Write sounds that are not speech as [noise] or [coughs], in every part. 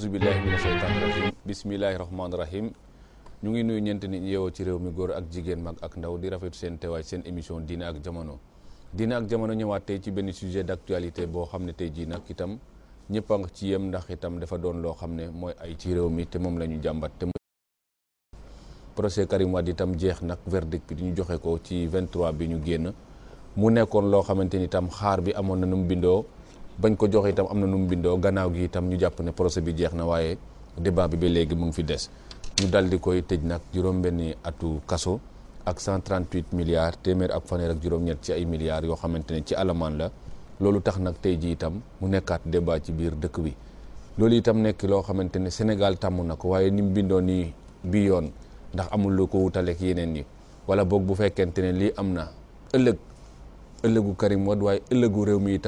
aousubillahi mina sheytaani rajim bismillahi rahmaani rahim ñu ngi nuyu ñeent nit ñi ci réew mi góor ak jigéen mag ak ndaw di rafetu seen teewaay seen émission diine ak jamono diine ak jamono ñëwaat tey ci benn sujet d'actualité boo xam ne tey jii nag itam ñëpp a ci yem ndax itam dafa doon loo xam ne mooy ay ci réew mi te moom la ñu jàmbat te procès Karim Wade itam jeex nag verdict bi di ñu joxe ko ci 23 bi ñu génn mu nekkoon loo xamante ni itam xaar bi amoon na nu mu bindoo bañ ko joxe itam am na nu mu bindoo gannaaw gi itam ñu jàpp ne procès bi jeex na waaye débat bi ba léegi mu ngi fi des ñu dal di koy tëj nag juróom-benni atu kaso ak 138 milliards téeméer ak fanweer ak juróom-ñett ci ay milliards yoo xamante ne ci alamaan la loolu tax nag tey ji itam mu nekkaat débat ci biir dëkk bi loolu itam nekk loo xamante ne Sénégal tàmm na ko waaye ni mu nii bi yoon ndax amul lu ko wutaleek yeneen yi wala boog bu fekkente ne lii am na ëllëg ëllëgu Karim Wade waaye ëllëgu réew mi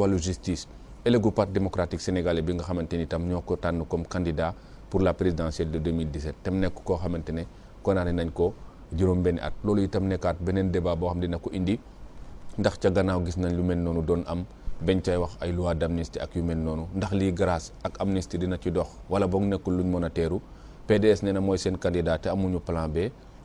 wàllu justice élegu parti démocratique sénégalais bi nga xamante ni tam ñoo ko tànn comme candidat pour la présidentielle de 2017 tam nekk koo xamante ne condamné nañ ko juróom benn at loolu itam nekkaat beneen débat boo xam dina ko indi ndax ca gannaaw gis nañ lu mel noonu doon am bañ cay wax ay loi d'amnistie ak yu mel noonu ndax lii grâce ak amnistie dina ci dox wala boog nekkul luñ mën a teeru PDS nee na mooy seen candidat te amuñu plan B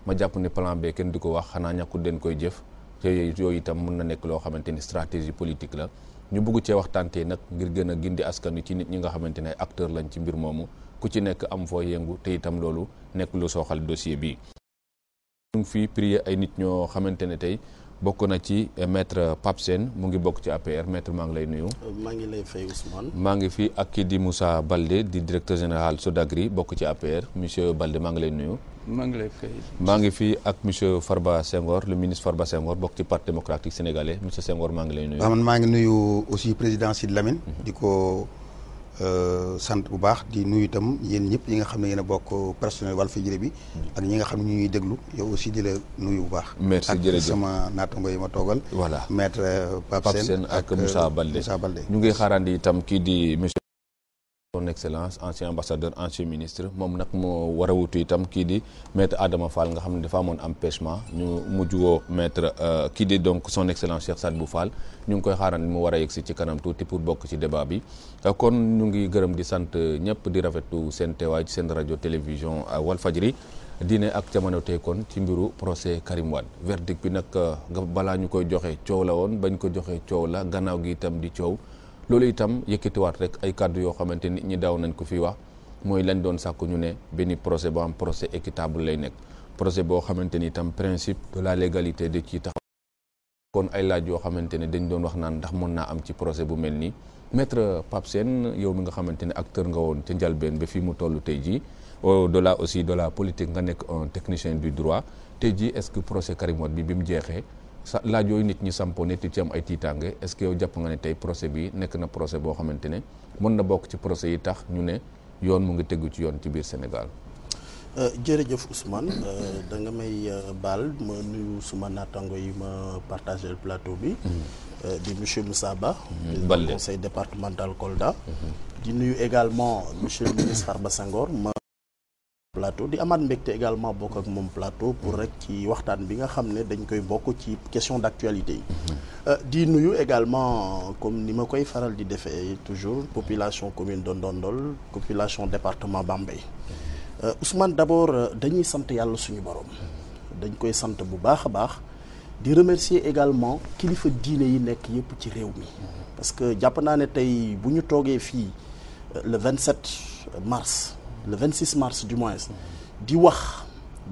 ma jàpp ne plan B kenn di ko wax xanaa ñàkku den koy jëf te yooyu itam mën na nekk loo xamante ni stratégie politique la ñu bugg cee waxtaan nag ngir gën a gindi askan wi ci nit ñi nga xamante ne acteur lañ ci mbir moomu ku ci nekk am foo yëngu te itam loolu nekk lu sooxal dossier bi ñu fi fii ay nit ñoo xamante ne tey bokk na ci eh, maître Pape Sène mu ngi bokk ci APR maître maa ngi lay nuyu. maa ngi lay fay Ousmane. maa ngi fi ak kii di Moussa Balde di directeur général Sodagri bokk ci APR monsieur Balde maa ngi lay nuyu. maa ngi lay fay. maa ngi fi ak monsieur Farba Senghor le ministre Farba Senghor bokk ci parti démocratique sénégalais monsieur Senghor maa ngi lay nuyu. waaw ah, maa ngi nuyu aussi président Sidy Lamine. Mhm. di ko. Euh, sant bu baax di nuyu itam yéen ñëpp yi nga xam ne yéen a bokk personnel Walfadjri bi ak ñi nga xam ñu ñuy déglu yow aussi di la nuyu bu baax merci jërëjëf ak sama naataango yi ma toogal voilà maître euh, Pape Sène ak euh, Moussa Baldé ñu ngi xaarandi itam kii di monsieur son excellence ancien ambassadeur ancien ministre moom nag moo war a wutu itam kii di maître Adama Fall nga xam ne dafa amoon am empêchement ñu mujj woo maître euh, kii di donc son excellence Cheikh bu Fall ñu ngi koy xaaran mu war a yegsi ci kanam tuuti pour bokk ci débat bi euh, kon ñu ngi gërëm di sant ñëpp di rafetlu seen teewaay ci seen rajo télévision euh, Walfadjri dine ak jamono tey kon ci mbiru procès Karim Wade verdict bi nag balaa ñu koy joxe coow la woon bañ ko joxe coow la gannaaw gi itam di coow loolu itam yëkkatiwaat rek ay kàddu yoo xamante ni ñi daw nañ ko fi wax mooy lañ doon sàkku ñu ne benn procès boo am procès équitable lay nekk procès boo xamante ni itam principe de la légalité de ci tax kon ay laaj yoo xamante ne dañ doon wax naan ndax mën naa am ci procès bu mel nii maître Pape Sène yow mi nga xamante ne acteur nga woon ca njalbeen ba fii mu toll tey jii au la aussi de la politique nga nekk un technicien du droit tey ji est-ce que procès Karim bi bi mu jeexee sa laaj yooyu nit ñi sampo nit ci am ay tiitaange est-ce que yow jàpp nga ne tey procès bi nekk na procès boo xamante ne mën na bokk ci procès yi tax ñu ne yoon mu ngi tegu ci yoon ci biir Sénégal. Euh, jërëjëf Ousmane euh, da nga may euh, baal ma nuyu suma naataango yi ma partagé le plateau bi. Mhm. di monsieur Moussa Ba. Mhm. Balde conseil départemental Kolda. Mhm. di nuyu également monsieur le ministre plateau di amaat mbégte également bokk ak moom plateau pour rek ci waxtaan bi nga xam ne dañ koy bokk ci question d'actualité yi mm. euh, di nuyu également comme ni ma koy faral di defee toujours population commune de Ndondol population département Bambey euh, Ousmane d'abord euh, dañuy sant yàlla suñu borom dañ koy sant bu baax a baax di remercier également kilifa diine yi nekk yépp ci réew mi mm. parce que jàpp naa ne tey bu ñu toogee fii le 27 mars le 26 mars du moins di wax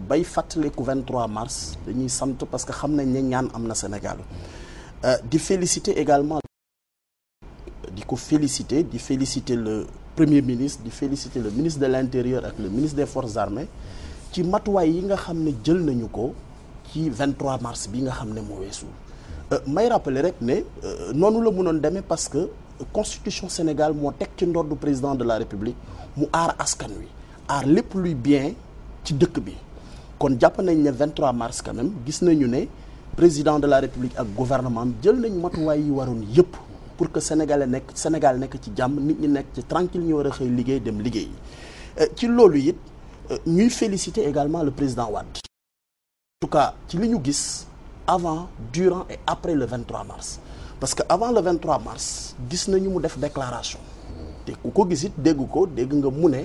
bay fàttaliku 23 mars dañuy sant parce que xam nañ ne ñaan am na Sénégal euh, di féliciter également di ko féliciter di féliciter le premier ministre di féliciter le ministre de l'intérieur ak le ministre des forces armées ci matuwaay yi nga xam ne jël nañu ko ci 23 mars bi nga xam ne moo weesu euh, may rappeler rek ne euh, noonu la munoon demee parce que constitution Sénégal moo teg ci ndoddu président de la république mu aar askan wi aar lépp luy bien ci dëkk bi kon jàpp nañ ne 23 mars quand gis nañu ne président de la république ak gouvernement jël nañ matuwaay yi waroon yëpp pour que sénégalais nekk Sénégal nekk ci jàmm nit ñu nekk ci tranquille ñu war a xëy liggéey dem liggéey euh, ci loolu it euh, ñuy féliciter également le président Wade cas ci li ñu gis avant durant et après le 23 mars parce que avant le 23 mars gis nañu mu def déclaration te ku ko gis it dégg ko dégg nga mu ne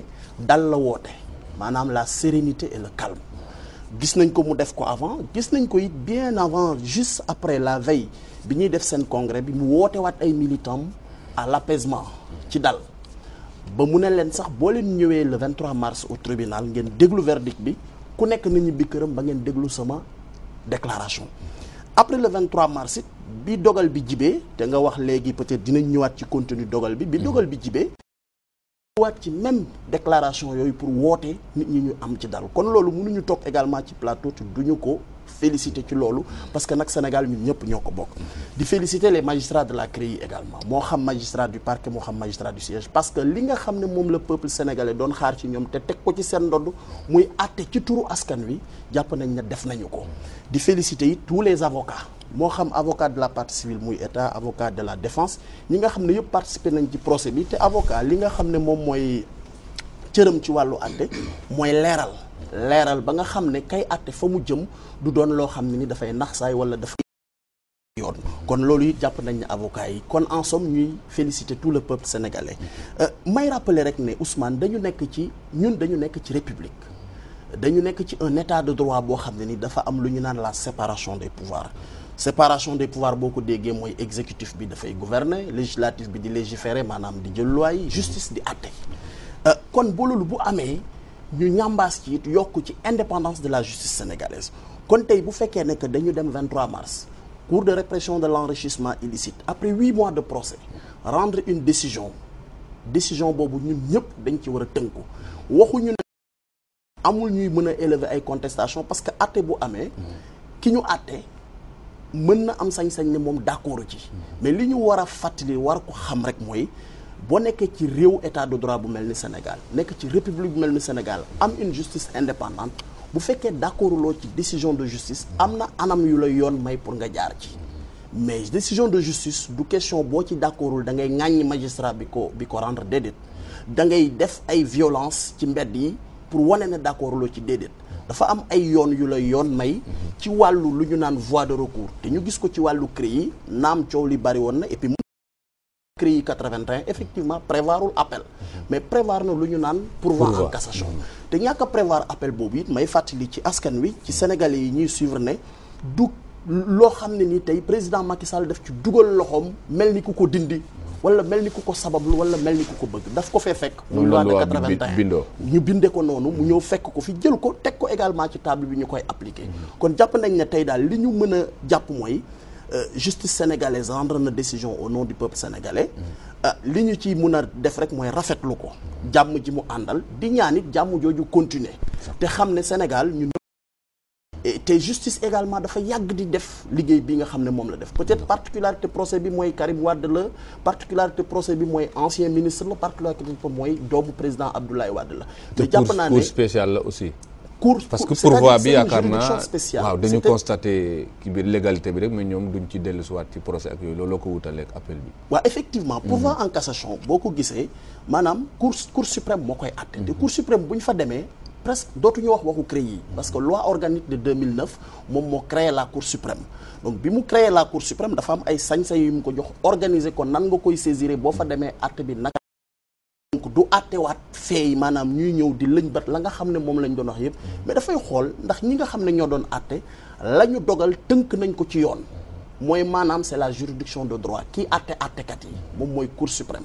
dal la woote maanaam la sérénité et le calme gis nañ ko mu def ko avant gis nañ ko it bien avant juste après la veille bi ñuy def seen congrès bi mu woote waat ay militants à l'apaisement ci dal ba mu ne leen sax boo leen ñëwee le 23 mars au tribunal ngeen déglu verdict bi ku nekk nit ñi bi këram ba ngeen déglu sama déclaration après le 23 mars bi dogal bi jibee te nga wax léegi peut-être dinañ ñëwaat ci contenu dogal bi bi mhm. dogal bi jibee ñëwaat ci même déclaration yooyu pour woote nit ñi ñu am ci dal kon loolu ñu toog également ci plateau te duñu ko félicité ci loolu parce que nag Sénégal ñun ñëpp ñoo ko bokk di félicité les magistrats de la CREI également moo xam magistrat du parquet moo xam magistrat du siège parce que li nga xam ne moom la peuple sénégalais doon xaar ci ñoom te teg ko ci seen ndodd muy àtte ci askan wi jàpp nañ ne def nañu ko di féliciter tous les avocats moo xam avocat de la partie civile muy état avocat de la défense ñi nga xam ne yëpp participer nañ ci procès bi te avocat li nga xam ne moom mooy cëram ci wàllu àtte mooy leeral leeral ba nga xam ne kay àtte fa mu jëm du doon loo xam ne ni dafay naxsaay wala dafay yoon kon loolu it jàpp nañ ne avocat yi kon en somme ñuy féliciter tout le peuple sénégalais euh, may rappeler rek ne Ousmane dañu nekk ci ñun dañu nekk ci république dañu nekk ci un état de droit boo xam ne nii dafa am lu ñu naan la séparation des pouvoirs séparation des pouvoirs boo ko déggee mooy exécutif bi dafay gouverner législatif bi di légiférer maanaam di jël loi yi justice di euh, kon boo bu amee ñu ñambaas ci it yokk ci indépendance de la justice sénégalaise kon tey bu fekkee ne que dañu dem 23 mars cour de répression de l'enrichissement illicite après huit mois de procès rendre une décision décision boobu ñun ñëpp dañ ci war a tënku waxuñu ne amul ñuy mën a élever ay contestation parce que àtte bu amee ki ñu àtte mën na am sañ-sañ ne moom d'accord ci mm-hmm. mais li ñu war a fàttali war ko xam rek mooy boo nekkee ci réew état de droit bu mel ni Sénégal nekk ci république bu mel ni Sénégal am une justice indépendante bu fekkee d'accord loo ci décision de justice am na anam yu la yoon may pour nga jaar ci mais décision de justice du question boo ci d'accordul da ngay ŋàññi magistrat bi ko bi ko rendre déedéet da ngay def ay violence ci mbedd yi pour wane ne d'accord loo ci déedéet dafa am ay yoon yu lay yoon may ci wàllu lu ñu naan voie de recours te ñu gis ko ci wàllu CREI naam coow li bari woon na CREI 81 effectivement prévoirul appel mais prévoir na lu ñu naan pour en cassation te ñàkk prévoir appel boobu it may fàttali ci askan wi ci sénégalais yi ñuy suivre ne du loo xam ne ni tey président Macky Sall daf ci dugal loxoom mel ni ku ko dindi wala mel ni ku ko sabablu wala mel ni ku ko bëgg daf ko fee fekk muy loi de 81 ñu bindee ko noonu mu ñëw fekk ko fi jël ko teg ko également ci table bi ñu koy appliqué mm-hmm. kon jàpp nañ ne tey daal li ñu mën a jàpp mooy Euh, justice sénégalaise rendre na décision au nom du peuple sénégalais euh, li ñu ci mun a def rek mooy rafetlu ko jàmm ji mu àndal di ñaan it jàmm jooju continuer te xam ne Sénégal ñun te justice également dafa yàgg di def liggéey bi nga xam ne moom la def peut-être particularité procès bi mooy Karim Wade la particularité procès bi mooy ancien ministre la particularité mooy doomu président Abdoulaye Wade la te jàpp naa ne cour spéciale la aussi cour parce que pourvoi bi yaakaar naa waaw dañu constaté kii bi légalité bi rek mais ñoom duñ ci dellusiwaat ci procès ak yooyu looloo ko wutaleeg appel bi waaw effectivement pourvoi mhm. en cassation boo ko gisee maanaam cour cour suprême moo koy atte te mhm. cour suprême bu fa demee presque dootuñu wax waxu CREI yi mhm. parce que loi organique de 2009 moom moo créé la cour suprême donc bi mu créé la cour suprême dafa am ay sañ-sañ yu mu ko jox nan nga koy saisir boo fa demee atte bi naka donc du àttewaat feey maanaam ñuy ñëw di lëñ la nga xam ne moom lañ doon wax yëpp mais dafay xool ndax ñi nga xam ne ñoo doon àtte la ñu dogal tënk nañ ko ci yoon mooy maanaam c'est la juridiction de droit kii àtte àttekat yi moom mooy cour suprême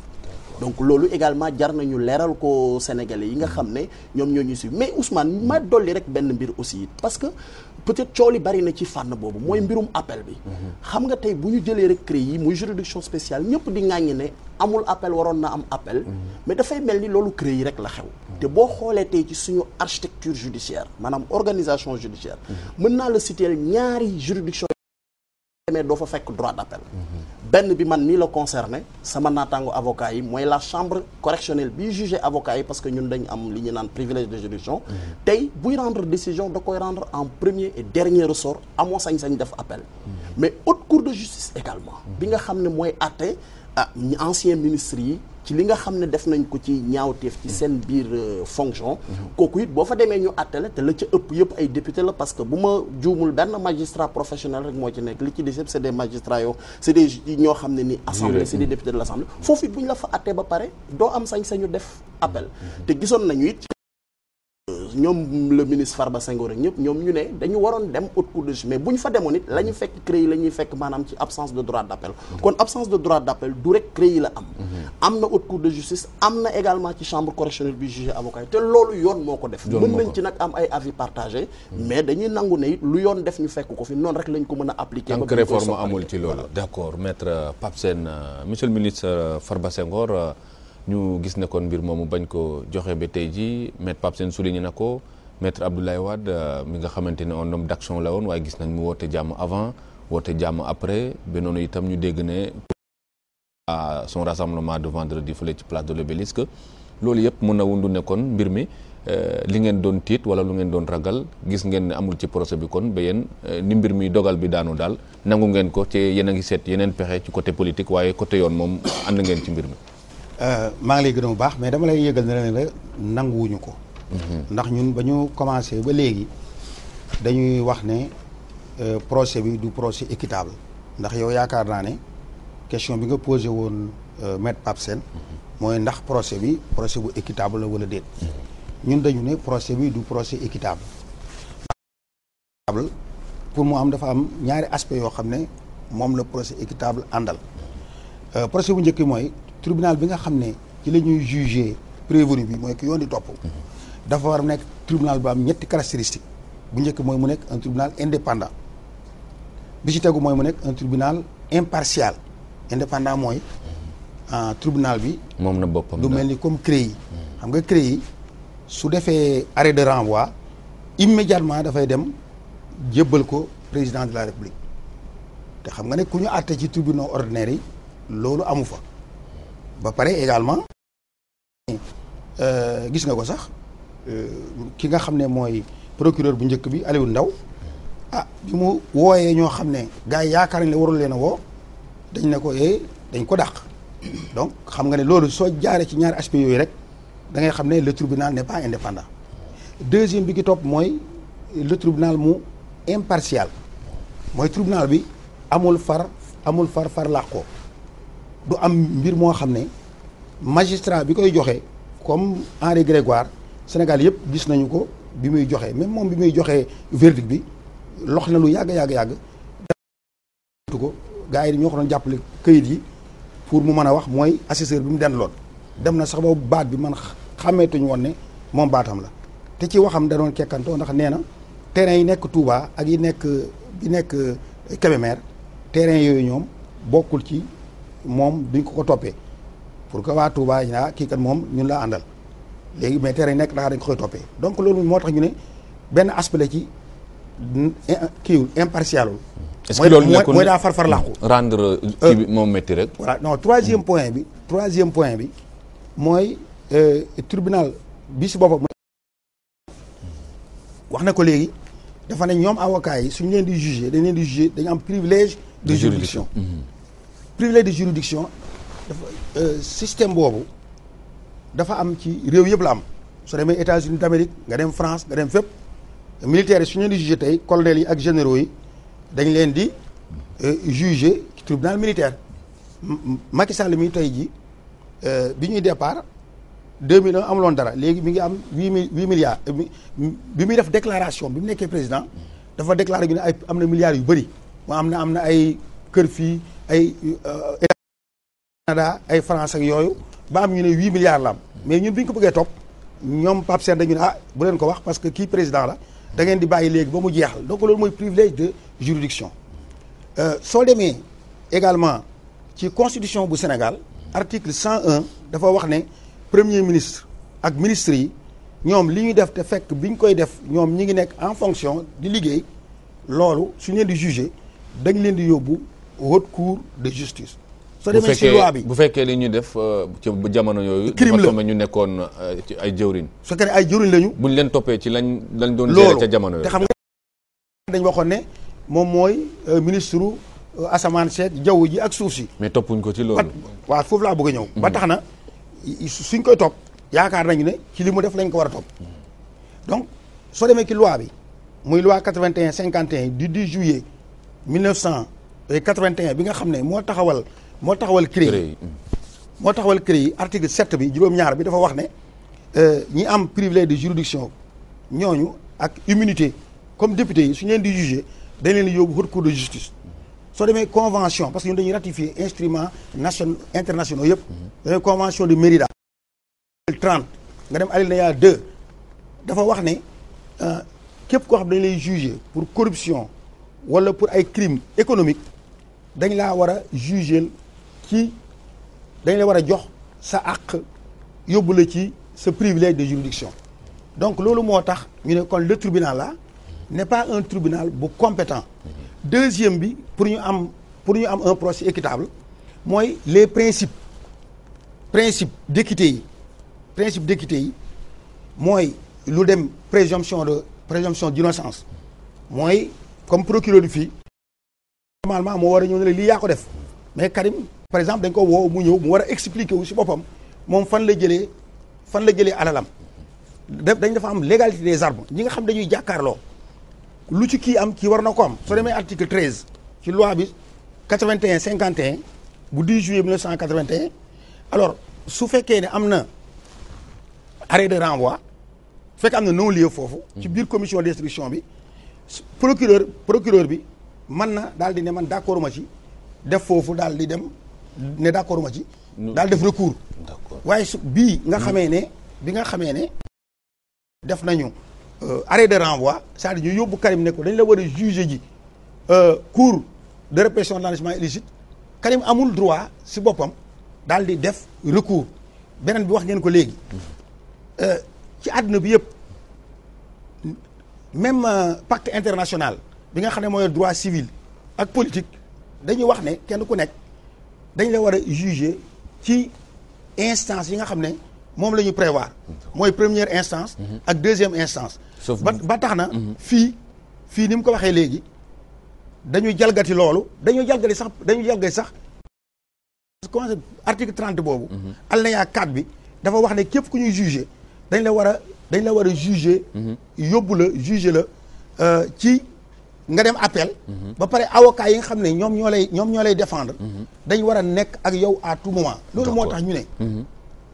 donc loolu également jar nañu leeral ko sénégalais yi nga xam ne ñoom ñoo ñu si mais Ousmane ma dolli rek benn mbir aussi parce que peut-être coow li bari na ci fànn boobu mooy mbirum appel bi. xam nga tey bu ñu jëlee rek CREI yi muy juridiction spéciale ñëpp di ŋàññi ne amul appel waroon na am appel. mais dafay mel ni loolu CREI yi rek la xew. te boo xoolee tey ci suñu architecture judiciaire maanaam organisation judiciaire. mën naa la citer ñaari juridiction mais doo fa fekk droit d'appel. benn bi man mii la concerné sama naataango avocat yi mooy la chambre correctionnelle bi jugé avocat yi parce que ñun dañ am li ñu naan privilège de juridiction mm-hmm. tey buy rendre décision da koy rendre en premier et dernier ressort amoon sañ-sañ def appel mm-hmm. mais haute cour de justice également mm-hmm. bi nga xam ne mooy àtte ah ancien ministre yi ci li nga xam ne def nañ ko ci ñaawteef ci seen biir euh, fonction mhm. kooku it boo fa demee ñu àttale te la ca ëpp yëpp ay député la parce que bu ma juumul benn magistrat professionnel rek moo ci nekk li ci des yëpp c'est des magistrats yoo c'est des ñoo xam ne ni assemblée c'est des députés de l'assemblée foofu it bu ñu la fa àttee ba pare doo am sañ-sañu def appel mhm. te gisoon nañu it ñoom le ministre Farba Senghor ñëpp ñoom ñu ne dañu waroon dem haute cour de justice mais bu ñu fa demoon it la ñu fekk CREI la ñuy fekk maanaam ci absence de droit d'appel kon absence de droit d'appel du rek CREI la am mhm. am na haute cour de justice am na également ci chambre correctionnelle bi jugé avocat yi te loolu yoon moo ko def mën nañ ci nag am ay avis partagés mhm. mais dañuy nangu ne it lu yoon def ñu fekk ko fi noonu rek lañ ko mën a appliquer tant que réforme amul ci loolu d'accord maître Pape Sène euh, monsieur le ministre euh, Farba Senghor euh, ñu gis ne kon mbir moomu bañ ko joxe ba tey jii maître Pape Sène souligné na ko maître Abdoulaye Wade euh, mi nga xamante ne un homme d'action la woon waaye gis nañ mu woote jàmm avant woote jàmm après ba noonu itam ñu dégg ne à son rassemblement de vendredi fële ci place de l'Obélisque loolu yëpp mën na wundu ne kon mbir mi euh, li ngeen doon tiit wala lu ngeen doon ragal gis ngeen ne amul ci procès bi kon ba yéen euh, ni mbir mi dogal bi daanu daal nangu ngeen ko te yéen a ngi seet yeneen pexe ci côté politique waaye côté yoon moom ànd ngeen ci mbir mi Euh, maa ngi lay gërëm bu baax mais dama lay yëgal ne la nanguwuñu ko. Mhm. ndax ñun ba ñu commencé ba léegi dañuy wax ne euh, procès bi du procès équitable ndax yow yaakaar naa ne question bi nga posé woon euh, maître Pape Sène mhm. mooy ndax procès bi procès bu équitable la wala déet. Mhm. ñun dañu ne procès bi du procès équitable. pour mu am dafa am ñaari aspect yoo xam ne moom la procès équitable àndal procès bu njëkk mooy. tribunal bi nga xam ne ci la ñuy jugé prévenu bi mooy ki yoon di topp dafa war nekk tribunal bu am ñetti caractéristique bu njëkk mooy mu nekk un tribunal indépendant bi ci tegu mooy mu nekk un tribunal impartial indépendant mooy ah, tribunal bi moom na boppam du mel ni comme CREI yi xam nga CREI yi su defee arrêt de renvoi immédiatement dafay dem jébbal ko président de la république te xam nga ne ku ñu àtte ci tribunaux ordinaire yi loolu amu fa ba pare également euh, gis nga ko sax euh, ki nga xam ne mooy procureur bu njëkk bi Aliou Ndaw ah bi mu wooyee ñoo xam ne gars yaakaar nañ ne warul leen a woo dañ ne ko eh, dañ ko dàq donc xam nga ne loolu soo jaaree ci ñaari aspect yooyu rek da xam ne le tribunal ne pas indépendant deuxième bi ki topp mooy le tribunal mu impartial mooy tribunal bi amul far amul far far làqoo du am mbir moo xam ne magistrat bi koy joxe comme Henri Grégoire Sénégal yëpp gis nañu ko bi muy joxe même moom bi muy joxe verdict bi lox na lu yàgg yàgg yàgg. tu ko gars yi ñoo ko doon jàppale kayit yi pour mu mën a wax mooy assesseur bi mu den lool dem na sax ba baat bi man xàmmeetuñu woon ne moom baatam la te ci waxam da doon kekkantoo ndax nee na terrain yi nekk Touba ak yi nekk yi nekk Kébémer terrain yooyu ñoom bokkul ci. moom duñ ko ko toppee pour que waa Touba ñu kii kat moom ñun laa àndal léegi mais terrain yi nekk Dakar dañ ko toppee donc loolu moo tax ñu ne benn aspect ci kiiwul impartial wul. est-ce que loolu nekkul mooy daa far far làqu rendre euh, bi moom métti rek. voilà non troisième mm. point bi. troisième point bi mooy euh, tribunal bi si boppam. na ko léegi dafa ne ñoom avocats yi suñu leen di jugé dañ dañu am privilège de juridiction. Mm-hmm. privilège de juridiction dafa euh, système boobu dafa am ci réew yëpp la am su demee États-Unis d'Amérique nga dem France nga dem fépp militaires yi su ñu di jugé tey colonels yi ak généraux yi dañ leen di euh, jugé ci tribunal militaire Macky Sall mi tey ji euh, bi ñuy départ deux mille un loon dara léegi mi ngi am huit mille huit milliards bi muy def déclaration bi mu nekkee président dafa déclaré ñu ne ay am na milliards yu bëri moo am na am na ay kër fii ay euh, Canada ay France yooyu ba am ñu ne huit milliards lam am mais ñun bi ñu ko bëggee topp ñoom Pape dañu ne ah bu leen ko wax parce que kii président la da ngeen di bàyyi léegi ba mu jeexal donc loolu mooy privilège de juridiction euh, soo demee également ci constitution bu Sénégal article 101 dafa wax ne premier ministre ak ministre yi ñoom li ñuy def te fekk bi ñu koy def ñoom ñi ngi nekk en fonction di liggéey loolu suñu leen di jugé dañ leen di yóbbu haute cour de justice. bu fekkee li ñu def euh, ci jamono yooyu. crime la dafa ñu nekkoon euh, ci ay jëwriñ. su fekkee ay jëwriñ lañu. buñ leen toppee ci lañ lañ doon. loolu ca jamono yooyu te xam nga dañ waxoon ne moom mooy euh, ministre asamaan seet jaww ji ak suuf si. mais toppuñ ko ci loolu. waaw foofu laa bëgg a ñëw. Mm-hmm. ba tax na suñ koy topp yaakaar nañu ne ci li mu def lañ ko war a topp mm-hmm. donc soo demee ci loi bi muy loi 81 51 du 10 juillet 1900. 81 bi nga xam ne moo taxawal moo taxawal CREI mm. moo taxawal CREI article 7 bi juróom-ñaar bi dafa wax ne euh, ñi am privilège de juridiction ñooñu ak immunité comme député yi su ñu leen di jugé dañ leen di yóbbu haute cour de justice soo demee convention parce que ñun dañuy ratifier instruments nationaux internationaux yëpp mm-hmm. dañuy convention de Mérida 30 nga dem alinéa 2 dafa wax ne euh, képp koo xam dañ lay jugé pour corruption wala pour ay crimes économiques dañ laa war a juger ci dañ la war a jox sa àq yóbbu la ci sa privilège de juridiction donc loolu moo tax ñu ne kon le tribunal la n'est pas un tribunal bu compétent deuxième bi pour ñu am pour ñu am un procès équitable mooy les principes principe d'équité yi principe d'équité yi mooy lu dem présomption de présomption d'innocence mooy comme procureur fii normalement moo war a ñëw ne la lii yaa ko def mais Karim par exemple dañ ko woo mu ñëw mu war a expliquer wu si boppam moom fan la jëlee fan la jëlee alalam dañ dafa am légalité des armes ñi nga xam dañuy jàkkaarloo lu ci kii am kii war na ko am soo demee article 13 ci loi bi 81 51 bu 10 juillet 1981 alors su fekkee ne am na arrêt de renvoi su fekkee am na non lieu foofu ci biir commission d'instruction bi procureur procureur bi man na dal di ne man d'accord ma ci def foofu daal di dem ne d'accord ma ci. daal def recours. waaye su bii nga xamee ne bi nga xamee ne def nañu euh, arrêt de renvoi c'est-à-dire yóbbu Karim ne ko dañ la war a juger ji euh, cour de répression de l'enrichissement illicite Karim amul droit si boppam daal di def recours beneen bi wax ngeen ko léegi euh, ci àdduna bi yëpp même pacte international. bi nga xam ne mooy droit civil ak politique dañuy wax ne kenn ku nekk dañ la war a juger ci instance yi nga xam ne moom la ñuy prévoir mooy première instance mhm. ak deuxième instance ba ba tax na mhm. fii fii ni mu ko waxee léegi dañuy jalgati loolu dañuy jalgati sax dañu jalgati sax comment article trente boobu mhm. alinéa quatre bi dafa wax ne képp ku ñuy juger dañ la war a dañ la war a juger yóbbu la juger la euh, ci nga dem appel. ba pare avocat yi nga xam ne ñoom ñoo lay ñoom ñoo lay défendre. dañ war a nekk ak yow à tout moment. loolu moo tax ñu ne.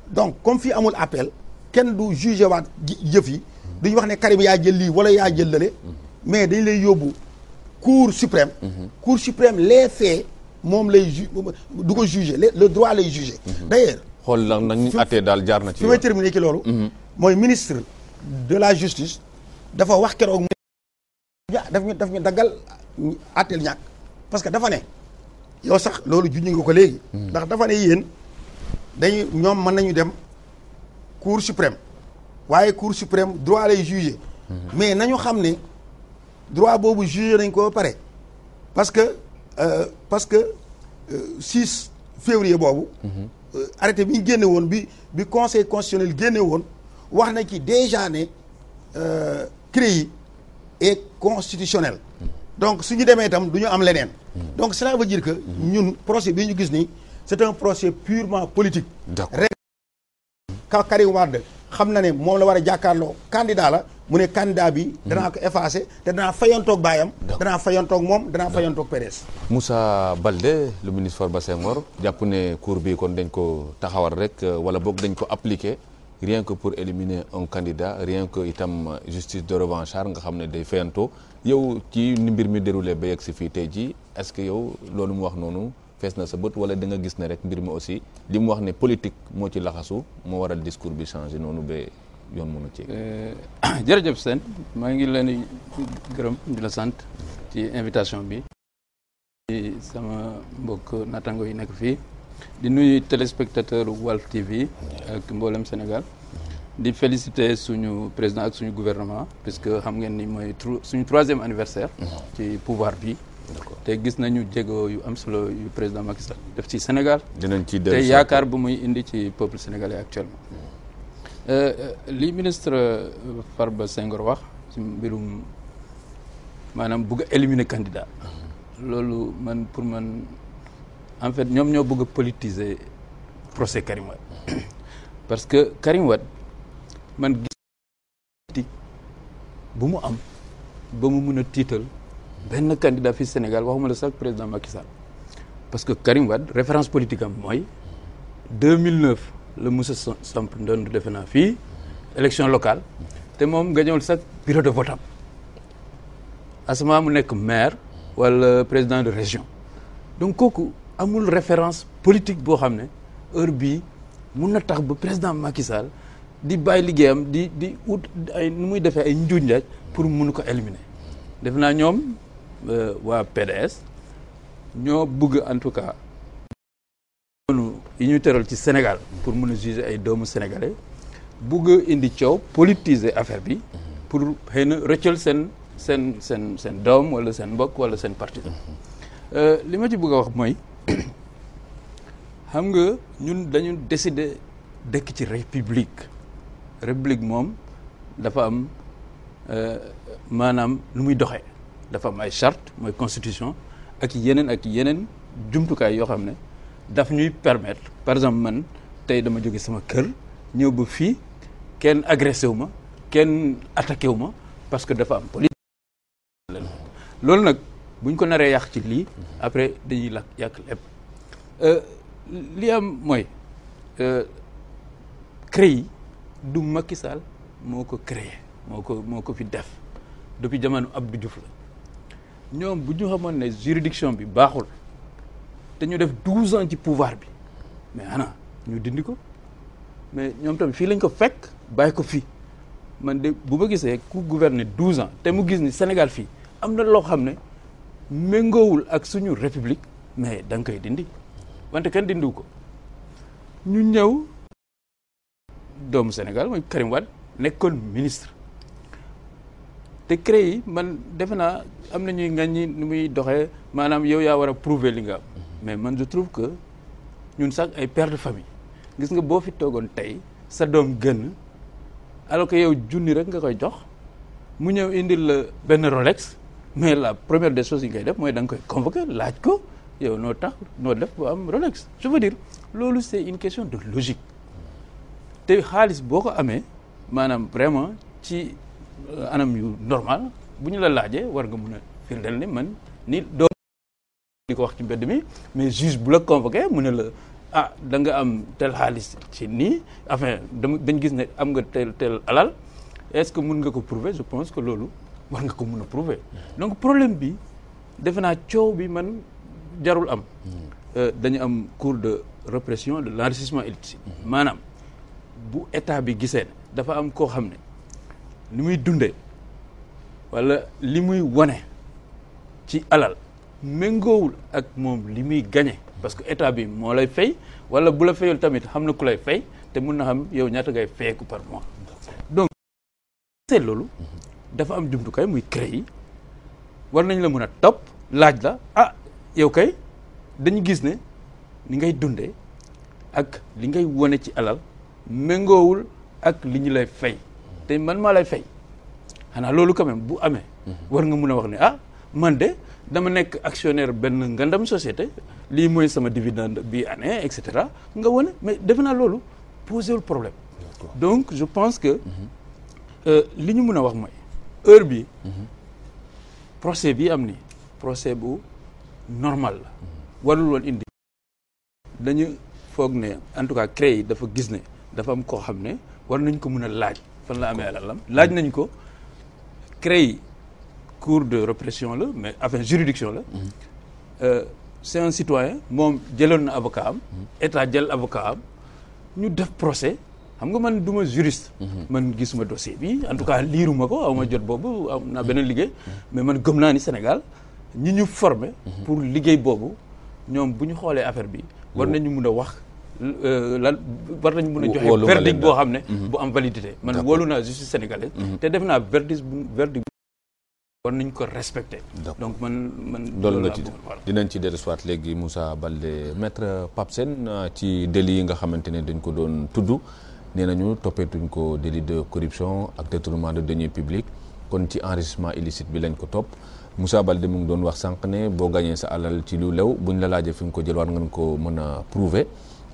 donc comme fii amul appel kenn du jugé waat jëf yi. duñ wax ne Karim yaa jël lii wala yaa jël lale. mais dañ lay yóbbu cour suprême. cour suprême les faits moom lay ju du ko jugé le droit lay jugé. d' ailleurs. xool lan nañu àttee daal jaar na ci. fi may terminer ki loolu. Mhm. mooy ministre de la justice dafa wax keroog. daf ñu daf ñu daggal àtteel ñàkk parce que dafa ne yow sax loolu junj nga ko léegi. Hmm. ndax dafa ne yéen dañuy ñoom mën nañu dem cour suprême waaye cour suprême droit lay juger. Hmm. mais nañu xam ne droit boobu jugé nañ koo pare parce que euh, parce que euh, 6 février boobu. Hmm. Euh, arrêté bi ñu génne woon bi bi conseil constitutionnel génne woon wax na ci déjà ne euh, CREI yi constitutionnel. donc su ñu demee itam du ñu am leneen. donc cela veut jir que. ñun procès bi ñu gis nii c' est un procès purement politique. d' accord rek Karim Wade xam na ne moom la war a jàkkaarloo candidat la mu ne candidat bi. danaa ko effacé te danaa fayantoog baayam. danaa fayantoog moom danaa fayantoog PDS. Moussa Baldé le ministre Farba Senghor jàpp ne cour bi kon dañ ko taxawal rek euh, wala boog dañ ko appliqué. rien que pour éliminer un candidat rien que itam justice de revanchard nga xam ne day fayantoo yow ci ni mbir mi déroulé ba yegg si fii tey jii est-ce que yow loolu mu wax noonu fees na sa bët wala da nga gis ne rek mbir mi aussi li mu wax ne politique moo ci laxasu moo waral discours bi changé noonu ba yoon mënu ci eh, [coughs] jërëjëf seen maa ngi leen di gërëm di la sant ci invitation bi. sama mbokk natango yi nekk fii. di nuyu téléspectateur Walf TV ak mboolem Sénégal di féliciter suñu président ak suñu gouvernement puisque xam ngeen ni mooy suñu troisième anniversaire ci pouvoir bi te gis nañu jéego yu am solo yu président Macky Sall def ci Sénégal ci te yaakaar bu muy indi ci peuple sénégalais actuellement hmm. euh, euh, li ministre euh, Farba Senghor wax ci mbirum maanaam bugg a éliminer candidat hmm. loolu man pour man en fait ñoom ñoo bëgg a politiser procès Karim [clears throat] parce que Karim man gis bu mu am ba mu mun a tiital benn candidat fi Sénégal waxuma la sax président Macky Sall parce que Karim Wade référence mooy am mooy 2009 la Moussa Samp ndoon defe naa fii élection locale te moom gañewul sax bureau de vote am à mu nekk maire wala président de région donc kooku amul référence politique boo xam ne heure bii mun na tax ba président Macky Sall di bàyyi liggéeyam di di ut ay nu muy defee ay njuuñ laaj pour mun ko éliminer def naa ñoom euh, waa PDS ñoo bugg en tout cas yi ñu teral ci Sénégal pour mun a juger ay doomu sénégalais bugg indi coow politiser affaire bi pour xëy na rëccal seen seen seen seen doom wala seen mbokk wala seen parti euh, li ma ci bëgg a wax mooy [coughs] xam nga ñun dañu décider dëkk ci république république moom dafa am euh, maanaam lu muy doxe dafa am ay charte mooy constitution ak yeneen ak yeneen jumtukaay yoo xam ne daf ñuy permettre par exemple man tey dama jóge sama kër ñëw ba fii kenn agressé wu ma kenn attaqué wu ma parce que dafa am politique loolu nag bu ñu ko naree yàq ci lii après dañuy lakk yàq lépp euh, li am mooy euh, CREI yi du Macky Sall moo ko créé moo ko moo ko fi def depuis jamono Abdou Diouf la ñoom bu ñu xamoon ne juridiction bi baaxul te ñu def douze ans ci pouvoir bi mais ana ñu dindi ko mais ñoom tamit fii lañ ko fekk bàyyi ko fii man de bu ma gisee ku gouverner douze ans te mu gis ni Sénégal fii am na loo xam ne méngoowul ak suñu république mais da nga koy dindi wante kenn dindiw ko ñu ñëw doomu Sénégal mooy Karim nekkoon ministre te CREI yi man defe naa am na ñuy ngañ ñi nu muy doxee maanaam yow yaa war a li nga am mais man je trouve que ñun sax ay père de famille gis nga boo fi toogoon tey sa doom gën alors que yow junni rek nga koy jox mu ñëw indil la benn Rolex mais la première de choses yi ngay def mooy da koy convoquer laaj ko yow noo tax noo def boo am relax je veux dire loolu c'est une question de logique te xaalis boo ko amee maanaam vraiment ci euh, anam yu normal bu ñu la laajee war nga mun a firndeel ni man ni doom di ko wax ci mbedd mi mais juge bu la convoqué mu ne la ah da nga am tel xaalis ci nii enfin dañ gis ne am nga tel tel alal est-ce que mun nga ko prouver je pense que loolu war nga ko mun a prouver donc problème bi defe naa coow bi man jarul am euh, dañu am cours de répression de l'enrichissement illicite maanaam bu état bi gisee ne dafa am koo xam ne li muy dunde walla li muy wane ci alal méngoowul ak moom li muy gañe parce que état bi moo lay fay walla bu la fayul tamit xam na ku lay fay te mun na xam yow ñaata ngay fayeeku par mois donc loolu dafa am jumtukaay muy CREI war nañ la mën a topp laaj la ah yow kay dañu gis ne ni ngay dunde ak li ngay wone ci alal méngoowul ak li ñu lay fay te man maa lay fay xanaa loolu quand même bu amee. Mhm. war nga mun a wax ne ah man de dama nekk actionnaire benn ngandam société lii mooy sama dividende bi année et cetera nga wone mais defe naa loolu posé problème. donc je pense que mhm. euh, li ñu mun a wax mooy. heure bi mhm. procès bi am ni procès bu normal la warul woon indi dañu foog ne en tout cas CREI yi dafa gis ne dafa am koo xam ne war nañ ko mën a laaj fan la amee alalam laaj nañ ko yi cour de répression la mais affaire juridiction la mhm. euh, c'est un citoyen moom jëloon na avocat am mhm. état jël avocat am ñu def procès xam nga man du ma juriste. man gisuma dossier bi en tout cas liiruma ko aw ma jot boobu na naa liggéey. mais man gëm naa ni Sénégal ñi ñu formé. pour liggéey boobu ñoom bu ñu xoolee affaire bi. war nañu mun a wax. Euh, lan war nañu mën a joxe verdict boo xam ne mhm. bu am validité man wóolu naa justice sénégalaise mhm. te def naa verdict bu verdict war nañ ko respecter donc man man loolu la ci dinañ ci dellusiwaat léegi Moussa Baldé maître Pape Sène ci délit yi nga xamante ne dañ ko doon tudd nee nañu toppeetuñ ko délit de corruption ak détournement de deniers publics kon ci enrichissement illicite bi lañ ko topp Moussa Baldé mu ngi doon wax sànq ne boo gañee sa alal ci lu lew buñ la laajee fi nga ko jël war ngeen ko mën a prouver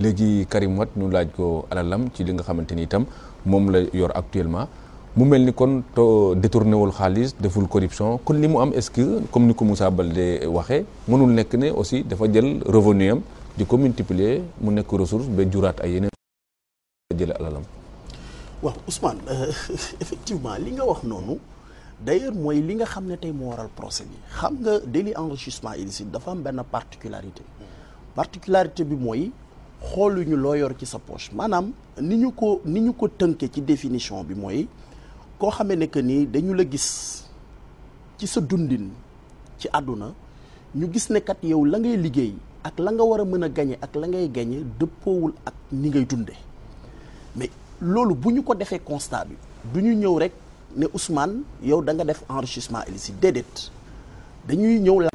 léegi Karim Wade ñu laaj ko alalam ci li nga xamante ni itam moom la yor actuellement mu mel ni kon to détourné wul xaalis deful corruption kon ni mu am est-ce que comme ni ko Moussa Baldé waxee mënul nekk ne aussi dafa jël revenu am di ko multiplier mu nekk ressource ba juraat ay yeneen. jële alalam waaw Ousmane euh, [laughs] effectivement li nga wax noonu d'ailleurs mooy li nga xam ne tey moo waral procès bi xam nga délit enrichissement illicite dafa am benn particularité particularité bi mooy xooluñu loo yor ci sa poche maanaam ni ñu ko ni ñu ko tënkee ci définition bi mooy koo xamee ne que nii dañu la gis ci sa dundin ci àdduna ñu gis ne kat yow la ngay liggéey ak la nga war a mën a gañe ak la ngay gañe dëppoowul ak ni ngay dundee mais loolu bu ñu ko defee constat bi du ñu ñëw rek ne Ousmane yow danga def enrichissement illicite déedéet dañuy ñëw la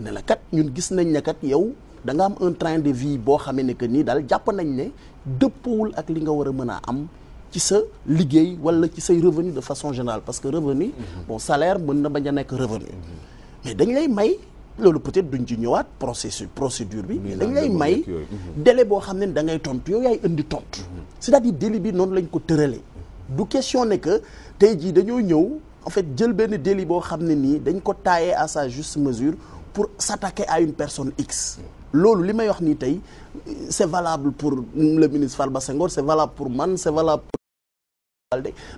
ne la ñun gis nañ ne kat yow da nga am un train de vie boo xamee ne que nii daal jàpp nañ ne dëppoowul ak li nga war a mën a am ci sa liggéey wala ci say revenu de façon générale parce que revenu mhm. bon salaire mën na baña nekk revenu mhm. mais dañ lay may loolu peut-être duñ ci ñëwaat processus procédure bi dañ lay may mhm. délai boo xam ne da ngay tontu yow yaay indi tontu mhm. c'est-à-dire délai bi noonu lañ ko tëralee du question ne tey jii dañoo ñëw en fait jël benn délit boo xam ne nii dañ ko taaye à sa juste mesure pour s'attaquer à une personne X mhm. loolu li may wax nii tey c'est valable pour le ministre Farba Senghor c'est valable pour man c'est valable pour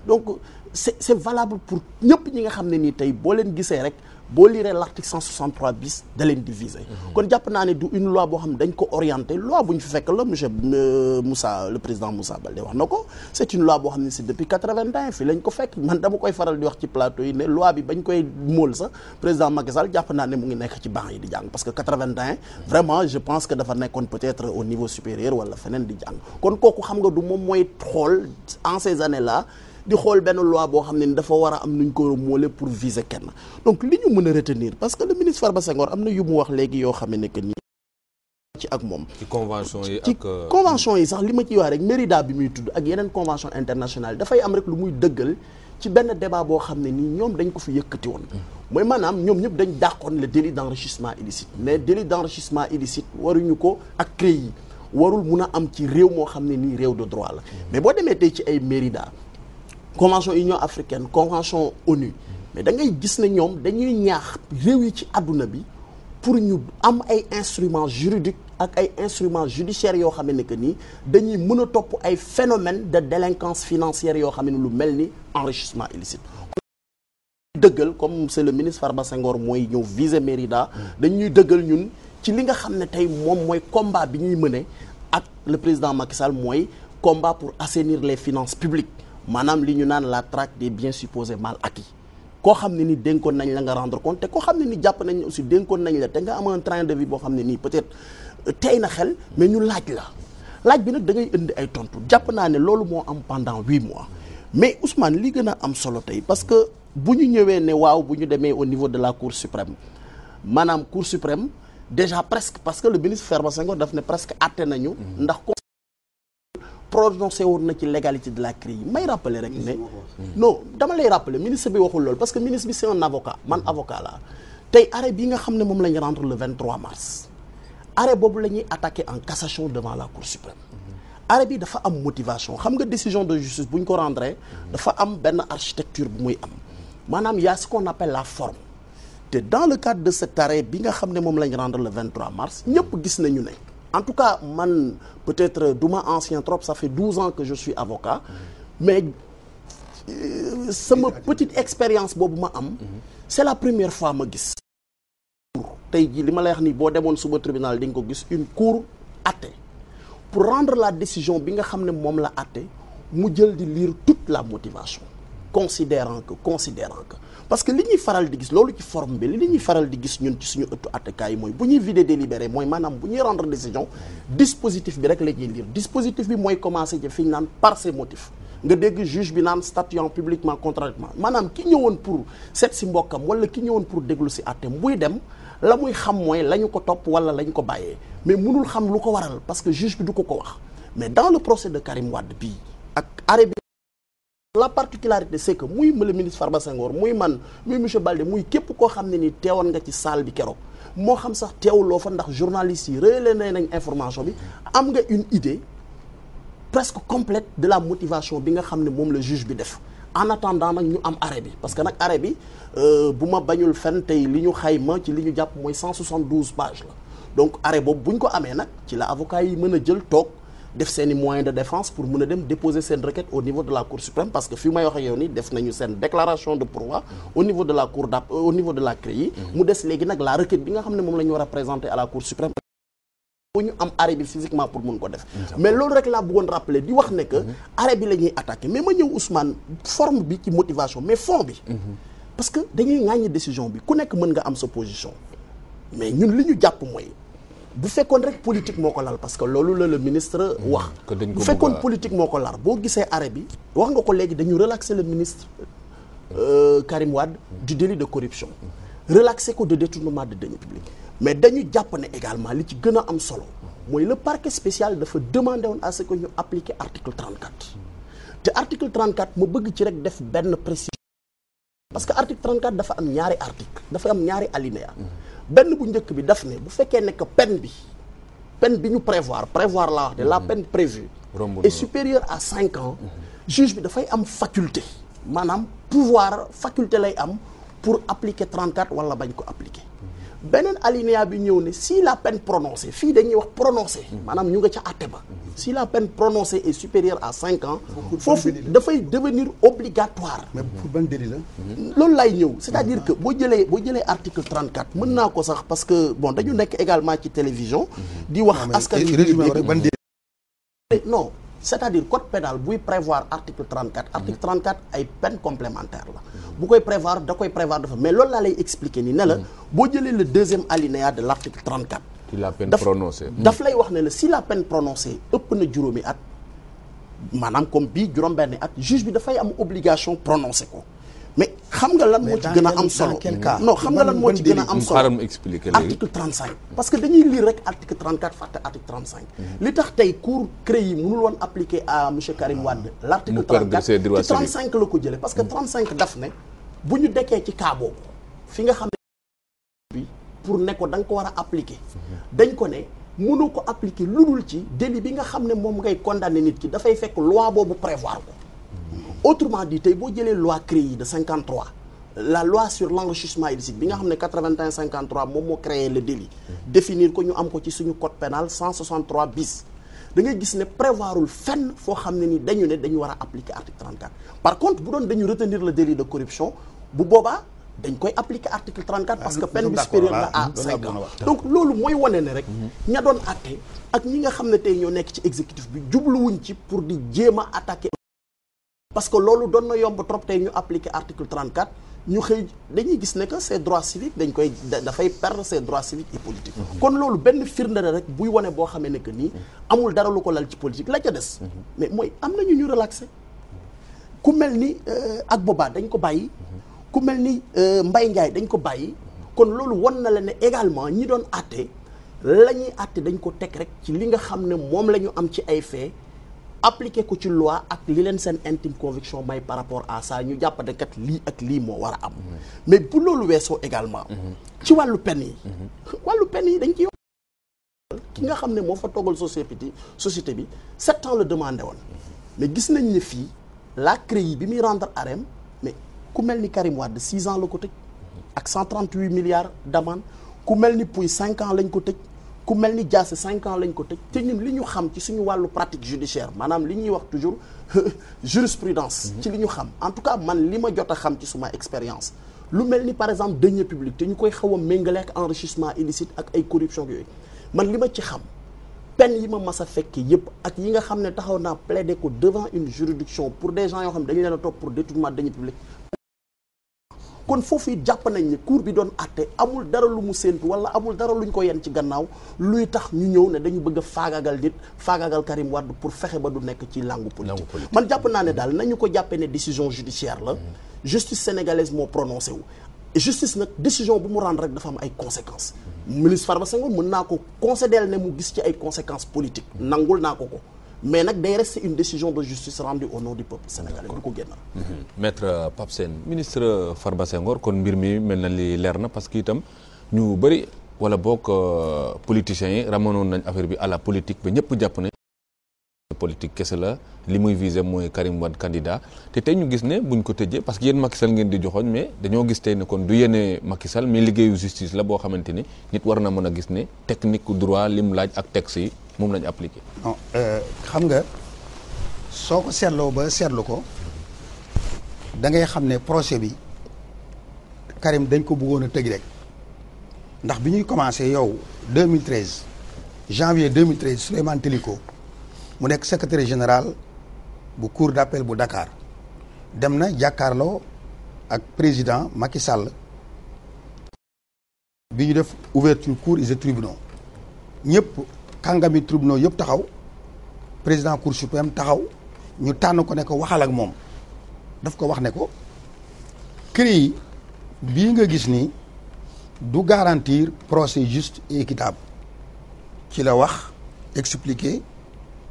donc c'est valable pour ñëpp ñi nga xam ne nii tey boo leen gisee rek boo liiree l' article 163 bis da leen diviser. Mhm. kon jàpp naa ne du une loi boo xam ne dañ ko orienté loi bu ñu fi fekk la monsieur euh, Moussa le président Moussa Baldé wax na ko c' est une loi boo xam ne c' est depuis 81 fii lañ ko fekk man dama koy faral di wax ci plateau yi ne loi bi bañ koy móol sax président Macky jàpp naa ne mu ngi nekk ci banc yi di jàng parce que 81 vraiment je pense que dafa nekkoon peut-être au niveau supérieur wala feneen di jàng kon kooku xam nga du moom mooy xool en ces années là. di xool benn loi boo xam ne ni dafa war a am nuñ ko moole pour viser kenn donc li ñu mën a retenir parce que le ministre Farba Senghor am na yu mu wax léegi yoo xam ne que ni ci ak moom ci convention yi ak euh, convention yi sax li ma ciy wax rek Mérida bi muy tudd ak yeneen convention internationale dafay am rek lu muy dëggal ci benn débat boo xam ne nii ñoom dañ ko fi yëkkati woon mooy maanaam ñoom ñëpp dañ dàqoon la délit d'enrichissement illicite mais délit d'enrichissement illicite waruñu ko ak CREI warul mun a am ci réew moo xam ne nii réew de droit mais boo demee tey ci ay Mérida convention Union africaine convention ONU mais da ngay gis ne ñoom dañuy ñaax réew yi ci àdduna bi pour ñu am ay instruments juridiques ak ay instruments judiciaires yoo xam ne que nii dañuy mën a topp ay phénomènes de délinquance financière yoo xam ne lu mel ni enrichissement illicite. dëggal comme c'est le ministre Farba Senghor mooy ñëw viser Mérida dañuy dëggal ñun ci li nga xam ne tey moom mooy combat bi ñuy mëne ak le président Macky Sall mooy combat pour assainir les finances publiques. maanaam li ñu naan la traque des biens supposés mal acquis koo xam ne ni dénkoon nañ la nga rendre compte te ko xam ne ni jàpp nañ aussi dénkoon nañ la te nga am un train de vie boo xam ne nii peut-être euh, tey na xel mais ñu laaj la laaj bi nag da indi ay tontu jàpp naa ne loolu moo am pendant huit mois mais Ousmane li gën a am solo tey parce que bu ñu ñëwee ne waaw bu ñu demee au niveau de la cour suprême maanaam cour suprême déjà presque parce que le ministre Farba Senghor daf ne presque àtte nañu ndax prononcé woon na ci légalité de la CREI may rappeler rek ne non dama lay rappeler ministre bi waxul loolu parce que ministre bi c'est un avocat man avocat la tey arrêt bi nga xam ne moom la ñu rendre le 23 mars arrêt boobu la ñuy attaqué en cassation devant la cour suprême arrêt bi dafa am motivation xam nga décision de justice bu ñu ko rendre dafa am benn architecture bu muy am maanaam y'a ce qu'on appelle la forme te dans le cadre de cet arrêt bi nga xam ne moom la ñu rendre le 23 mars ñëpp gis nañu ne en tout cas man peut-être euh, du ma ancien trop ça fait douze ans que je suis avocat mm-hmm. mais euh, sama petite expérience boobu ma am mm-hmm. c'est la première fois ma gis tey jii li ma lay wax nii boo demoon suba tribunal di nga ko gis une cour athée pour rendre la décision bi nga xam ne moom la athée mu jël di lire toute la motivation considérant que considérant que parce que li ñuy faral di gis loolu ci forme bi li ñuy faral di gis ñun ci suñu ëttu attekaay yi mooy bu ñuy vider délibéré mooy maanaam bu ñuy rendre décision dispositif bi rek la ñuy lire dispositif bi mooy commencé ci fi ñu naan parce ses motifs nga dégg juge bi naan statuant publiquement contrairement maanaam ki ñëwoon pour seet si mbokkam wala ki ñëwoon pour déglu si àtteem buy dem la muy xam mooy la ñu ko topp wala la ko bàyyee mais mënul xam lu ko waral parce que juge du ko ko wax mais dans le procès de Karim Wade bii ak arrêt bi la particularité c'est que muy le ministre Farba Senghor muy man muy monsieur Balde muy képp koo xam ne ni teewoon nga ci salle bi keroog moo xam sax teewuloo fa ndax journalistes yi relayer nañ information bi am nga une idée presque complete de la motivation bi nga xam ne moom la juge bi def en attendant nag ñu am arrêt bi parce que nag arrêt bi euh, bu ma bañul fenn tey li ñu xayma ci li ñu jàpp mooy 172 pages la donc arrêt boobu bu ñu ko amee nag ci la avocat yi mën a jël toog def seen i de défense pour mën a dem déposer seen requête au niveau de la cour suprême parce que fi may wax ak yow def nañu seen déclaration de pourvoi au niveau de la cour d' euh, au niveau de la CREI mhm. mu des léegi nag la requête bi nga xam ne moom la ñu war a présenter à la cour suprême bu ñu am arrêt physiquement pour mun ko def mais loolu rek laa bëggoon rappeler di wax ne que mhm. arrêt bi la ñuy mais ma ñëw Ousmane forme bi ci motivation mais fond bi mhm. parce que dañuy ŋàññi décision bi ku nekk mën nga am sa mais ñun li ñu jàpp mooy bu fekkoon rek politique moo ko lal parce que loolu la le ministre hmm, wax bu fekkoon politique moo ko lal boo gisee arrêt bi wax nga ko léegi dañu relaxer le ministre hmm. euh, Karim Wade du délit de corruption relaxer ko de détournement de deniers publics mais dañu jàpp ne également li ci gën a am solo mooy le parquet spécial dafa demandé woon à que ñu appliquer article 34 te article 34 ma bëgg ci rek def benn précision parce que article 34 dafa am ñaari article dafa am ñaari alinéa hmm. benn bu njëkk bi daf ne bu fekkee ne que peine bi peine bi ñu prévoir prévoir la de la mhm. peine prévue est supérieure à cinq ans mhm. juge bi dafay am faculté maanaam pouvoir faculté lay am pour appliquer 34 wala bañ ko appliquer beneen alinéa bi ñëw ne si la peine prononcée fii dañuy wax prononcée hmm. maanaam ñu nga ca àtte ba hmm. si la peine prononcée est supérieure à cinq ans foofu dafay devenir obligatoire mais pour ban délit la hmm. loolu laay ñëw c'est-à-dire que boo jëlee boo jëlee article 34 mën naa ko sax parce que bon dañu nekk également ci télévision di wax askan wi ban délit non c'est-à-dire code pénal buy prévoir article 34 article 34 ay peine complémentaire la bu koy prévoir da koy prévoir dafa mais loolu laa lay expliquer ni ne la boo jëlee le deuxième alinéa de l'article 34 la peine prononcée daf lay wax ne la si la peine prononcée ëpp na juróomi at maanaam comme bii juróom-benni at juge bi dafay am obligation prononcé ko mais xam nga lan moo ci gën a am solo non xam nga lan moo ci gën a am solo article 35 parce que dañuy lire rek article 34 fàtte article 35 mhm. li tax tey cour CREI yi mënul woon appliquer à monsieur Karim Wade l' article 34 ci 35 la ko jëlee parce que 35 mhm. daf ne bu ñu dekkee ci cas boobu fi nga xam ne bi pour ne ko da ko war a appliquer mhm. dañ ko ne mënu ko appliquer lu dul ci délit bi nga xam ne moom ngay condamné nit ki dafay fekk loi boobu prévoir ko autrement dit tey boo jëlee loi CREI de 53 la loi sur l'enrichissement illicite bi nga xam ne 81 53 moom moo créé le délit définir ko ñu am ko ci suñu code pénal 163 gis ne prévoirul fenn foo xam ne ni dañu ne dañu war a appliquer article 34 par contre bu doon dañu retenir le délit de corruption bu boobaa dañ koy appliquer article 34 parce que ah, peine bi supérieure la ah, à 5 ans donc loolu ne rek mhm. ña doon àtte ak ñi nga bi jubluwuñ ci pour di parce que loolu doon na yomb trop tey ñu appliquer article 34 ñu xëy dañuy gis ne que ces droits civiques dañ koy dafay perdre ces droits civiques et politiques mhm. kon loolu benn firnde rek buy wane boo xamee ne que nii mhm. amul dara lu ko lal ci politique la ca des mhm. mais mooy am nañu ñu ñu relaxé ku mel ni euh, ak boobaa dañ ko bàyyi ku mel ni euh, Mbaye Ndiaye dañ ko bàyyi kon loolu won na la ne également ñi doon àtte la ñuy àtte dañ ko teg rek ci li nga xam ne moom la ñu am ci ay fait appliquer ko ci loi ak li leen seen intime conviction may par rapport à ça ñu jàpp ne kat lii ak lii moo war a am mais bu loolu weesoo également mm-hmm. ci wàllu peine yi mm-hmm. wàllu peine yi dañ ci yokk ki nga xam ne moo fa toggal société société bi sept ans la demandé woon mm-hmm. mais gis nañ ne fii la CREI bi muy rendre arrêt mais ku mel ni Karim Wade six ans la ko tëj ak 138 milliards d'amende ku mel ni Pouye cinq ans lañ ko tëj ku mel ni Dia cinq ans lañ ko tëj te ñun li ñu xam ci suñu wàllu pratique judiciaire maanaam li ñuy wax toujours [laughs] jurisprudence mhm. ci li ñu xam en tout cas man li ma jot a xam ci suma expérience lu mel ni par exemple deniers publics te ñu koy xaw a méngale ak enrichissement illicite ak ay corruption yooyu man li ma ci xam peine yi ma mas a fekkee yépp ak yi nga xam ne taxaw naa plaider ko devant une juridiction pour des gens yoo xam dañu leen a topp pour kon foofu it jàpp nañ ne cour bi doon àtte amul dara lu mu séentu wala amul dara luñ ko yenn ci gannaaw luy tax ñu ñëw ne dañu bëgg a faagagal nit faagagal Karim wadd pour fexe ba du nekk ci langue politique man jàpp naa ne daal nañu ko jàppee ne décision judiciaire la justice sénégalaise moo prononcé wu justice nag décision bu mu rendre rek dafa am ay conséquences ministre Farba Senghor mën naa ko concédeel ne mu gis ci ay conséquence politiques nangul naa ko mais nag day reste une décision de justice rendue au nom du peuple sénégalais du ko génn mhm. maître euh, Pape Sène ministre euh, Farba kon mbir mi mel na li leer na parce que itam ñu bëri wala boog euh, politiciens yi ramanoon nañ affaire bi à la politique ba ñëpp jàpp ne politique kese la li muy visé mooy Karim Wade candidat te tey ñu gis ne buñ ko tëjee parce que yéen Macky Sall ngeen di joxoon mais dañoo gis tey ne kon du yéene Macky Sall mais liggéeyu justice la boo xamante ni nit war na mën a gis ne technique droit lim laaj ak texte yi moom lañu appliqué. non euh, xam nga soo ko seetloo ba seetlu ko da ngay xam ne procès bi Karim dañ ko bëggoon a tëj rek ndax bi ñuy commencé yow 2013 janvier 2013 Souleymane Téliko mu nekk secretaire général bu cour d'appel bu Dakar dem na jàkkaarloo ak président Macky Sall. bi ñu def ouverture cours et tribunaux ñëpp. kàngami tribunaux yëpp taxaw président cour suprême taxaw ñu tànn ko ne ko waxal ak moom daf ko wax ne ko CREI bii nga gis nii du garantir procès juste et équitable ci la wax expliquer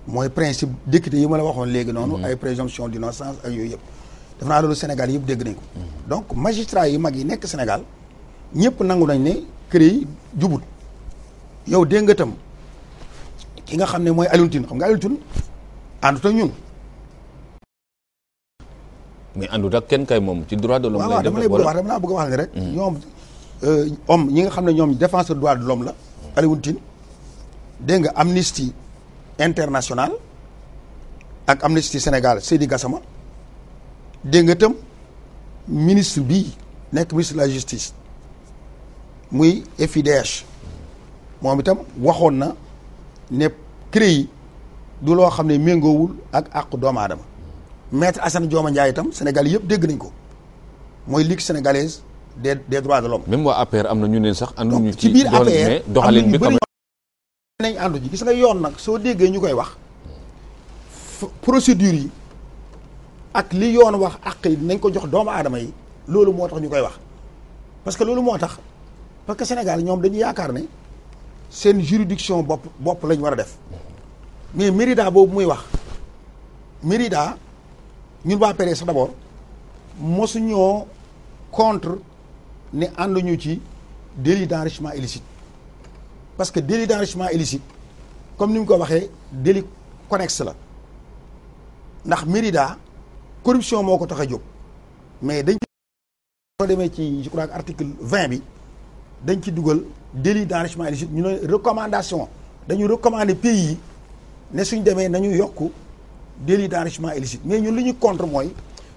mooy principe d'équité yi ma la waxoon léegi noonu mm-hmm. ay présomption d'innocence ak yooyu yëpp daf naa loolu Sénégal yëpp dégg nañ ko mm-hmm. donc magistrat yi mag yi nekk Sénégal ñëpp nangu nañ ne CREI jubut yow dégg ki nga xam ne mooy Alioune Tine xam nga Alioune Tine àndut ak ñun. mais àndut ak kenn kay moom ci droit de l'homme waaw waaw dama lay a wax dama laa rek. Hmm. ñoom euh, homme ñi nga xam ne ñoom défenseur droit de l'homme la. Alioune Tine dégg nga Amnesty International ak Amnesty Sénégal Seydi Gassama dégg nga tam ministre bi nekk ministre la justice muy FIDH moom itam waxoon na. ne CREI yi du loo xam ne méngoowul ak àqu doomu aadama maître Assane Dioma Ndiaye itam Sénégal yëpp dégg nañ ko mooy ligue sénégalaise de des droits de l'homme même waa APR am na ñu ne sax ànduñu ci biir APR doxalin bi xam nañ àndu ji gis nga yoon nag soo déggee ñu koy wax procédure yi ak li yoon wax àq nañ ko jox doomu aadama yi loolu moo tax ñu koy wax parce que loolu moo tax parce que Sénégal ñoom dañu yaakaar ne seen juridiction bopp bopp lañ war a def mais Mérida boobu muy wax Mérida ñun waa PDS sax d'abord mosuñoo contre ni ne ànduñu ci délit d'enrichissement illicite parce que délit d'enrichissement illicite comme ni mu ko waxee délit connexe la ndax Mérida corruption moo ko tax a jóg mais dañ soo demee ci je crois article vingt bi dañ ci dugal délit d'enrichissement illicite ñu ne recommandation dañu recommander pays yi ne suñ demee nañu yokk délit d'enrichissement illicite mais ñun li ñu contre mooy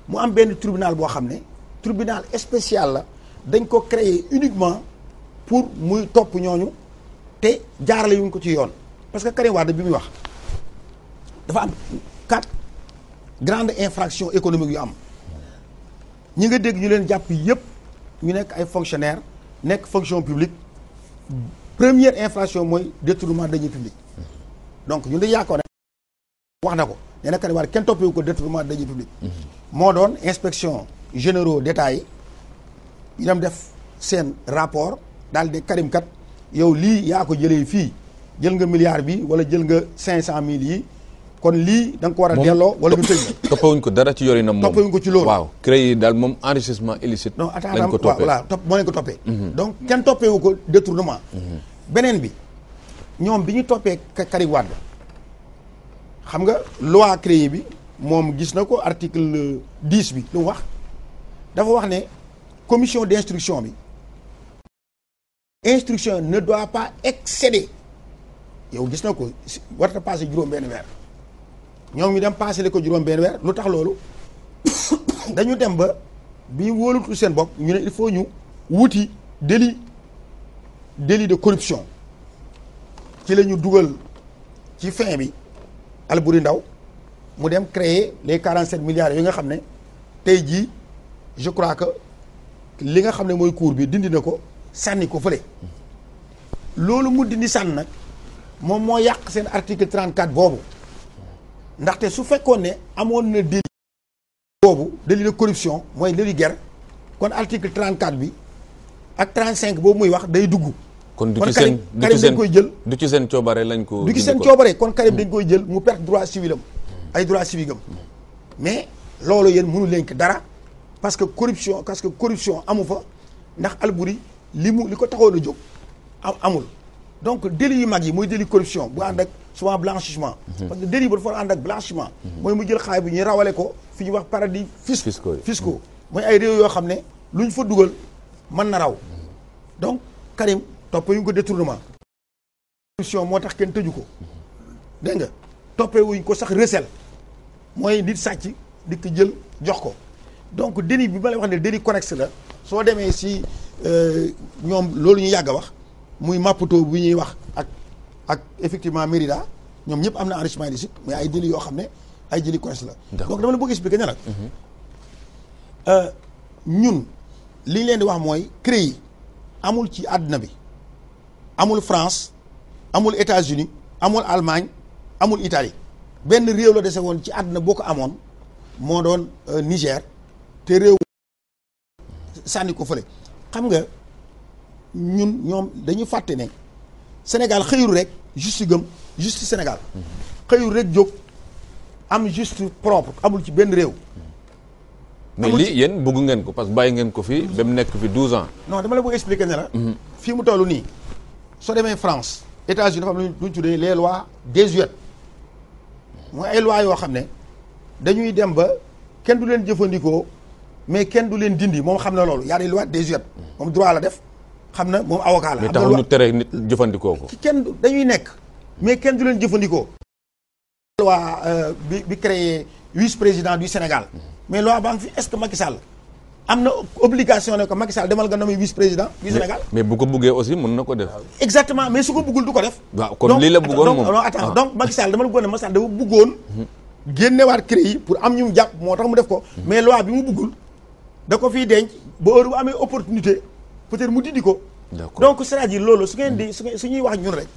mu am benn tribunal boo xam ne tribunal spécial la dañ ko créer uniquement pour muy topp ñooñu te jaarale yuñ ko ci yoon parce que Karim Wade bi muy wax dafa am quatre grande infractions économiques yu am ñi nga dégg ñu leen jàpp yépp ñu nekk ay fonctionnaires nekk fonction publique première inflation mooy détournement de deniers publics donc ñun dañu yaakaar ne wax na ko nee na Kanibar kenn toppewu ko détournement de deniers publics mhm. moo doon inspection généraux d'État yi dem def seen rapport daal de Karim yow lii yaa ko jëlee fii jël nga milliard bi wala jël nga cinq cent mille yi kon lii danga nga ko war a delloo wala ñu tëj la [coughs] toppawuñ ko dara ci yorinam moom toppawuñ ko ci loolu waaw créé yi daal moom enrichissement illicite non attends lañ ko toppee voilà topp moo leen ko toppee mhm. donc mhm. beneen bi ñoom bi ñu toppee Karim xam nga loi créé bi moom gis na ko article diis bi lu wax dafa wax ne commission d'instruction bi instruction ne doit pas excéder yow gis na ko warta passé juróom benn weer ñoom ñu dem passé li ko juróom benn weer lu tax loolu [coughs] dañu dem ba bi wóolutu seen bopp ñu ne il faut ñu wuti déli déli de corruption ci la ñu dugal ci fin bi Alburi Ndaw mu dem créer les quarante sept milliards yi nga xam ne tey jii je crois que li nga xam ne mooy cour bi dindi na ko sànni ko fële loolu mu dindi sànn nag moom moo yàq seen article 34 boobu ndaxte su fekkoon ne amoon na délit boobu délit de corruption mooy délit kon article 34 bi ak 35 boobu muy wax day dugg. kon du ci seen du ci seen koy jël. du ci seen coobare lañ ko du ci seen coobare kon Karim mm. dañ koy jël mu perte droit civil am ay droit civique am mm. mais loolu yéen mënu lenk dara parce que corruption parce que corruption amu fa ndax Albouri li mu li ko taxoon a am amul donc délit yu mag yi mooy délit corruption bu ànd ak. souvent blanchiment. parce que délit ba dafa ànd ak blanchiment. mooy mu jël xaay bu ñuy rawale ko fi ñuy wax paradis fiscaux fiscaux mooy ay réew yoo xam ne lu ñu fa dugal man na raw donc Karim toppee wuñ ko détournement. corruption moo tax kenn tëju ko dégg nga toppee wuñ ko sax recel mooy nit sàcc di ko jël jox ko donc délit bi ma lay wax ne délit connexe la soo demee si euh, ñoom loolu ñu yàgg a wax muy Maputo bu ñuy wax ak. ak effectivement Mérida ñoom ñëpp am na enrichissement illicite mais ay délits yoo xam ne ay délits connexes la. donc dama la bëgg expliquer ne la. Mhm. Euh, ñun li ñu leen di wax mooy CREI amul ci àddina bi amul France amul États-Unis amul Allemagne amul itali benn réew la dese woon ci àddina boo ko amoon moo doon euh, Niger te réew. ko fële xam nga ñun ñoom dañu fàtte ne. Sénégal xëyul rek juste gëm juste Sénégal xëyul rek jóg am juste propre amul ci benn réew. mais lii yéen bëgg ngeen ko parce que bàyyi ngeen ko fi ba mu nekk fi 12 ans. non dama la bëgg expliquer ne la. Mhm. fii mu toll nii soo demee France États-Unis dafa am lu ñu tuddee les lois désuètes mooy ay yoo xam ne dañuy dem ba kenn du leen jëfandikoo mais kenn du leen dindi moom xam na loolu y a des lois désuètes moom droit la def. xam na moom avocat la. mais taxul ñu tere nit jëfandikoo ko. kenn dañuy nekk mais kenn du leen jëfandikoo. loi euh, bi bi créé vice président du Sénégal. Mm-hmm. mais loi baa ce que Macky Sall am na obligation ne ko Macky Sall demal nga nommer vice président du mais bu ko buggee aussi mën na ko def. exactement mais su ko buggul du ko def. waaw kon lii la buggoon moom donc attends ah. donc Macky Sall dama la bëggoon ne Macky Sall buggoon. Mm-hmm. génnewaat créé yi pour am ñu jàpp moo tax mu def ko. Mm-hmm. mais loi bi mu buggul da ko fiy denc ba heure amee opportunité. peut-être mu dindi ko. donc c'est-à-dire loolu su ngeen di su su ñuy wax ñun rek.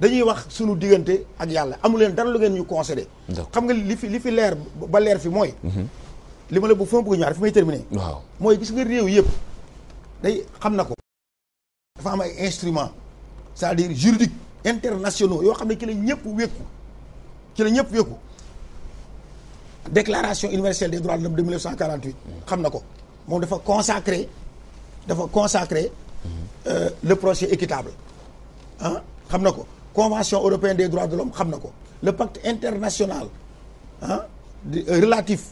dañuy wax sunu diggante ak yàlla amu leen dara lu ngeen ñu conseillé. xam nga li fi li fi leer ba leer fi mooy. Mhm. li ma la bu fa ma bëgg ñaar fi may terminer. waaw mooy gis nga réew yëpp day xam na ko. dafa am ay instruments c'est-à-dire juridiques internationaux yoo xam ne ci la ñëpp wékku ci la ñëpp wékku déclaration universelle des droits de l'homme de 1948. xam na ko moom dafa consacré. dafa consacrer euh, le procès équitable ah xam na ko convention européenne des droits de l'homme xam na ko le pacte international ah relatif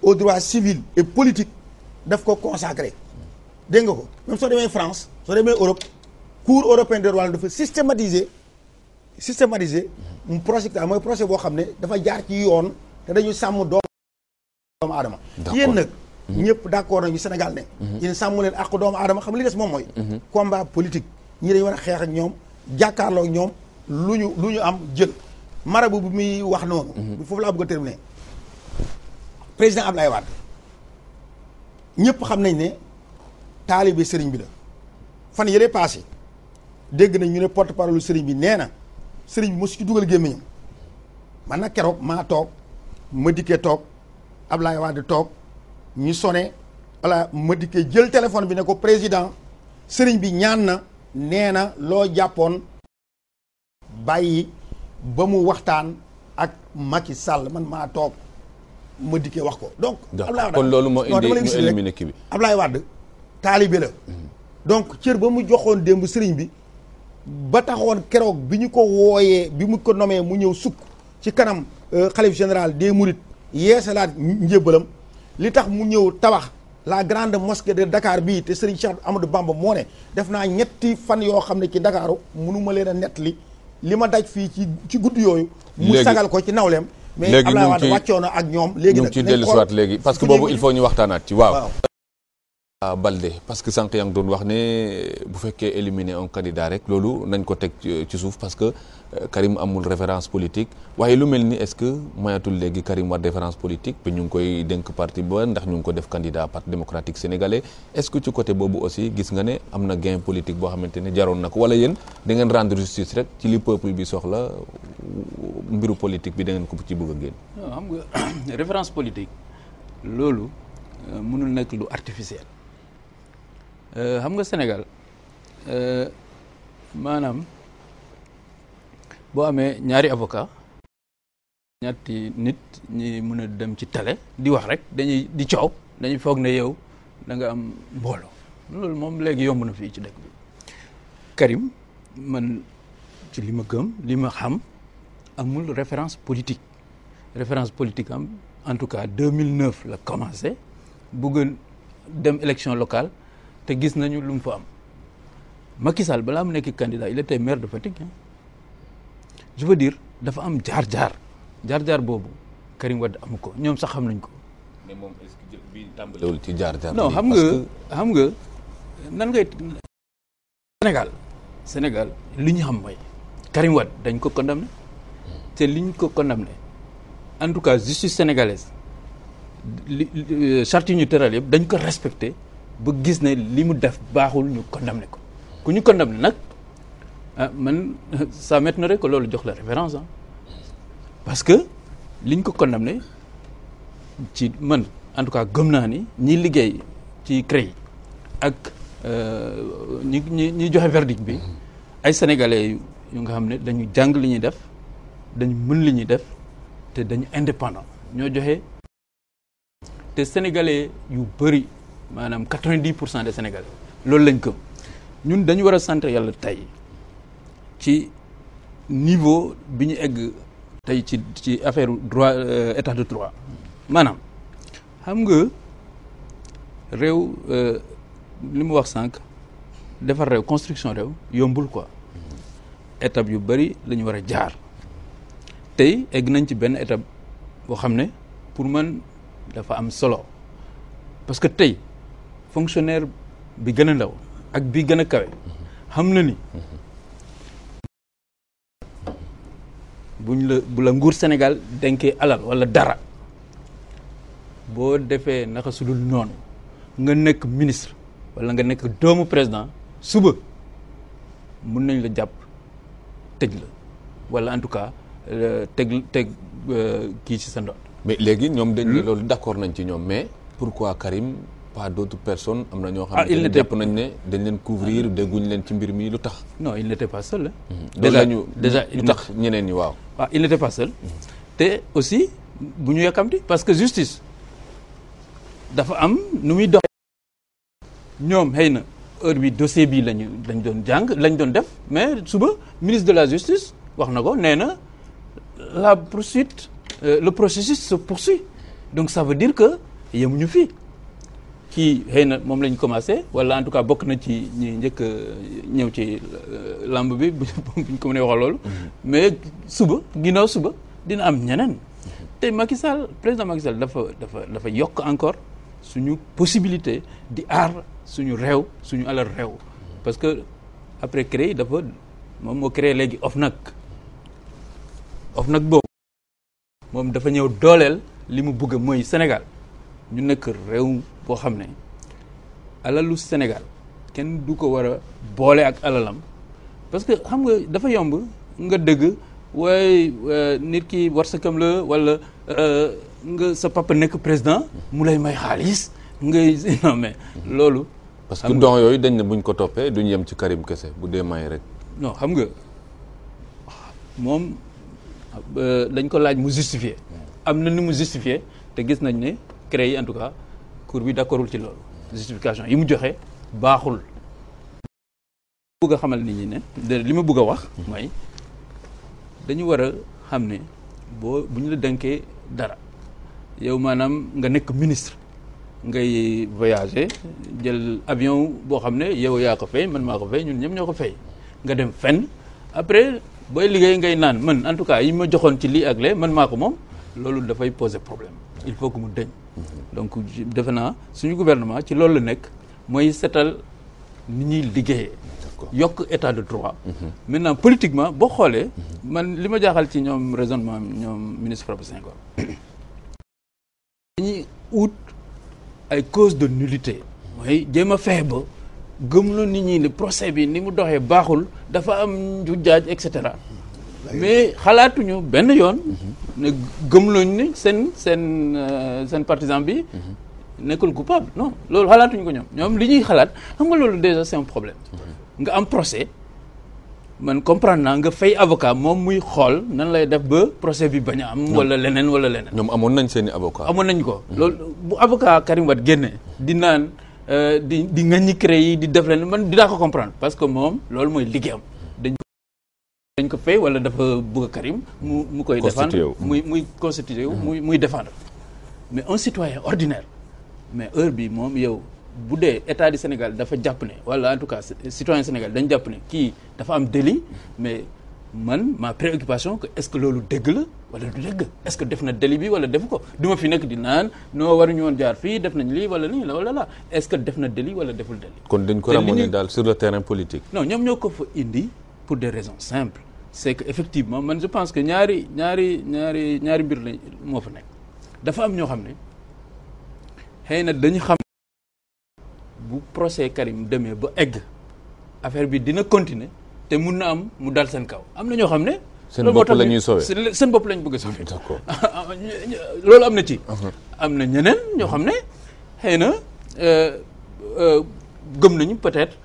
au droits civils et politiques daf ko consacré dégg nga ko même soo demee France soo demee Europe cour européenne des droits dafa systématiser systématiser mu procès mooy procès boo xam ne dafa jaar ci yoon te dañu sàmm doomu aadama yéen ñëpp d'accord nañu Sénégal ne mhm. yéen sàmm leen àqu doomu aadama xam li des moom mooy mhm. combat politique ñi dañu war a xeex ñoom jàkkaarloo ñoom lu ñu lu ñu am jël marabu bi muy wax noonu mhm. foofu laa bëgg a terminer président Abdoulaye Wade ñëpp xam nañ ne taalibe sëriñ bi la fan yële passé dégg nañ ñu ne porte parole sëriñ bi nee na sëriñ bi mosu ci dugal gémmiñam man nag keroog maa toog ma dikke toog wax di toog ñu sone voilà ma dikkee jël téléphone bi ne ko président sëriñ bi ñaan na nee na loo jàppoon bàyyi ba mu waxtaan ak Macky sàll man maa toog ma dikkee wax ko donc. Ablaye kon loolu moo indi ñu éliminé kii bi Ablaye Wade taalibe la. Mm-hmm. donc cër ba mu joxoon démb sëriñ bi ba taxoon keroog bi ñu ko wooyee bi mu ko nomee mu ñëw sukk ci kanam euh, xalif général des Mourides yeesalaat njébbalam. li tax mu ñëw tabax la grande mosquée de Dakar bii te Serigne Cheikh Amadou Bamba moo ne def naa ñetti fan yoo xam ne ci ndakaaru mënuma leen a nett li li ma daj fii ci ci guddi yooyu mu sagal ko ci nawleem mais Abdoulaye Wade wàccoon na ak ñoom léegi nag ñu ngi ciy dellusiwaat léegi parce que boobu il faut ñu waxtaanaat ci waaw Ah, Balde parce que sànq yaa doon wax ne eh, bu fekkee éliminer un candidat rek loolu nañ ko teg ci suuf parce que eh, Karim amul référence politique waaye lu mel ni est-ce que mayatul léegi Karim war déférence politique bi ñu ngi koy dénk parti ba ndax ñu ngi ko def candidat parti démocratique sénégalais est-ce que ci côté boobu aussi gis nga ne am na gain politique boo xamante ne jaroon na ko wala yéen da ngeen rendre justice rek ci li peuple bi soxla mbiru politique bi da ngeen ko ci bëgg a génn. xam nga [coughs] référence politique loolu euh, mënul nekk lu artificiel. Euh, xam nga Sénégal euh, maanaam boo amee ñaari avocat ñetti nit ñi mën a dem ci télé di wax rek dañuy di coow dañuy foog ne yow da nga am mbooloo loolu moom léegi yomb na fii ci dëkk bi Karim man ci li ma gëm li ma xam amul référence politique référence politique am en tout cas 2009 la commencé bëgg dem élection locale te gis nañu lu mu fa am Macky Sall balaa mu nekk candidat il tey maire de Fatick je veux dire dafa am jaar-jaar jaar-jaar boobu Karim Wade amu ko ñoom sax xam nañ ko. mais moom bi tàmbalewul ci jaar-jaar. non xam nga xam nga nan ngay. Sénégal Sénégal li ñu xam moy Karim Wade dañ ko condamné te li ñu ko condamné en tout cas justice sénégalaise li euh, charte yi ñu tëral yëpp dañ ko respecté. ba gis ne li mu def baaxul ñu condamné ko ku ñu condamné nag ah man [laughs] ça m'étonnerait que loolu jox la référence ah parce que liñ ko condamné ci man en tout cas gëm naa ni ñi liggéey ci CREI ak euh, ñi ñi ñi joxe verdict bi ay sénégalais yu nga xam ne dañu jàng li ñuy def dañu mën li ñuy def te dañu indépendant ñoo joxe te sénégalais yu bëri maanaam quatre vingt pour cent des Sénégalais loolu lañ gëm ñun dañu war a sant yàlla tey ci niveau bi ñu egg tey ci ci affaire droit euh, état de droit maanaam xam nga réew euh, li mu wax sànq defar réew construction réew yombul quoi étape yu bëri la ñu war a jaar tey egg nañ ci benn étape boo xam ne pour man dafa am solo parce que tey fonctionnaire bi gën a ndaw ak bi gën a kawe xam na ni buñ la bu la nguur Sénégal denkee alal walla dara boo defee naka su noonu nga nekk ministre walla nga nekk doomu président suba mun nañ la jàpp tëj la walla en tout cas euh, teg teg euh, kii ci sa ndox mais léegi ñoom dañ ne hmm? loolu d'accord nañ ci ñoom mais pourquoi Karim pas d' autres personnes am na ñoo ah, xam ne jàpp nañ ne dañ leen couvrir dégguñ leen ci mbir mi lu tax non il n' était pas seul déjà ñu déjà lu tax ñeneen yi waaw waaw ah, il n' pas seul te aussi bu ñu yokkamti parce que justice dafa am nu muy dox ñoom xëy na heure bi dossier bi lañu lañ doon jàng lañ doon def mais suba ministre de la justice wax na ko nee na la poursuite euh, le processus se poursuit donc ça veut dire que yemuñu fii kii xëy na moom la commencé wala en tout cas bokk na ci ñi njëkk ñëw ci euh, lamb bi buñ [laughs] ñu ko mënee waxal loolu. Mm-hmm. mais suba ginnaaw suba dina am ñeneen. Mm-hmm. te Macky président Macky dafa dafa dafa yokk encore suñu possibilité di aar suñu réew suñu alal réew. parce que après CREI dafa moom moo créé léegi OFNAC OFNAC boobu moom dafa ñëw dooleel li mu bugg mooy Sénégal ñu nekk réew. boo xam ne alalu Sénégal kenn du ko war a boole ak alalam parce que xam nga dafa yomb nga dëgg waaye euh, nit ki warsakam la walla euh, nga sa papa nekk président mu lay may xaalis ngay [laughs] non mais loolu. parce que don yooyu dañ ne buñ ko toppee du ñu yem ci Karim kese bu dee may rek. non xam nga moom euh, dañ ko laaj mu justifier am na ni mu justifier te gis nañ ne CREI en tout cas. pour bi d'accordul ci loolu justification yi mu joxe baaxul bëgg a xamal nit ñi ne li ma bëgg a wax mooy dañu war a xam ne boo bu ñu la denkee dara yow maanaam nga nekk ministre ngay voyager jël avion boo xam ne yow yaa ko fay man maa ko fay ñun ñëpp ñoo ko fay nga dem fenn après booy liggéey ngay naan man en tout cas yi ma joxoon ci lii ak lee man maa ko moom loolu dafay poser problème il faut que mu dëñ donc defe naa suñu gouvernement ci loolu la nekk mooy setal ni ñuy liggéeye yokk état de droit maintenant politiquement boo xoolee man li ma jaaxal ci ñoom raisonnement ñoom ministre Farba Senghor dañuy ut ay cause de nullité mooy jéem a fexe ba gëmloo nit ñi ne procès bi ni mu doxee baaxul dafa am njuuj jaaj et cetera mais xalaatuñu benn yoon. ne gëmlooñ ni seen seen euh, seen partisan bi. nekkul coupable non loolu xalaatuñu ko ñoom ñoom li ñuy xalaat xam nga loolu déjà c'est un problème. nga am procès man comprendre naa nga fay avocat moom muy xool nan lay def ba procès bi bañ am. wala leneen wala leneen. ñoom amoon nañ seen i avocat amoon nañ ko. Mhm. loolu bu avocat Karim Wade génnee di naan euh, di di nga ñi créé yi di def leen man dinaa ko comprendre parce que moom loolu mooy liggéeyam. dañ ko fay wala dafa bëgg Karim mu mu koy défendre muy muy constitué wu muy muy défendre mais un citoyen ordinaire mais heure bi moom yow bu dee état du Sénégal dafa jàpp ne wala en tout cas citoyen Sénégal dañ jàpp ne kii dafa am délit mais man ma préoccupation que est-ce loolu dëgg la wala du dëgg est-ce def na délit bi wala defu ko du ma fi nekk di naan noo waruñu woon jaar fii def nañ lii wala lii la wala la est-ce que def na délit wala deful délit kon dañ ko ramener daal sur le terrain politique ñoo ko fa indi pour des raisons simples c'est que effectivement man je pense que ñaari ñaari ñaari ñaari mbir la moo fa nekk dafa am ñoo xam ne xëy na dañu xam bu procès Karim demee ba egg affaire bi dina continuer te mun na am mu dal seen kaw am na ñoo xam ne seen bopp la ñuy sauvé seen bopp lañ bëgg a sauvé d'accord [laughs] loolu am na ci uh-huh. am na ñeneen ñoo xam ne xëy na euh, euh, gëm nañu peut-être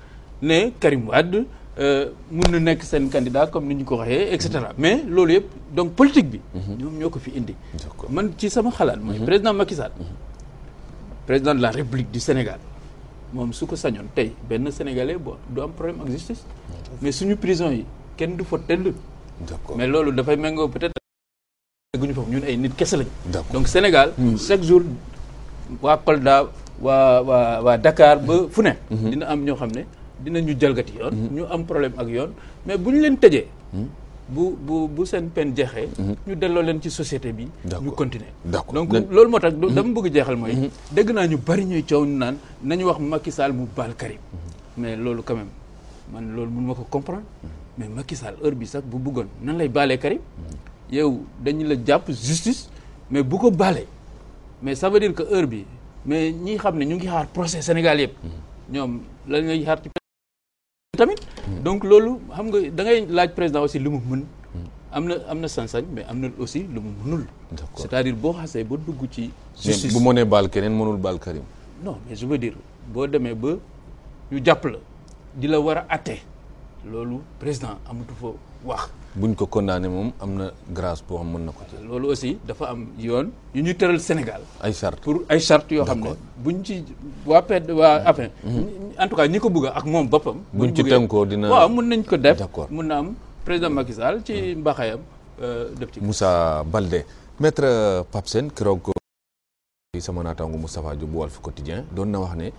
ne Karim Wade Euh, mun na nekk seen candidat comme ni ñu ko waxee et cetera mm-hmm. mais loolu yëpp donc politique bi. Mm-hmm. ñoom ñoo ko fi indi. man ci sama xalaat mooy mm-hmm. président Macky Sall. président de la République du Sénégal moom su ko sañoon tey benn sénégalais bo du am problème ak justice. mais suñu prison yi kenn du fa tëdd. mais loolu dafay méngoo peut-être. guñu foofu ñun ay nit kese lañ. donc Sénégal. chaque jour waa Kolda waa waa waa Dakar ba fu ne. dina am ñoo xam ne. dinañu jalgati yoon. ñu am problème ak yoon mais bu ñu leen tëjee. bu bu bu seen peine jeexee. ñu delloo leen ci société bi. ñu continuer donc loolu moo tax hmm. dama bëgg jeexal mooy. Hmm. dégg naa ñu bari ñuy coow ñu naan nañu wax Macky Sall mu baal Karim. Hmm. mais loolu quand même man loolu mënu ma ko comprendre mais makki Sall heure bi sax bu bëggoon nan lay baale Karim. yow dañu la jàpp justice mais bu ko baalee mais ça veut dire que heure bi mais ñi xam ne ñu ngi xaar procès Sénégal yëpp. tamit donc loolu xam nga dangay laaj président aussi lu mu mën am na am na sañ mais am na aussi lu mu mënul c'est-à-dire boo xasee ba dugg ci justice bu mënee baal keneen mënul baal Karim non mais je dire boo demee ba ñu jàpp la di la war a atte loolu président amatu fa wax buñ ko condamné moom am na grâce boo xam mën na ko loolu aussi dafa am yoon yu ñu tëral Sénégal. ay charte pour ay charte yoo xam ne buñ ci waa PED waa afin e mm-hmm. en tout cas ñi ko bëgg ak moom boppam. buñ ci tënkoo dina waaw mën nañ ko def d'accord mën na am président Macky Sall ci mm-hmm. mbaxayam euh, def ci. Moussa balde maître euh, Pape Sène keroog sama naataango Moustapha Diop bu Walf Quotidien doon na wax ne.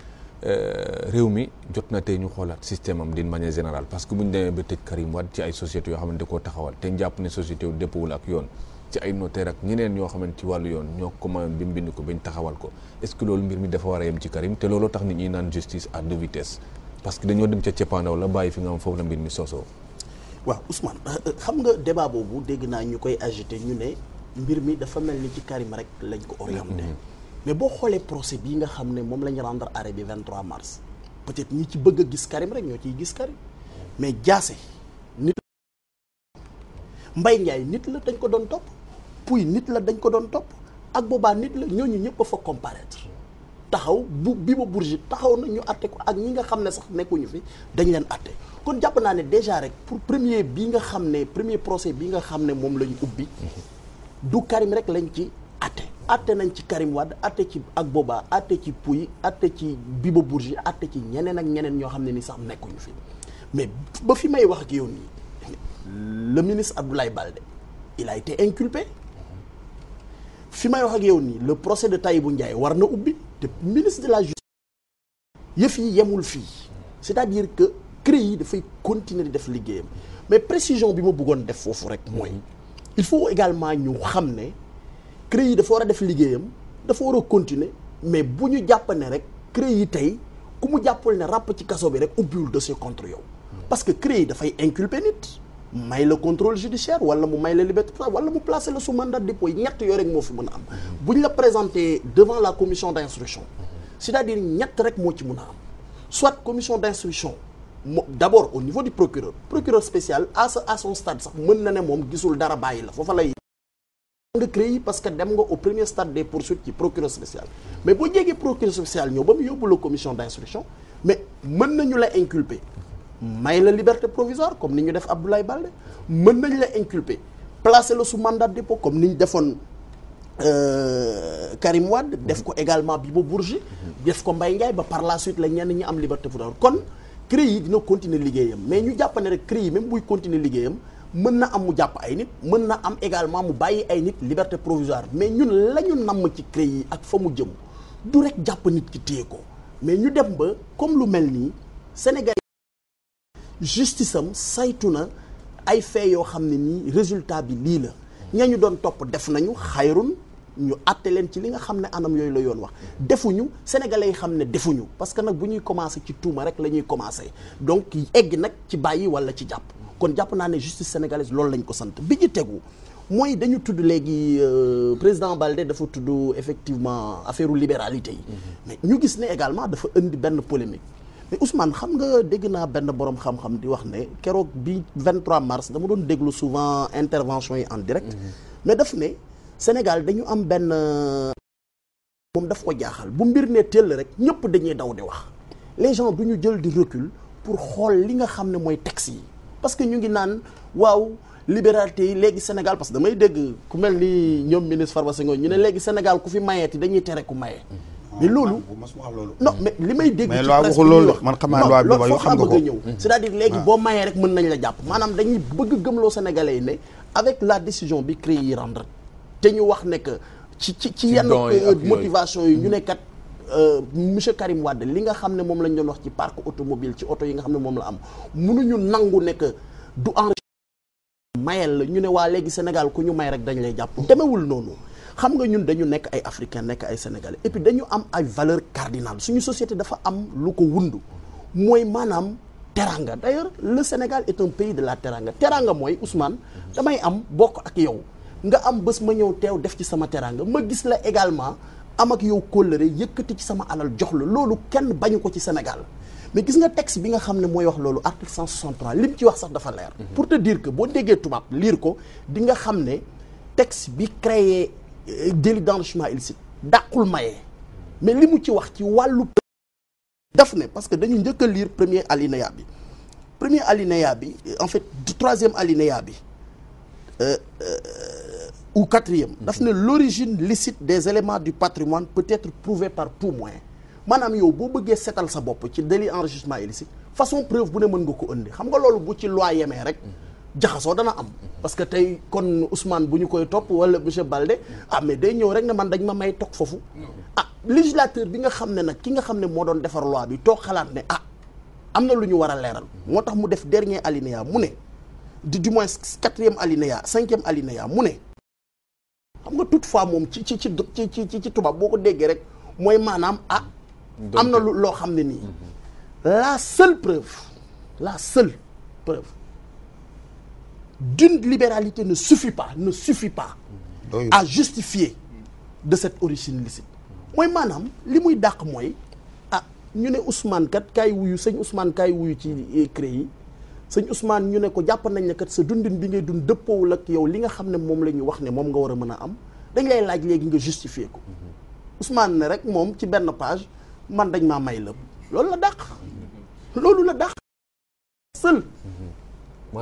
Euh, réew mi jot na tey ñu xoolaat système am d'une manière parce que bu ñu demee ba tëj Karim Wade ci ay sociétés yoo xam ne da koo taxawal te ñu jàpp ne société wu ak yoon ci ay notaire ak ñeneen ñoo xamante ci wàllu yoon ñoo commande bi mu bind ko ba ñu taxawal ko est-ce a yem ci Karim te looloo tax nit que dañoo dem ca ceppaandaw la bàyyi fi nga am foofu la mbir mi soosoo. waaw Ousmane xam nga débat boobu dégg naa ñu koy agité ñu ne mbir mi dafa mel ni ci Karim rek lañ ko orienté. Mm-hmm. mais boo xoolee procès bii nga xam ne moom la ñu rendre arrêt bi 23 mars peut-être ñi ci bëgg a gis Karim rek ñoo ciy gis Karim mais Diassé nit Mbaye Ndiaye nit la dañ ko doon topp Pouye nit la dañ ko doon topp ak boobaa nit la ñooñu ñëpp a fa comparaître taxaw bi ba Bourgi taxaw na ñu atte ko ak ñi nga xam ne sax nekkuñu fi dañ leen atte kon jàpp naa ne déjà rek pour premier bi nga xam ne premier procès bi nga xam ne moom la ñu ubbi du Karim rek lañ ci atte atte nañ ci Karim Wade atte ci ak Agboba atte ci Pouye atte ci Bibo Bourgi atte ci ñeneen ak ñeneen ñoo xam ne ni sax nekkuñu fi mais ba fi may wax ak yow nii le ministre Abdoulaye Baldé il a été inculpé fi may wax ak yow nii le procès de bu Ndiaye war na ubbi te ministre de la justice yëf yi yemul fii c'est-à-dire que CREI yi dafay continuer di def liggéeyam mais précision bi ma bëggoon def foofu rek mooy il faut également ñu xam ne CREI yi dafa war a def liggéeyam dafa war a continuer mais bu ñu jàpp ne rek CREI yi tey ku mu jàppul ne ràpp ci kaso bi rek ubbiwul dossier contre yow. parce que CREI yi dafay inculper nit. may la contrôle judiciaire wala mu may la liberté wala mu placer la su mandat de dépôt ñett yooyu rek moo fi mën a am bu ñu la présenter devant la commission d'instruction c'est-à-dire ñett rek moo ci mun a am soit commission d'instruction mo d'abord au niveau du procureur procureur spécial à à son sax mën na ne moom gisul dara bàyyi la foofa lay nga CREI parce que dem nga au premier stade des poursuites ci procureur spécial mais boo jégee procureur spécial ñëw ba mu yóbbu la commission d'instruction mais mën nañu la inculper may la liberté provisoire comme ni ñu def Abdoulaye Baldé mën nañu la inculper placer la su mandat de dépôt comme ni ñu defoon euh, Karim Wade def ko également Bibo Bourgi def ko Mbaye Ndiaye ba par la suite la ñenn ñi am liberté provisoire kon CREI yi dina continuer liggéeyam mais ñu jàpp ne rek CREI yi même buy continuer liggéeyam mën na am mu jàpp ay nit mën na am également mu bàyyi ay nit liberté provisoire mais ñun la nam namm ci CREI yi ak fa mu jëm du rek jàpp nit ki téye ko mais ñu dem ba comme lu mel nii Sénégal justice saytu na ay faits yoo xam ne nii résultat bi lii la ña ñu doon topp def nañu xayrun ñu àtte leen ci li nga xam ne anam yooyu la yoon wax defuñu sénégalais yi xam ne defuñu parce que nag bu ñuy commencé ci tuuma rek la ñuy commencé donc egg nag ci bàyyi walla ci jàpp kon jàpp naa ne justice sénégalaise loolu lañ ko sant bi ñu tegu mooy dañu tudd léegi euh, président Balde dafa tudd effectivement affaire libéralité yi. Mm-hmm. mais ñu gis ne également dafa indi benn polémique. mais xam nga dégg naa benn borom xam-xam di wax ne keroog bi vingt 23 mars dama doon déglu souvent intervention yi en direct. Mm-hmm. mais daf ne Sénégal dañu am benn. moom daf ko jaaxal bu mbir ne teel rek ñëpp dañuy daw di wax les gens ñu jël di recul pour xool li nga xam ne mooy texte yi. parce que ñu ngi naan waaw liberté yi léegi Sénégal parce que damay dégg ku mel ni ñoom ministre Farba Senghor ñu ne léegi Sénégal ku fi mayeeti dañuy tere ku maye. mais ah, loolu non mais li may dégg. mais loi waxul loolu man xam naa loi bi booba yow xam nga ko ñëw c'est-à-dire léegi ah. boo mayee rek mën nañ la jàpp maanaam dañuy bëgg gëmloo sénégalais yi ne avec la décision bi CREI yi rendre te ñu wax ne que ci ci ci yenn motivation yi ñu nekkat Euh, monsieur Karim Wade li nga xam ne moom lañ doon wax ci parc automobile ci oto yi nga xam ne moom la am mënuñu nangu nekk du enrichissement mayel la ñu ne waa léegi Sénégal ku ñu may rek dañu lay jàpp demewul noonu xam nga ñun dañu nekk ay africain nekk ay sénégalais et puis dañu am ay valeur cardinale suñu société dafa am lu ko wundu mooy maanaam teranga d'ailleurs le Sénégal est un pays de la teranga teranga mooy Ousmane damay am bokk ak yow nga am bés ma ñëw teew def ci sama teranga ma gis la également am ak yow kóllëre yëkkati ci sama alal jox la loolu kenn bañu ko ci Sénégal mais gis nga texte bi nga xam ne mooy wax loolu article 163 lim ci wax sax dafa leer. Mhm. pour te dire que boo déggee tubaab lire ko di nga xam ne texte bi créé euh, délit d'enrichissement illicite dàqul maye mais li mu ci wax ci wàllu. daf ne parce que dañu njëkk liir lire premier alinéa bi premier alinéa bi en fait troisième alinéa bi. Euh, euh, ou quatrième daf ne l'origine licite des éléments du patrimoine peut être prouvée par tout moyen maanaam yow boo bëggee setal sa bopp ci délit enregistrement illicite façon preuve bu ne mën nga ko indi xam nga loolu bu ci loi yemee rek jaxasoo dana am parce que tey kon Ousmane bu ñu koy topp wala monsieur Balde ah mais day ñëw rek ne man dañ ma may toog foofu ah législateur bi nga xam ne nag ki nga xam ne moo doon defar loi bi toog xalaat ne ah am na lu ñu war a leeral moo tax mu def dernier alinéa mu ne du moins quatrième alinéa cinquième alinéa mu ne xam nga tout fois moom ci ci ci ci ci tubaab boo ko déggee rek mooy maanaam a ah, am na lu loo xam ne nii. la seule preuve la seule preuve d'une libéralité ne suffit pas ne suffit pas. à justifier de cette origine licite. mooy maanaam li muy dàq mooy ah ñu ne Ousmane kat kaay wuyu sëñ Ousmane kaay wuyu ci eh, CREI yi. sëñ Ousmane ñu ne ko jàpp nañ ne kat sa dundin bi ngay dund dëppoowul ak yow li nga xam ne moom la ñu wax ne moom nga war a mën a am dañ lay laaj léegi nga justifier ko Ousmane ne rek moom ci benn page man dañ maa may lëpp loolu la dàq loolu la dàq seul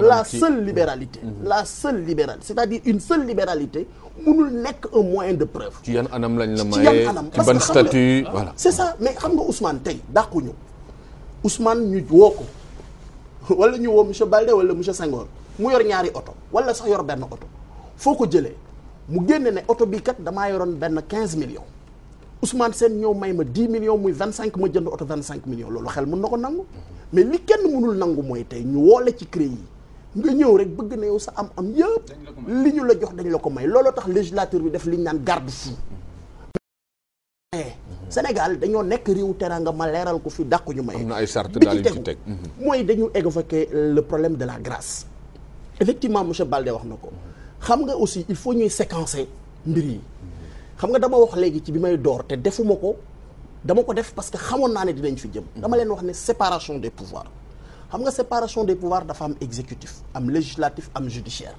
la seule liberalité mhm. la seule libéralité c'est-à-dire une seule libéralité mënul nekk un moyen de preuve ci yan anam lañ la maye ci yan anam ci ban voilà c'est xam nga Ousmane tey dàquñu Ousmane ñu woo ko [laughs] wala ñu woo monsieur Balde wala monsieur Senghor mu yor ñaari oto wala sax yor benn oto foo ko jëlee mu génne ne oto bi kat damaa yoroon benn 15 millions Ousmane Sène ñëw may ma dix millions muy vingt cinq ma jënd oto 25 millions loolu xel mën na ko nangu mais li kenn mënul nangu mooy tey ñu woole ci CREI yi nga ñëw rek bëgg na yow sa am am yëpp li ñu la jox dañu la ko may looloo tax législateur bi def li ñu naan garde fou Sénégal dañoo nekk réewu teranga ma leeral ko fi dàquñu may. am na ay charte daal teg mhm. mooy dañu évoquer le problème de la grâce. effectivement monsieur Baldé wax na ko xam nga aussi il faut ñuy séquencer mbir yi xam nga dama wax léegi ci bi may door te defuma ko dama ko def parce que xamoon naa ne dinañ fi jëm. dama leen wax ne séparation des pouvoirs xam nga séparation de pouvoirs dafa am exécutif am législatif am judiciaire.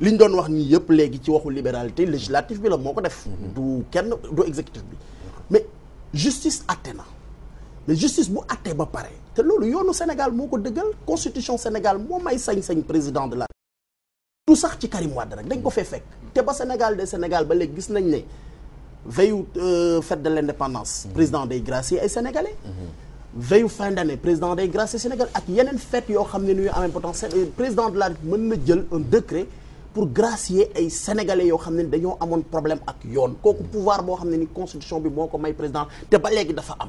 li ñu doon wax nii yëpp léegi ci waxu libéralité législatif bi la moo ko def. Mhm. du kenn du exécutif bi mais. justice àtte na mais justice bu àttee ba pare te loolu yoonu Sénégal moo ko dëggal constitution Sénégal moom ay sañ-sañ président de la du sax ci Karim Wade rek dañ ko fee fekk te ba Sénégal de Sénégal ba léegi gis nañ ne veille euh, fête de l'indépendance mhm. président day gracier ay sénégalais mhm. veille fin d'année président day gracier sénégalais ak yeneen fête yoo xam ne nuyu am importance euh, président de la mën na jël un décret pour gracier ay sénégalais yoo xam ne dañoo amoon problème ak yoon kooku pouvoir boo xam ne ni constitution bi moo ko may président te ba léegi dafa am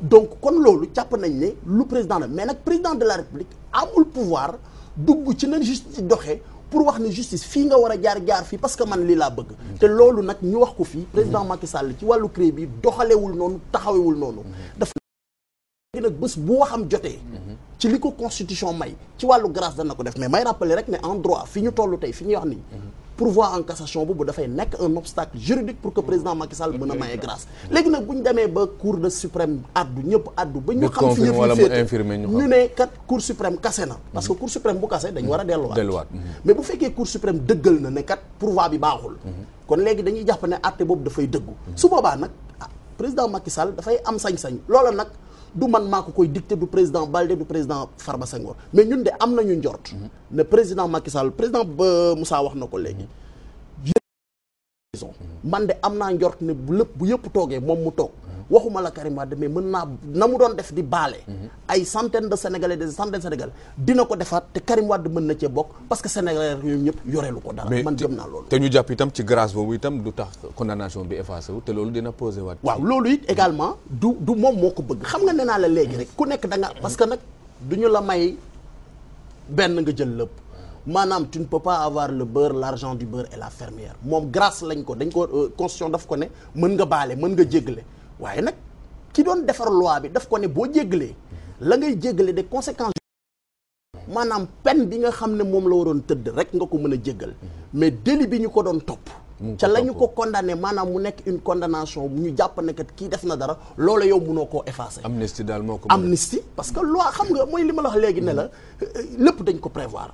donc kon loolu jàpp nañ ne lu président la mais nag président de la république amul pouvoir dugg ci na justice doxee pour wax ne justice fii nga war a jaar jaar fii parce que man lii laa bëgg te loolu nag ñu wax ko fii président mhm. Macky Sall ci wàllu CREI bi doxalewul noonu taxawewul noonu mhm. léegi nag bés bu waxam jotee ci li ko constitution may ci wàllu grâce dana ko def mais may rappeler rek ne en droit fi ñu toll tey fi ñuy wax nii pourvoi en cassation boobu dafay nekk un obstacle juridique pour que président Macky Sall mën a maye grâce léegi nag bu ñu demee ba cour de suprême addu ñëpp addu ba ñu xam fi yëf yi féete ñu ne kat cour suprême kase na parce que cour suprême bu kase dañu war a delluwaat mais bu fekkee cour suprême dëggal na ne kat pourvoi bi baaxul kon léegi dañuy jàpp ne atte boobu dafay dëggu su boobaa nag ah, président Macky Sall dafay am sañ-sañ loola nag du man maa ko koy dicté du président Balde du président Farba Senghor mais ñun de am nañu njort. Mhm. ne président Macky Sall président ba Moussa wax na ko léegi. Mhm. Mhm. man de am naa njort ne bu lëpp bu yëpp toogee moom mu toog. waxuma la Karim Wade mais mën naa na mu doon def di baale. Mhm. ay centaine de sénégalais des centaines de sénégalais dina ko defaat te Karim Wade mën na cee bokk parce que sénégalais ñoom ñëpp yoreelu ko dara. man gëm naa loolu. te ñu jàpp itam ci grâce boobu itam du tax condamnation bi effacé wu te loolu dina posé waat. waaw loolu it également du du moom moo ko bëgg xam nga ne naa la léegi rek ku nekk danga nga parce que nag du ñu la may benn nga jël lépp. maanaam tu ne peux pas avoir le beurre l'argent du et la fermière moom grâce lañ ko dañ ko euh, constitution daf ko mën nga baale mën nga waaye nag ki doon defar loi bi daf ko ne boo jéggalee la ngay jéggale des conséquences maanaam pen bi nga xam ne moom la waroon tëdd rek nga ko mën a jéggal mais délit bi ñu ko doon topp ca la ñu ko condamné maanaam mu nekk une condamnation ñu jàpp ne kat kii def na dara loola yow mënoo koo effacer amnistie daal moo ko amnistie parce que loi xam nga mooy lima ma wax léegi ne la mm. euh, lépp dañ ko prévoir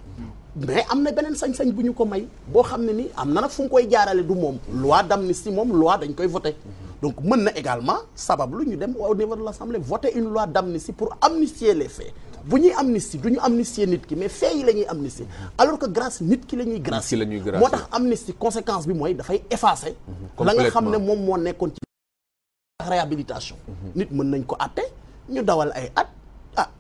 mais am na beneen sañ-sañ bu ñu ko may boo xam ne ni am na nag fu mu koy jaarale du moom loi d'amnistie moom loi dañ koy voter donc mën na également sabablu ñu dem au niveau de l'Assemblée voter une loi d'amnistie pour amnistier les faits bu ñuy amnistie du ñu amnistier nit ki mais faits yi la ñuy amnistier alors que grâce nit ki la ñuy grâce moo tax amnistie conséquence bi mooy dafay effacer la nga xam ne moom moo nekkoon ci réhabilitation mmh. nit mën nañ ko àtte ñu dawal ay at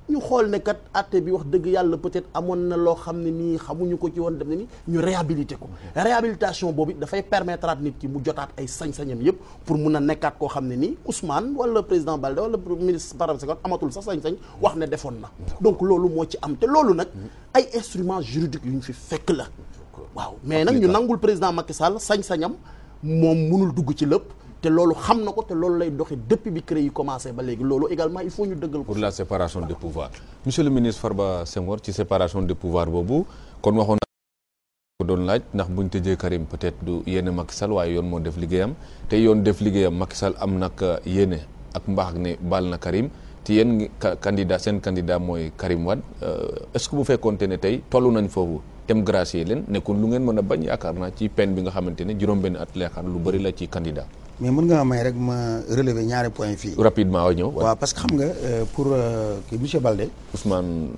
ñu xool ne ate bi wax dëgg yàlla peut-être amoon na loo xam ne nii xamuñu ko ci woon dem ne ni ñu réhabilité ko réhabilitation boobu dafay permettre nit ki mu jotaat ay sañ-sañam yëpp pour mun a nekkaat koo xam ne nii Ousmane wala président Baldé wala ministre Barham Sekone amatul sax sañ-sañ wax ne defoon na donc loolu moo ci am te loolu nag ay instruments juridiques yu ñu fi fekk la waaw mais nag ñu nangul président Macky Sall sañ-sañam moom munul dugg ci lépp te loolu xam na ko te loolu lay doxee depuis bi CREI yi commencé ba léegi loolu également il faut ñu dëggal ko. pour la séparation des le ministre Farba Senghor ci séparation des pouvoirs boobu kon waxoon ko doon laaj ndax buñ tëjee Karim peut-être du yéene Macky Sall waaye yoon moo def liggéeyam te yoon def liggéeyam Macky Sall am nak euh, yéene ak mbaax ne baal na Karim te yéen candidat seen candidat mooy Karim Wade euh, est-ce bu fekkonte ne tey tollu nañ foofu tem gracier leen ne lu ngeen mën a bañ yaakaar naa ci peine bi nga xamante ne juróom-benn at lu bëri la ci candidat mais mën nga ma may rek ma relever ñaari point fii. rapidement waaw ñëw. waaw parce que xam nga euh, pour kii euh, monsieur Balde. Ousmane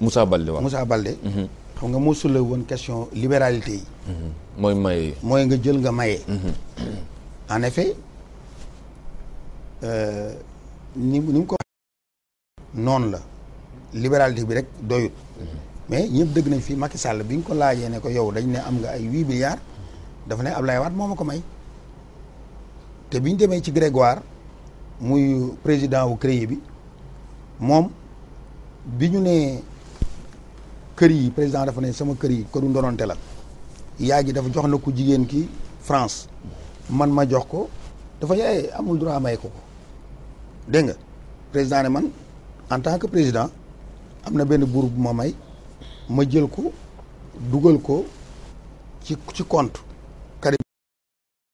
Moussa Balde waaw. Moussa Balde. Mhm. xam nga moo soulevé woon question libéralité yi. Mhm. mooy maye. mooy nga jël nga maye. Mhm. en effet euh, ni ni mu ko. noonu la libéralité bi rek doyut. mais ñëpp dëgg nañ fii Macky Sall bi nga ko laajee ne ko yow dañ ne am nga ay huit milliards. dafa ne Ablaye Wade moo ma ko may. te bi ñu demee ci Grégoire muy président wu CREI bi moom bi ñu nee kër yi président dafa ne sama kër yi këru ndononte la yaa ji dafa jox na ku jigéen ki France man ma jox ko dafa yaay eh, amul droit may ko ko nga président ne man en tant que président am na benn buur bu ma may ma jël ko dugal ko ci ci compte Karim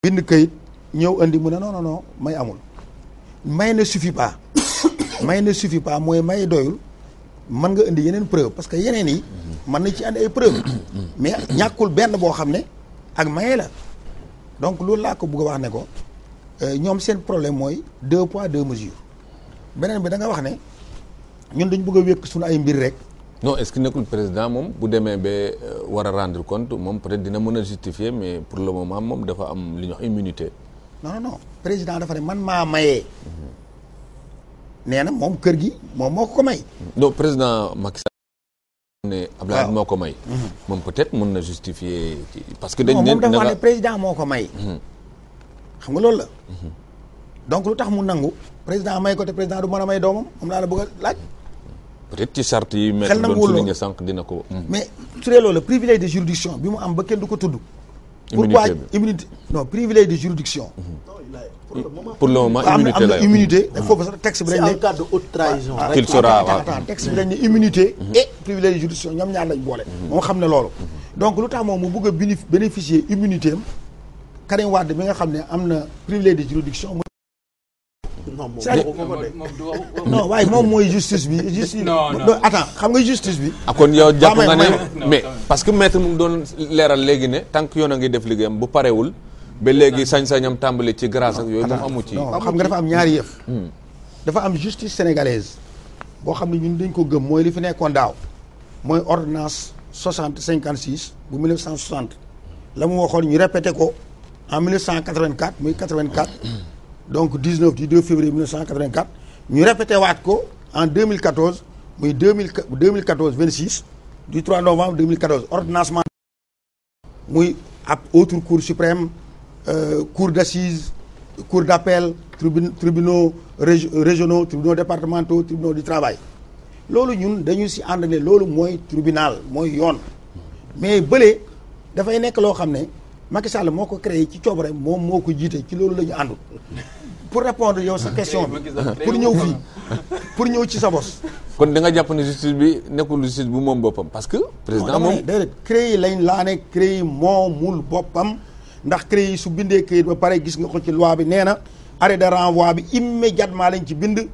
bind këyit ñëw andi mu ne non non non may amul may ne suffit pas [coughs] may ne suffit pas mooy may doyul mën nga indi yeneen preuve parce que yeneen yi mën na ci andi ay preuve [coughs] mais ñàkkul benn boo xam ne ak maye la donc loolu laa ko bëgg wax ne ko euh, ñoom seen problème mooy deux poids deux mesures beneen bi da nga wax ne ñun dañ bëgg a su suñu ay mbir rek non est-ce que nekkul président moom bu demee ba euh, war a rendre compte moom peut dina mën a justifier mais pour le moment moom dafa am li ñu wax immunité non non président dafa ne man maa mayee nee na moom kër gi moom moo ko may. non président Macky Sall ne Abdoulaye moo ko may. Mhm. moom peut-être mun na justifier parce que. dañ ne moom dafa président moo ko may. Mhm. xam nga loolu la. Mhm. lu tax mu nangu. président may ko te président du mën a may doomam moom laa la bëgg a laaj. peut ci sart yi. xel nanguwul loolu doon souligné sànq dina ko. mais su dee loolu privilège de juridiction bi mu am ba kenn du ko tudd. pourquoi immunité non privilège de juridiction. Mhm. pour le moment immunité la am na immunité mhm. il faut que sax texte bi dañ ne. c'est ah, ah, en mhm. immunité. et privilège de juridiction ñoom ñaar lañ boole. moom xam ne loolu. donc lu tax moom mu bëgg a bénéficier immunité am Karim Wade bi nga xam ne am na privilège de juridiction. non moom waaye moom mooy justice bi justice. non non xam nga justice bi. ah kon yow jàpp nga parce que maître mu ngi doon leeral léegi ne tant que yoon a ngi def liggéeyam bu parewul ba léegi sañ-sañam tàmbali ci grâce ak yooyu moom amu ci. xam nga dafa am ñaari yëf. Hmm. dafa am justice sénégalaise boo xam ne ñu dañ ko gëm mooy li fi nekkoon daaw mooy ordonnance soixante cinquante six bu mille neuf cent soixante la mu waxoon ñu répété ko en mille neuf cent quatre vingt quatre muy quatre donc dix 19 du 2 février 1984 ñu répété waat ko en 2014 muy 2014 26 du 3 novembre 2014 ordonnancement muy ab autre cour suprême euh, cour d'assises cour d'appel tribunaux tribunaux régionaux tribunaux départementaux tribunaux du travail loolu ñun dañu si ànd ne loolu mooy tribunal mooy yoon mais bële dafay nekk loo xam ne Macky moo ko créé ci coobare moom moo ko jiite ci loolu la ñu àndul pour répondre yow sa ah. question bi pour ñëw fii pour ñëw ci sa bos. kon da nga jàpp ne justice bi nekkul justice bu moom boppam parce que. président moom déedéet CREI lañ laa ne CREI moomul boppam ndax CREI su bindee këyit ba pare gis nga ko ci loi bi nee na arrêt de renvoi bi immédiatement lañ ci bind.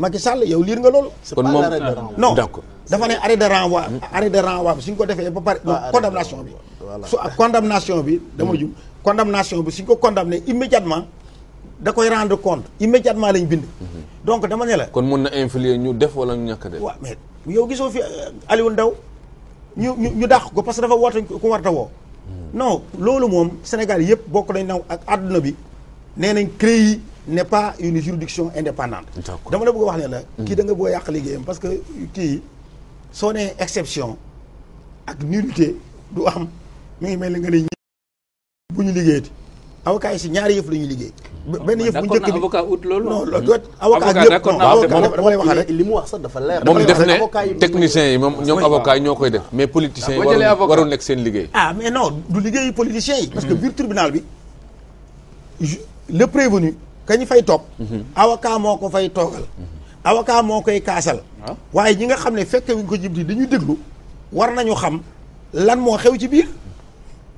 Macky Sall yow liir nga loolu. c'est pas l'arrêt de renvoi ah. non dafa ne arrêt de renvoi. arrêt de renvoi ko defee ba pare non ah, condamnation bi. su condamnation bi dama hmm. jum condamnation bi suñ ko condamné immédiatement. da koy rendre compte immédiatement lañu bind. Mhm. donc dama ne la. kon mën na influer ñu def wala ñu ñàkk a def. waaw mais yow gisoo fi euh, Aliou ndaw ñu ñu ñu dàq ko parce que dafa woote ku war ta woo. Mhm. non loolu moom Sénégal yëpp bokk nañ naw ak àdduna bi nee nañ CREI n'est pas une juridiction indépendante. dama la bëgg wax ne la. Mhm. kii da nga bëgg a yàq liggéeyam parce que ti soo nee exception ak nullité du am mi ngi mel ni nga ne bu ñu liggéeyati avocats si ñaari yëf la ñuy liggéey. benn yëf bu njëkk bi avocat ut loolu. non avocat yëpp dama lay wax li mu wax sax dafa leer. moom def ne techniciens yi moom ñoom avocat yi ñoo koy def. mais politiciens yi warul nekk seen liggéey. ah mais non du liggéeyu politiciens yi. parce que biir tribunal bi le prévenu kañ fay toog mhm. avocat moo ko fay toogal. Mhm. avocat moo koy kaasal. Ah. waaye ñi nga xam ne fekk wi ñu ko jibti dañuy déglu war nañu xam lan moo xew ci biir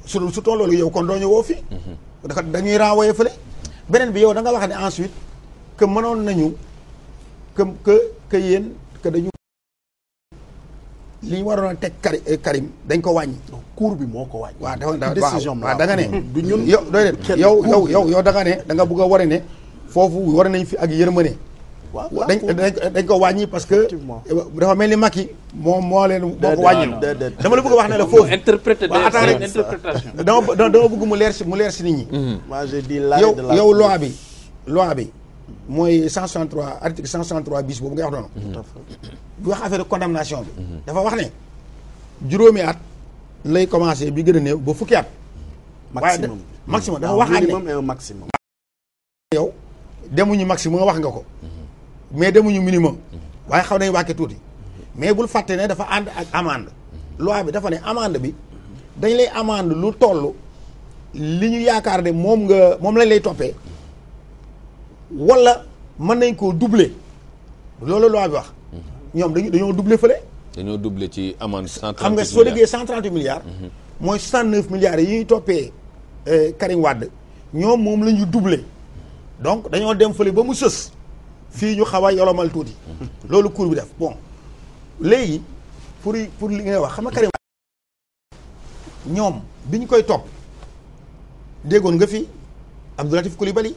su su toon loolu yow kon doo ñëwoo fii. Mhm. dafa dañuy renvoyer fële. beneen bi yow da nga wax ne ensuite que mënoon nañu que que que yéen que dañu li ñu waroon a teg euh, Karim dañ ko wàññi. cour bi moo ko wàññi. waaw dafa dafa décision waaw da nga ne. du ñun yow doy yow yow yow yow da ne da nga bëgg a war ne foofu war nañ fi ak yërma waaw dañ dañ ko wàññi parce que. dafa mel ni mag yi moom moo leen moo ko wàññil dama la bëgg wax ne la foofu interprété interprétation dama dama bëgg mu leer si mu leer si nit ñi mm-hmm. yow yow loi bi mooy loi bi mooy 163 article 163 bis boobu ngay wax noonu bu mm-hmm. wax affaire condamnation bi mm-hmm. dafa wax ne juróomi at lay commencé bi gën a néew ba fukki at maximum maximum dafa wax ne maximum yow demuñu maximum wax nga ko mais demuñu minimum waaye xaw nañ wàcce tuuti mais bul fàtte ne dafa ànd ak amende loi bi dafa ne amande bi dañ lay amande lu toll li ñu yaakaar ne moom nga moom lañ lay toppee wala mën nañ koo doubler loolu loi bi wax. ñoom dañu dañoo duble fële. dañoo doubler ci amende cent xam nga soo déggee cent trente mhm. mooy cent neuf yi ñuy toppee euh, Karim wàdd ñoom moom la ñu doubler donc dañoo dem fële ba mu sës fii ñu xaw a yolomal tuuti. Mhm. loolu cour bi def léegi pour pour li ngay wax xam ñoom bi ñu koy topp déggoon nga fi ko Latif Coulibaly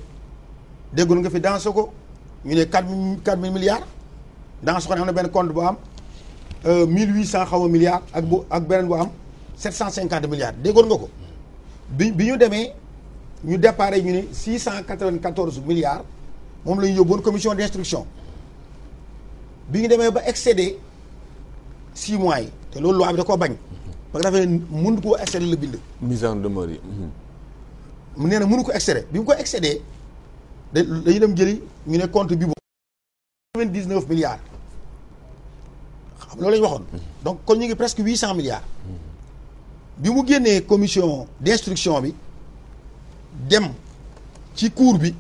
déggoon nga fi Dansoko ñu ne quatre mille quatre mille milliards Dansoko ne am na benn compte bu am euh, mille huit cent xaw ma milliards ak bu ak beneen bu am sept cent cinquante milliards déggoon nga ko bi bi ñu demee ñu déparé ñu ne six cent quatre-vingt-quatorze milliards moom lañu ñu yóbboon commission d'instruction bi ñu demee ba excédé six mois yi te loolu loi bi da koo bañ parce que dafa ne mënu koo excéder la bind. mise en demeure yi. Mm-hmm. mu nee na mënu ko excéder bi mu ko de dañu dem jëli ñu ne compte bi boobu. quatre-vingt-dix-neuf milliards. xam loolu la waxoon. Mm-hmm. donc kon ñu ngi presque huit cent milliards. Mm-hmm. bi mu génnee commission d'instruction bi dem ci cour bi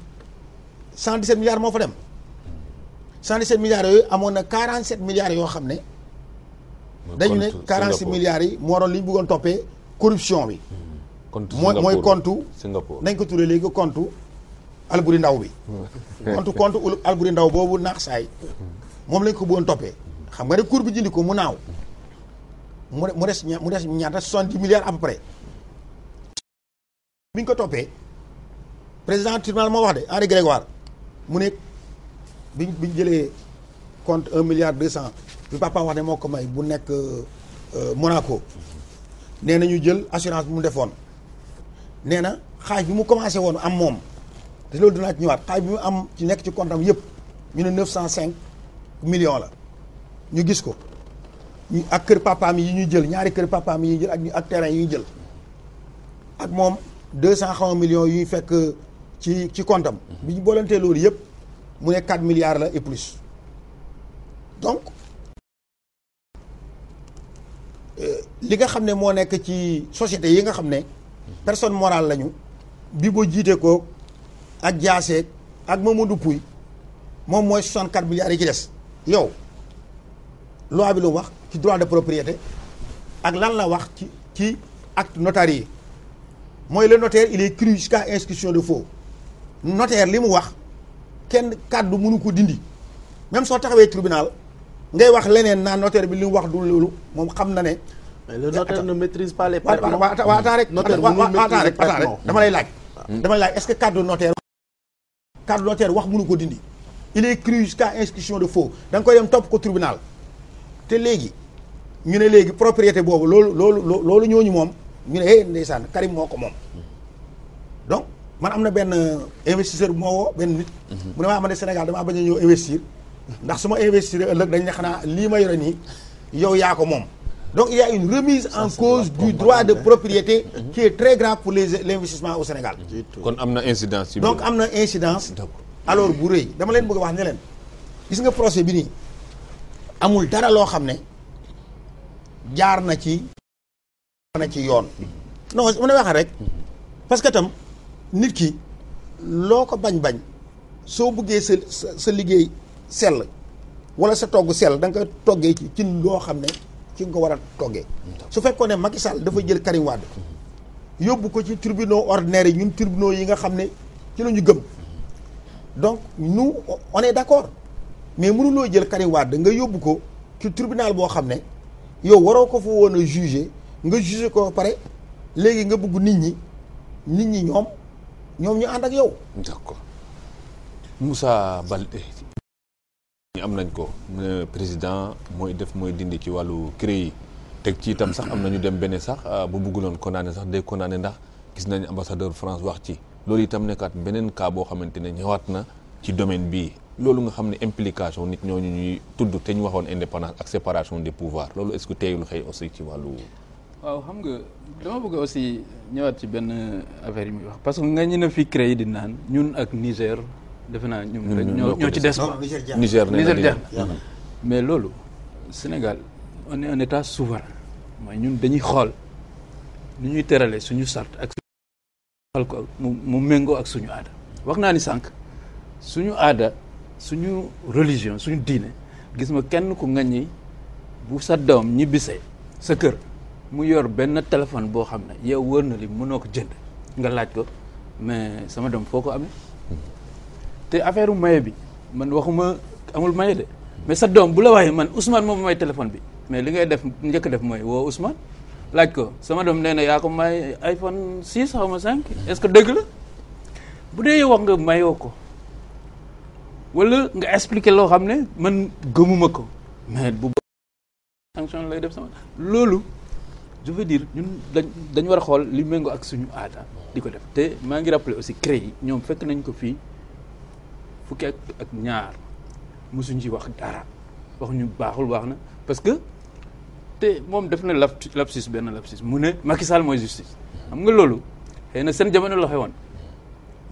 cent dix-sept milliards moo fa dem cent dix-sept milliards yooyu amoon na quarante-sept milliards yoo xam ne. dañu ne 46 milliards yi moo doon li ñu bëggoon toppee corruption bi. mooy mooy kontu nañ ko turee léegi kontu alburi ndaw bi. kontu [laughs] kontu alburi ndaw boobu naax saay moom lañ ko bëggoon toppee. xam nga rek cour bi jëndi ko mu naaw mu mu des mu des ñaata soixante-dix milliards à peu près. ko toppee président tribunal moo wax de Henri Grégoire mu ne bi ñu bi jëlee conte un milliard deux cent. bi papa wax ne moo ko may bu nekk euh, Monaco nee na ñu jël assurance bi mu defoon nee na xaaj bi mu commencé woon am moom te loolu dinaa ci ñëwaat xaaj bi mu am ci nekk ci kontam yëpp ñu ne neuf cinq millions la ñu gis ko ak kër papaam yi ñu jël ñaari kër papaam yi ñuy jël ak ak terrain yi ñuy jël ak moom deux cent xaw millions yuy fekk euh, ci ci kontam mm-hmm. bi ñu boolantee loolu yëpp mu ne quatre milliards la et plus donc Euh, li nga xam ne moo nekk ci société yi nga xam ne personne morale lañu bi boo jiitee ko ak jaaseeg ak Mamadou Pouy moom mooy 64 milliards yi ci des yow loi bi lu wax ci droit de propriété ak lan la wax ci ci acte notarié mooy le notaire il est cru jusqu'à inscription de faux notaire li mu wax kenn kàddu mënu ko dindi même soo taxawee tribunal ngay wax leneen naa notaire bi li wax du loolu moom xam na ne. mais le notaire ne maîtrise pas les paiements. waaw waaw waaw attends rek. notaire mënul maîtriser les paiements dama laaj. dama laaj est-ce que cadre notaire. cadre notaire wax mënu ko dindi. il est cru jusqu'à instruction de faux da nga koy dem topp ko tribunal te léegi ñu ne léegi propriété boobu loolu loolu loolu ñooñu moom ñu ne eh ndeysaan Karim moo ko moom donc man am na benn investisseur bu ma benn nit. Mhm. mu ne maa ma ne Sénégal damaa bañ a ñëw investir. ndax su ma investir ëllëg dañ xanaa lii ma yore nii yow yaa ko moom donc il y a une remise en cause du droit de propriété qui est très grave pour les l'investissement au Sénégal kon am na incidence donc am na incidence alors bu rëy dama leen bëgg wax ne leen gis nga procès bi nii amul dara loo xam ne jaar na ci na ci yoon non mu ne wax rek parce que tam nit ki loo ko bañ-bañ soo buggee sa sa liggéey sell wala sa togg sell da nga toggee ci ci loo xam ne ci nga war a toggee su fekkoon ne Macky Sall dafa jël Karim yóbbu ko ci tribunaux ordinaires yi ñun tribunaux yi nga xam ne ci la ñu gëm donc nous on est d'accord mais mënuloo jël Karim Wade nga yóbbu ko ci tribunal boo xam ne yow waroo ko fa woon a nga juger ko pare léegi nga bugg nit ñi nit ñi ñoom ñoom ñu ànd ak yow. d'accord Moussa Baldé. am nañ ko président mooy def mooy dindi ci wàllu CREI yi teg ci itam sax am nañu dem benn sax ah, bu bëgguloon condamné sax day condamné ndax gis nañ ambassadeur France wax ci loolu itam nekkaat beneen cas boo xamante ne ñëwaat na ci domaine bi loolu nga xam ne implication nit ñu ñuy tudd te ñu waxoon indépendance ak séparation des pouvoirs loolu est-ce que teeyul xëy aussi ci wàllu waaw xam nga dama bëgg aussi ñëwaat ci benn affaire yi muy wax parce que nga ñu ne fi CREI di naan ñun ak Niger defe naa ñoom ñoo ñoo ci des Niger Niger jeex na mais loolu Sénégal on est un état souverain ñun dañuy xool nu ñuy terale suñu sart ak suñu mu méngoo ak suñu aada wax naa ni sànq suñu aada suñu religion suñu diine gis ma kenn ku nga ngañi bu sa doom ñibbisee sa kër mu yor benn téléphone boo xam ne yow wër na li mënoo ko jënd nga laaj ko mais sama doom foo ko amee te affaire u maye bi man waxuma amul maye de mais sa doom bu la waxee man Ousmane moom may téléphone bi mais li ngay def njëkk def mooy woo Ousmane laaj ko sama doom nee na yaa ko may iPhone 6 xaw ma 5 est-ce que dëgg la bu dee wax nga mayoo ko wala nga expliquer loo xam ne man gëmuma ko mais bu sanction lay def sama loolu je veux ñun dañ dañ war a xool li ak suñu aada di ko def te maa ngi rappeler aussi CREI yi ñoom fekk nañ ko fii fukki ak ak ñaar mosuñ ci wax dara wax ñu baaxul baax na parce que te moom def na lapsus benn lapsus mu ne Macky Sall mooy justice xam nga loolu xëy na seen jamono la xewoon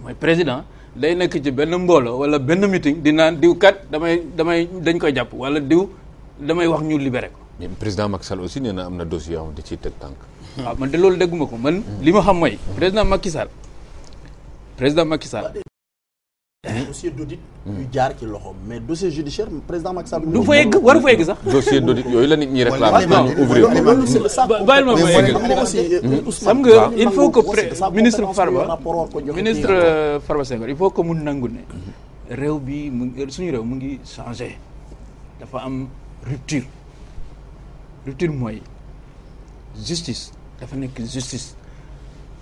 mooy président day nekk ci benn mbooloo wala benn meeting di naan diw kat damay damay dañ koy jàpp wala diw damay wax ñu libéré ko. mais président Macky Sall aussi nee na am na dossier yoo xam ne ciy teg tànk. waaw ah, man de loolu dégguma ko man. li ma xam mooy président makisaal président Macky dossier d'audit yu ci loxoom mais dossier judiciaire président Macky Sall. du fa yegg waru fa yegg sax. dossier la nit ñi réclame nañu euh, hmm. nga il faut que ministre Farba ministre euh, Farba Senghor il faut que mun nangu ne réew bi mu euh, suñu réew mu ngi changé dafa am rupture rupture mooy justice dafa nekk justice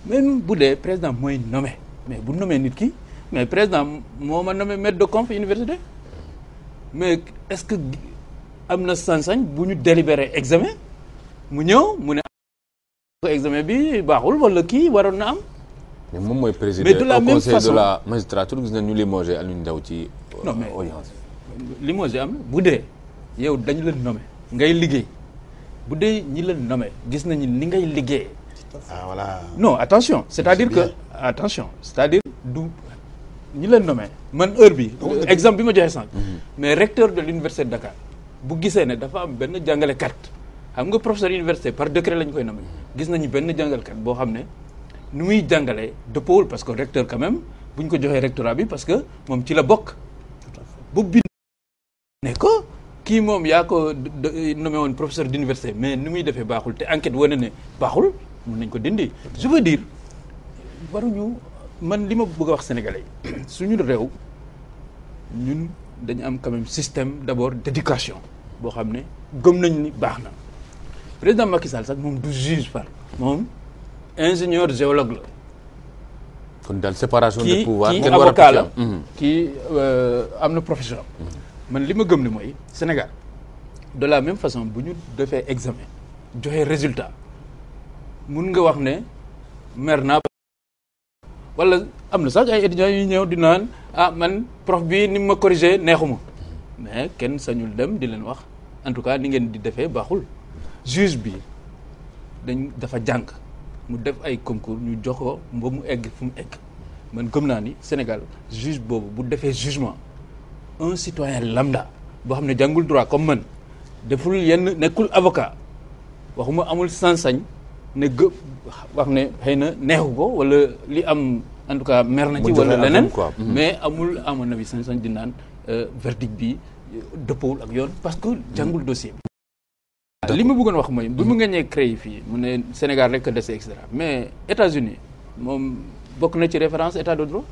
même bu dee président mooy nommé mais bu nommé nit ki. mais président moo ma nommé maître de conf université mais est-ce que am na sañ-sañ bu ñu délibéré examen mu ñëw mu ne examen bi baaxul wala kii waroon na am mais moom mooy président de la même façon de la magistrature gis nañu limogé Alioune Ndao ci euh, non mais audience am na bu dee yow dañu la nommé ngay liggéey bu dee ñi la nommé gis nañu ni ngay liggéey ah voilà non attention c'est-à-dire que attention cest à ñi leen nommé man heure bi exemple bi ma joxe sànq mhm. mais recteur de l'université de Dakar bu gisee ne dafa am benn jàngalekat xam nga professeur université par décret la ñu koy nommé gis nañu benn jàngalekat boo xam ne nu muy jàngalee dëppoowul parce que recteur quand même bu ko joxee rectorat bi parce que moom ci la bokk bu bind ne ko kii moom yaa ko nommé woon professeur d'université mais ni muy defee baaxul te enquête wane ne baaxul mun nañ ko dindi je veux man li ma bëgg wax sénégalais yi [clears throat] suñu réew ñun dañu am quand système d' abord d' éducation boo xam ne gëm nañ ni baax na président Macky Sall moom du juge par moom ingénieur géologue la. kon daal séparation des pouvoirs kenn war a avocat la mhm. kii euh, am na profession. Mhm. man li ma gëm ni mooy Sénégal de la même façon bu ñu defee examen joxe résultat mun nga wax ne mer naa wala am na sax ay étudiants yu ñëw di naan ah man prof bi ni ma corrigé neexuma mais kenn sañul dem di leen wax en tout cas ni ngeen di defee baaxul juge bi dañ dafa jàng mu def ay concours ñu joxo ko mu egg fu mu egg man gëm naa ni Sénégal juge boobu bu defee jugement un citoyen lambda boo xam ne jàngul droit comme man deful yenn nekkul avocat waxuma amul sañ-sañ ne gë wax ne xëy na neexu ko wala li am en tout cas mer na ci wala leneen mhm. mais amul amoon na bi sañ-sañ di naan euh, verdict bi dëppawul ak yoon parce que jàngul dossier bi li ma bëggoon wax mooy bi mu ngeen ñee créé fii mu ne Sénégal rek dese et cetera mais États-Unis moom bokk na ci référence état de droit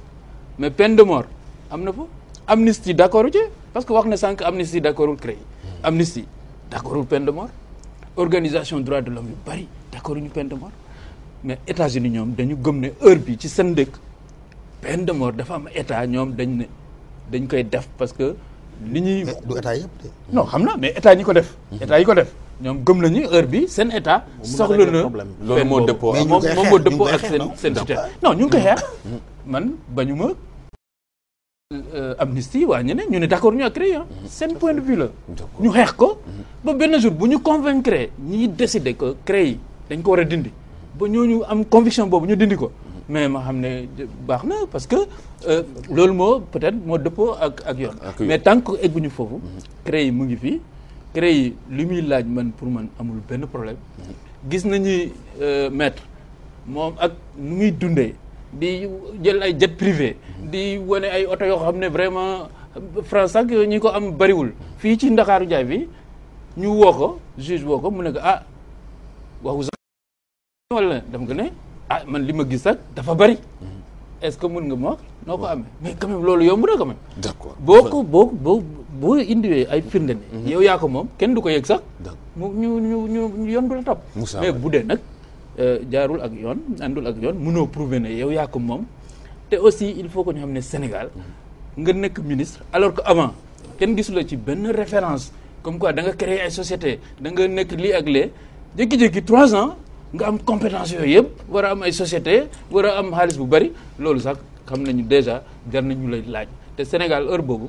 mais peine de mort am na fa amnistie d'accord ci parce que wax na sànq amnistie d'accordul créé mhm. amnistie d'accordul peine de mort organisation droit de l'homme yu bari d'accord ñu peine de mort mais États-Unis ñoom dañu gëm ne heure bi ci seen dëkk peine de mort dafa am état ñoom dañ ne dañ koy def parce que li ñuy du état yëpp de non xam na mais état ñi ko def mhm. état yi ko def ñoom gëm nañu heure bi seen état soxla na loolu moo dëppoo moom moo dëppoo ak seen seen cité non ñu ngi koy mhm. xeex man bañu ma Euh, amnistie waa ñeneen ñu ne d'accord ñu ak CREI ah. mhm. seen point de vue la ñu xeex ko mhm. ba benn jour bu ñu convaincre ñi ko que yi dañ ko war a dindi ba ñoo ñu am conviction boobu ñu dindi ko mhm. mais ma xam ne baax na parce que euh, loolu moo peut-être moo dëppoo ak ak yoon mais tant que egguñu foofu yi mu ngi fii yi li muy laaj man pour man amul benn problème gis nañuy euh, maître moom ak nu muy dundee di jël ay jet privé di wane ay oto yoo xam ne vraiment France ak ñi ko am bariwul fii ci Ndakaaru Njaay bi ñu woo ko juge woo ko mu ne ko ah waxu sax wala dama ko ne ah man li ma gis sax dafa bari est-ce que mën nga ma wax noo ko amee mais quand même loolu yomb na quand même d'accord boo ko boo boo boo indiwee ay firnde ne mhm. yow yaa ko moom kenn du ko yeg sax mu ñu ñu ñu yoon du la topp mais bu dee nag Euh, jaarul ak yoon àndul ak yoon mënoo prouver ne yow yaa ko moom te aussi il faut que ñu xam ne Sénégal nga nekk ministre alors que avant kenn gisula ci benn référence comme quoi danga nga créer ay société da nga nekk lii ak lee jékki-jékki trois ans nga am compétence yooyu yëpp war a am ay société war a am xaalis bu bari loolu sax xam nañu déjà jar nañu lay laaj te Sénégal heure boobu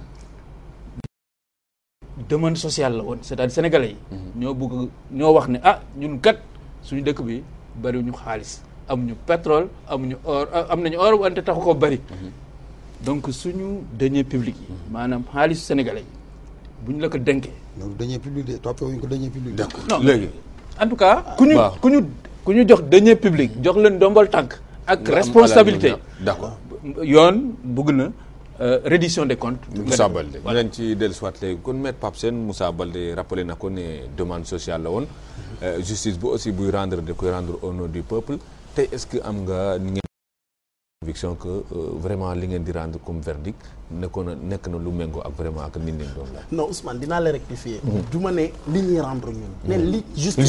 demande sociale la woon c'est-à-dire yi mhm. ñoo bugg ñoo wax ne ah ñun kat suñu dëkk bi bariwuñu xaalis am ñu pétrole amuñu or am nañu or wante taxu ko bari mhm. donc suñu deniers publics yi mhm. maanaam xaalis sénégalais yi bu ñu la ko dénkee loolu deniers publics ko deniers publics d'accord non léegi en tout cas ku ñu ku ñu ku ñu jox deniers publics jox leen dombal tànk ak responsabilité d'accord yoon bëgg na euh, reddition des comptes. Moussa Baldé ñu leen ci dellusiwaat léegi kon maître Pape Sène Moussa Baldé na ko ne demande sociale la woon Euh, justice bu aussi buy rendre de koy rendre au nom du peuple tey est-ce que am nga conviction que euh, vraiment li ngeen di rendre comme verdict nekkoon na nekk na lu méngoo ak vraiment ak nit leen doon la non Ousmane dinaa la rectifier mhm. du ma ne li ñuy rendre ñun ne mhm. li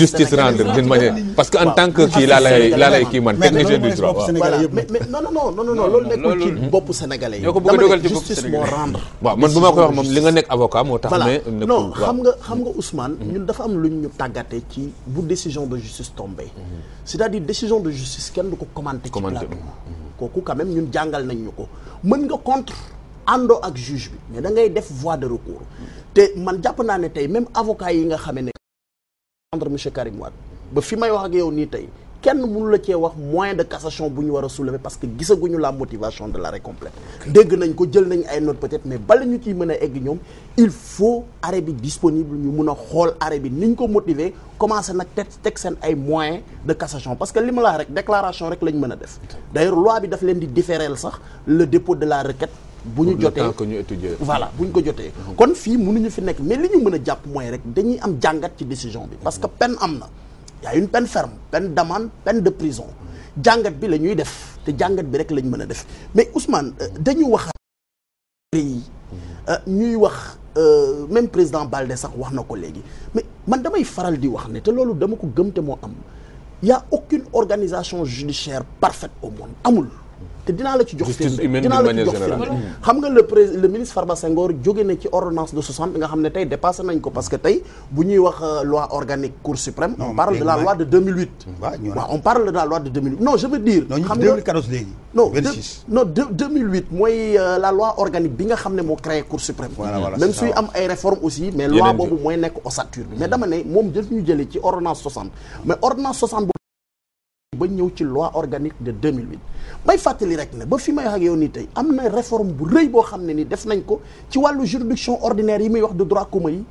justice rendre d'une manière parce que en tant que kii laa lay laa lay kii man technicien du droit mais non non non non non loolu nekkul ci boppu sénégalais yi dama ne justice moo rendre waaw man bu ma koy wax moom li nga nekk avocat moo tax mais non xam nga xam nga Ousmane ñun dafa am lu ñu tàggate ci bu décision de justice tombée mhm. c'est-à-dire décision de justice kenn du ko commenter ci plateau kooku quand même ñun jàngal nañ ñu ko mën nga contre àndoo ak juge bi mais da ngay def voie de recours te man jàpp naa ne tey même avocat yi nga xamee ne contre monsieur Karim ba fi may wax ak yow nii tey kenn mënu la cee wax moyen de cassation bu ñu war a soulever parce que gisaguñu la motivation de l'arrêt complète dégg nañ ko jël nañ ay notes peut-être mais bala ñu ciy mën a egg ñoom il faut arrêt bi disponible ñu mun a xool arrêt bi ñu ko motiver commencé nag teg teg seen ay moyens de cassation parce que li ma rek déclaration rek lañ mën a def d'ailleurs loi bi daf leen di différeel sax le dépôt de la requête bu ñu jotee que ñu étudier voilà bu ñu ko jotee mhm. kon fii mënuñu fi nekk mais li ñu mën a jàpp mooy rek dañuy am jàngat ci décision bi parce que mhm. peine am na yaa une peine ferme peine demande peine de prison jàngat bi la ñuy def te jàngat bi rek lañ mën a def mais Ousmane euh, dañu wax yi euh, ñuy wax euh, même président Balde sax wax na ko léegi mais man damay faral di wax ne te loolu dama ko gëm te moo am y a aucune organisation judiciaire parfaite au monde amul te dinaa la ci jox firnde dinaa la ci jox firnde xam nga le prés le ministre Farba jóge na ci ordonnance de 60 nga xam ne tey dépassé nañ ko parce que tey bu ñuy wax euh, loi organique cour suprême on parle de la loi de 2008 mm, waaw on parle de la loi de 2008 non je veux dire xam nga 2014 léegi non non mooy euh, la loi organique bi nga xam ne moo créé cour suprême même suy am ay réformes aussi mais loi boobu mooy nekk ne moom daf ñu jëlee ci ordonnance 60 mais ba ñëw ci loi organique de 2008 may fàttali rek ne ba fi may wax ak yow nii tey am na réforme bu rëy boo xam ne ni def nañ ko ci wàllu juridiction ordinaire yi muy wax de droit commun yi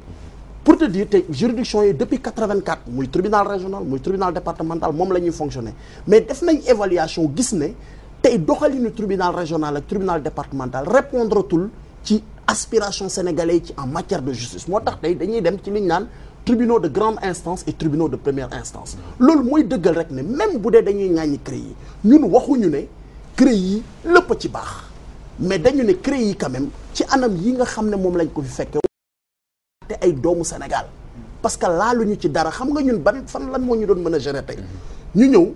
pour te dire tey juridiction yi depuis 84 muy tribunal régional muy tribunal départemental moom la ñuy fonctionner mais def nañ évaluation gis ne tey doxalinu tribunal régional ak tribunal départemental répondre tul ci aspiration sénégalais yi ci en matière de justice moo tax tey dañuy dem ci li ñu naan tribunaux de grande instance et tribunaux de première instance loolu mooy dëggal rek ne même bu dee dañuy ŋàññi créy yi ñun waxuñu ne CREI yi lépp ci baax mais dañu ne CREI yi quand ci anam yi nga xam ne moom lañ ko fi fekke te ay doomu Sénégal parce que laaluñu ci dara xam nga ñun ban fan lan moo ñu doon mën a gérer tey ñu ñëw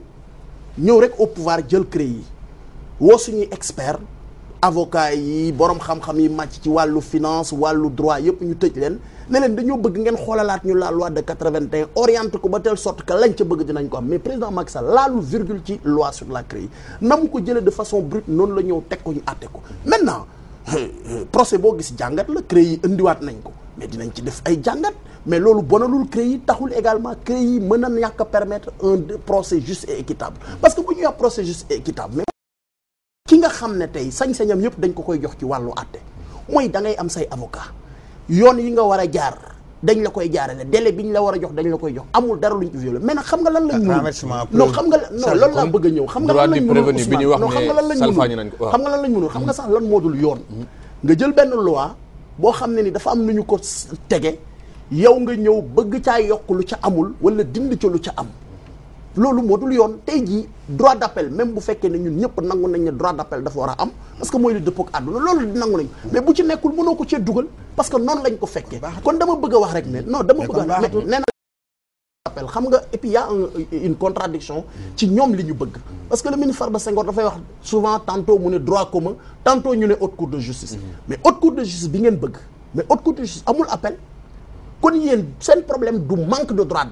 ñëw rek au pouvoir jël CREI yi woo suñuy expert avocat yi borom xam-xam yi màcc ci wàllu finance wàllu droit yëpp ñu tëj leen ne leen dañoo bëgg ngeen xoolalaat ñu la loi de 81 orienté ko ba telle sorte que lañ ca bëgg dinañ ko am mais président Macky Sall laalul virgule ci loi sur la CREI na mu ko jëlee de façon brute noonu la ñëw teg ko ñu àtte ko maintenant euh, euh, procès boo gis jàngat la CREI yi indiwaat nañ ko mais dinañ ci def ay jàngat mais loolu bonalul CREI taxul également CREI yi mën a ñàkk a permettre un procès juste équitable parce que bu ñu wax procès juste et ki nga xam ne tey sañ-sañam yëpp dañ ko koy jox ci wàllu àtte mooy da ngay am say avocat yoon yi nga war a jaar dañ la koy jaarale délai bi ñu la war a jox dañ la koy jox amul dara luñ ci violé mais nag xam nga lan lañ mënul ah, non xam nga non loolu laa bëgg a ñëw xam nga lan lañ mënul non xam nga lan lañ mënul xam nga lan lañ mënul xam nga sax lan moo dul yoon mm-hmm. nga jël benn loi boo xam ne ni dafa am nu ñu ko tege yow nga ñëw bëgg caa yokk lu ca amul walla dind ca lu ca am loolu moo dul yoon tey jii droit d'appel même bu fekkee ne ñun ñëpp nangu nañ ne droit d'appel dafa war a am parce que mooy li dëppoo ak àdduna loolu nangu nañ mais bu ci nekkul mënoo ko cee parce que noonu lañ ko fekkee kon dama bëgg a wax rek ne non dama bëgg a nee appel xam nga et puis une contradiction ci ñoom li ñu bëgg parce que le ministre Farba Senghor dafay wax souvent tantôt mu ne droit commun tantôt ñu ne haute cour de justice mm-hmm. mais haute cour de justice bi ngeen bëgg mais haute amul appel kon yéen seen problème du manque de droit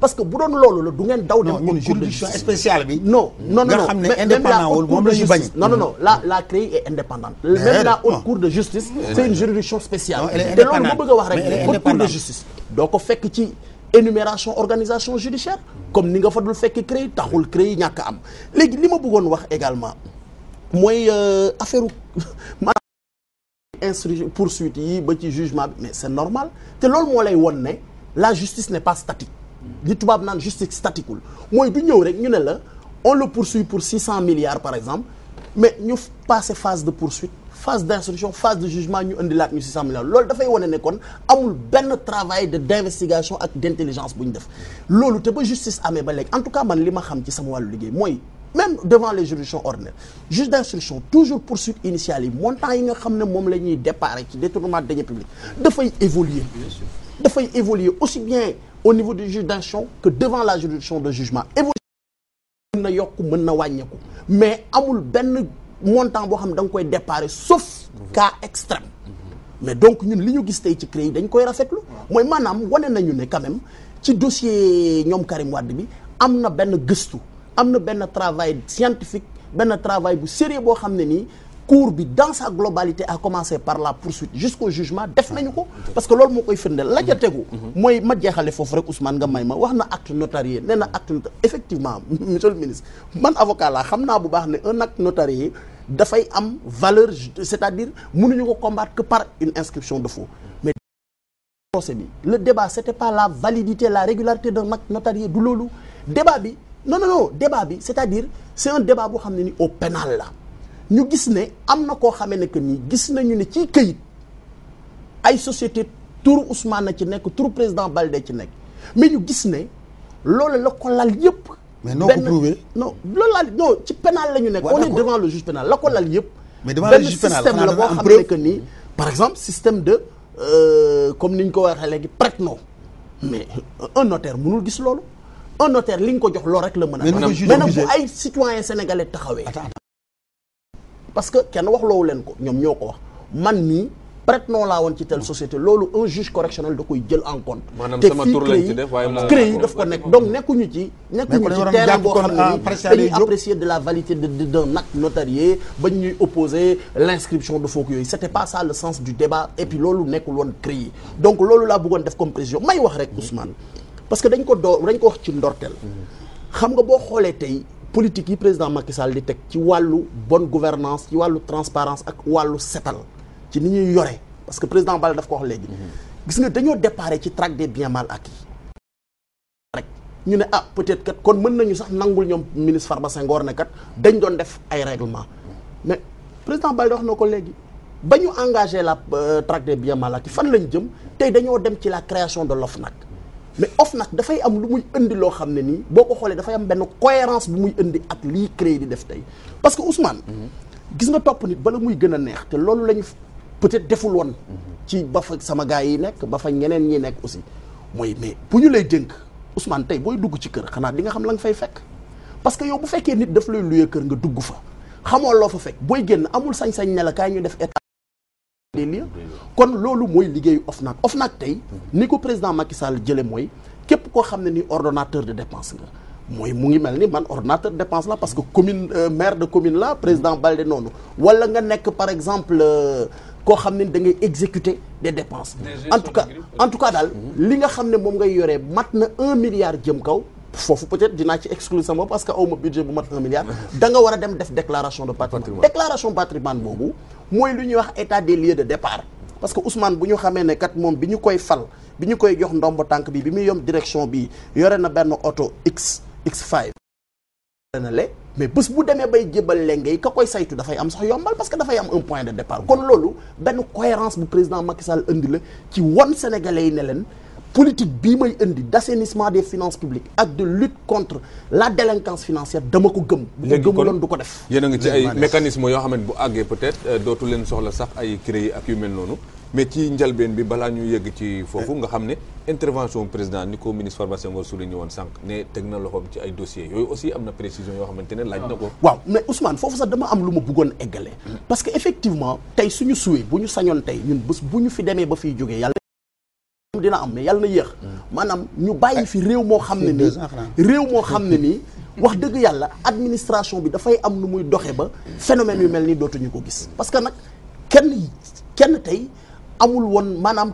parce que bu doon loolu la du ngeen daw dem une juridiction spéciale bi non non non moom la ñu bañ non non non la la CREI est indépendante même la haute cour de justice c'est une juridiction spéciale te loolu ma bëgg wax rek doo ko fekk ci énumération organisation judiciaire comme ni nga fa dul fekk CREI taxul CREI ñàkk am léegi li ma bëggoon wax également mooy euh, affaire [laughs] instruction poursuite yi ba ci jugement bi mais c'est normal te loolu moo lay won ne la justice n'est pas statique li tubaab naan justice statique wul mooy du ñëw rek ñu ne la on le poursuit pour cent milliards par exemple mais ñu passé phase de poursuite phase d'instruction phase de jugement ñu indilaat ñu six cent milliards loolu dafay wane ne amul benn travail de d'investigation ak d'intelligence bu ñu def loolu te ba justice amee ba léegi en tout cas man li ma xam ci sama wàllu liggéey mooy même devant les juridictions ordinaires juge d'instruction toujours poursuite initiale yi montant yi nga xam ne moom la ñuy déparé ci détournement de deniers publics dafay évoluer dafay évoluer aussi bien au niveau du juge d'instruction que devant la juridiction de jugement mën na yokk mën na wàññeeku mais amul benn montant boo xam ne da koy déparer sauf cas extrême mais donc ñun li ñu gis tey ci CREI dañ koy rafetlu mooy maanaam wane nañu ne quand même ci dossier ñoom Karim Wade bi am na benn gëstu am na benn travail scientifique benn travail bu sérieux boo xam ne nii cour bi dans sa globalité a commencé par la poursuite jusqu'au jugement def nañu ko parce que loolu moo koy firndeel la ca tegu mooy ma jeexale foofu rek Ousmane nga may ma wax na acte notarié nee na acte effectivement [laughs] monsieur le ministre man avocat laa xam naa bu baax ne un acte notarié dafay am valeur c'est-à-dire mënuñu ko combattre que par une inscription de faux mais procès bi le débat c'était pas la validité la régularité de acte notarié du loolu débat bi non non bi c'est-à-dire c'est un débat boo xam ne ni au pénal la ñu gis ne am na koo xamee ne que nii gis nañu ne ci këyit ay société turu Ousmane na ci nekk turu président Baldé ci nekk mais ñu gis ne loolu la ko lal yëpp. mais noo ko prouvé non loolu laa la ñu nekk. on est devant le ko lal yëpp. mais devant le juge pénal benn système la boo xam ne par exemple système de euh, comme ni ñu ko waxee léegi prête-nom mais un notaire mënul gis loolu un notaire li nga ko jox loolu rek la mën a. mais bu ay citoyen sénégalais taxawee. parce que kenn wax loowu leen ko ñoom ñoo ko wax man mii prête non laa woon ci telle société loolu un juge correctionnel da koy jël en compte. maanaam sama tur lañ ci def waaye moom CREI yi daf ko nekk donc nekkuñu ci. nekkuñu ci terrain boo xam ne dañuy apprécier de la validité de d'un acte notarié ba ñuy opposer l'inscription que dañ ko door dañ ko wax ci ndorteel. Mm-hmm. xam nga boo xoolee tey. politique yi président Macky di teg ci wàllu bonne gouvernance ci wàllu transparence ak wàllu setal ci ni ñuy yore parce que président Balla daf ko wax léegi gis nga dañoo déparé ci traque des biens mal acquis rek ñu ne ah peut-être kat kon mën nañu sax nangul ñoom ministre Farba Senghor ne kat dañ doon def ay règlement mais président Balla wax na ko léegi ba ñu engagé la euh, traque bien biens mal acquis fan lañ jëm tey dañoo dem ci la création de l'OFNAC mais nag dafay am lu muy indi loo xam ne nii boo ko xoolee dafay am benn cohérence bu muy indi ak lii CREI di def tey parce que Ousmane. gis nga topp nit bala muy gën a neex te loolu lañu peut-être deful woon. ci ba fa sama gars yi nekk ba fa ñeneen ñi nekk aussi mooy mais bu ñu lay dénk Ousmane tey booy dugg ci kër xanaa di nga xam la nga fay fekk. parce que yow bu fekkee nit daf lay luye kër nga dugg fa xamoo loo fa fekk booy génn amul sañ-sañ ne la ñu def état. des lieux kon loolu mooy liggéeyu OFNAC nag tey ni ko président Macky Sall jële mooy képp koo xam ne ni ordinateur de dépense nga mooy mu ngi mel ni man ordinateur de dépense la parce que commune euh, maire de commune la président Balde noonu wala nga nekk par exemple euh, koo xam ne da ngay exécuter de dépenses en tout cas en tout cas daal li nga xam ne moom ngay yore mat na un milliard jëm kaw foofu peut-être dinaa ci exclure sama parce que aw ma budget bu mat un [laughs] nga war a dem def déclaration de patrimoine déclaration boobu mooy lu ñuy wax état des lieux de départ parce que Ousmane bu ñu xamee ne kat moom bi ñu koy fal bi ñu koy jox ndomb tànk bi bi muy yom direction bi yore na benn oto x x5 na le mais bés bu demee bay jébal lengey ka koy saytu dafay am sax yombal parce que dafay am un point de départ kon loolu benn cohérence bu président Macky Sall indi la ci won sénégalais yi ne leen politique bii may indi d'assainissement des finances publiques ak de lutte contre la délinquance financière dama ko gëm. bu gëmuloon du ko def. yéen a ngi ci ay mécanismes yoo xam ne bu àggee peut-être euh, dootu leen soxla sax ay créer ak yu mel noonu. mais ci njalbeen bi bala ñu yegg ci foofu nga xam ne intervention président ni ko ministre Farba Senghor souligné woon sànq ne teg na loxoom ci ay dossiers yooyu aussi am na précision yoo xamante ne laaj na ko waaw am lu ma bëggoon eggale parce que effectivement tey suñu suwee bu ñu tey ñun bés fi demee ba fiy jógee yàlla dina am mais yàlla na yéex maanaam ñu bàyyi fi réew moo xam ne nii réew moo xam ne nii wax dëgg yàlla administration bi dafay am nu muy doxe ba phénomène yu mel nii dootuñu ko gis parce que nag kenn kenn tey amul woon maanaam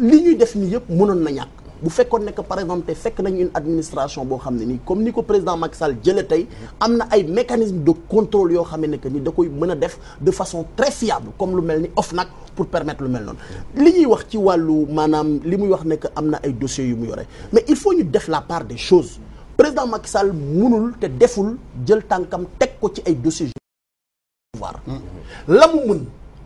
li ñuy def nii yëpp mënoon na ñàkk bu fekkoon ne par exemple tey fekk nañu une administration boo xam ne nii comme ni ko président Macky Sall tey am na ay mécanismes de contrôle yoo xam ne que ni da koy mën a def de façon très fiable comme lu mel of nag pour permettre lu mel noonu. li ñuy wax ci wàllu maanaam li muy wax ne que am na ay dossiers yu mu yore mais il faut ñu def la part de choses président Macky Sall munul te deful jël tànkam teg ko ci ay dossiers. pouvoir hmm. la mu mën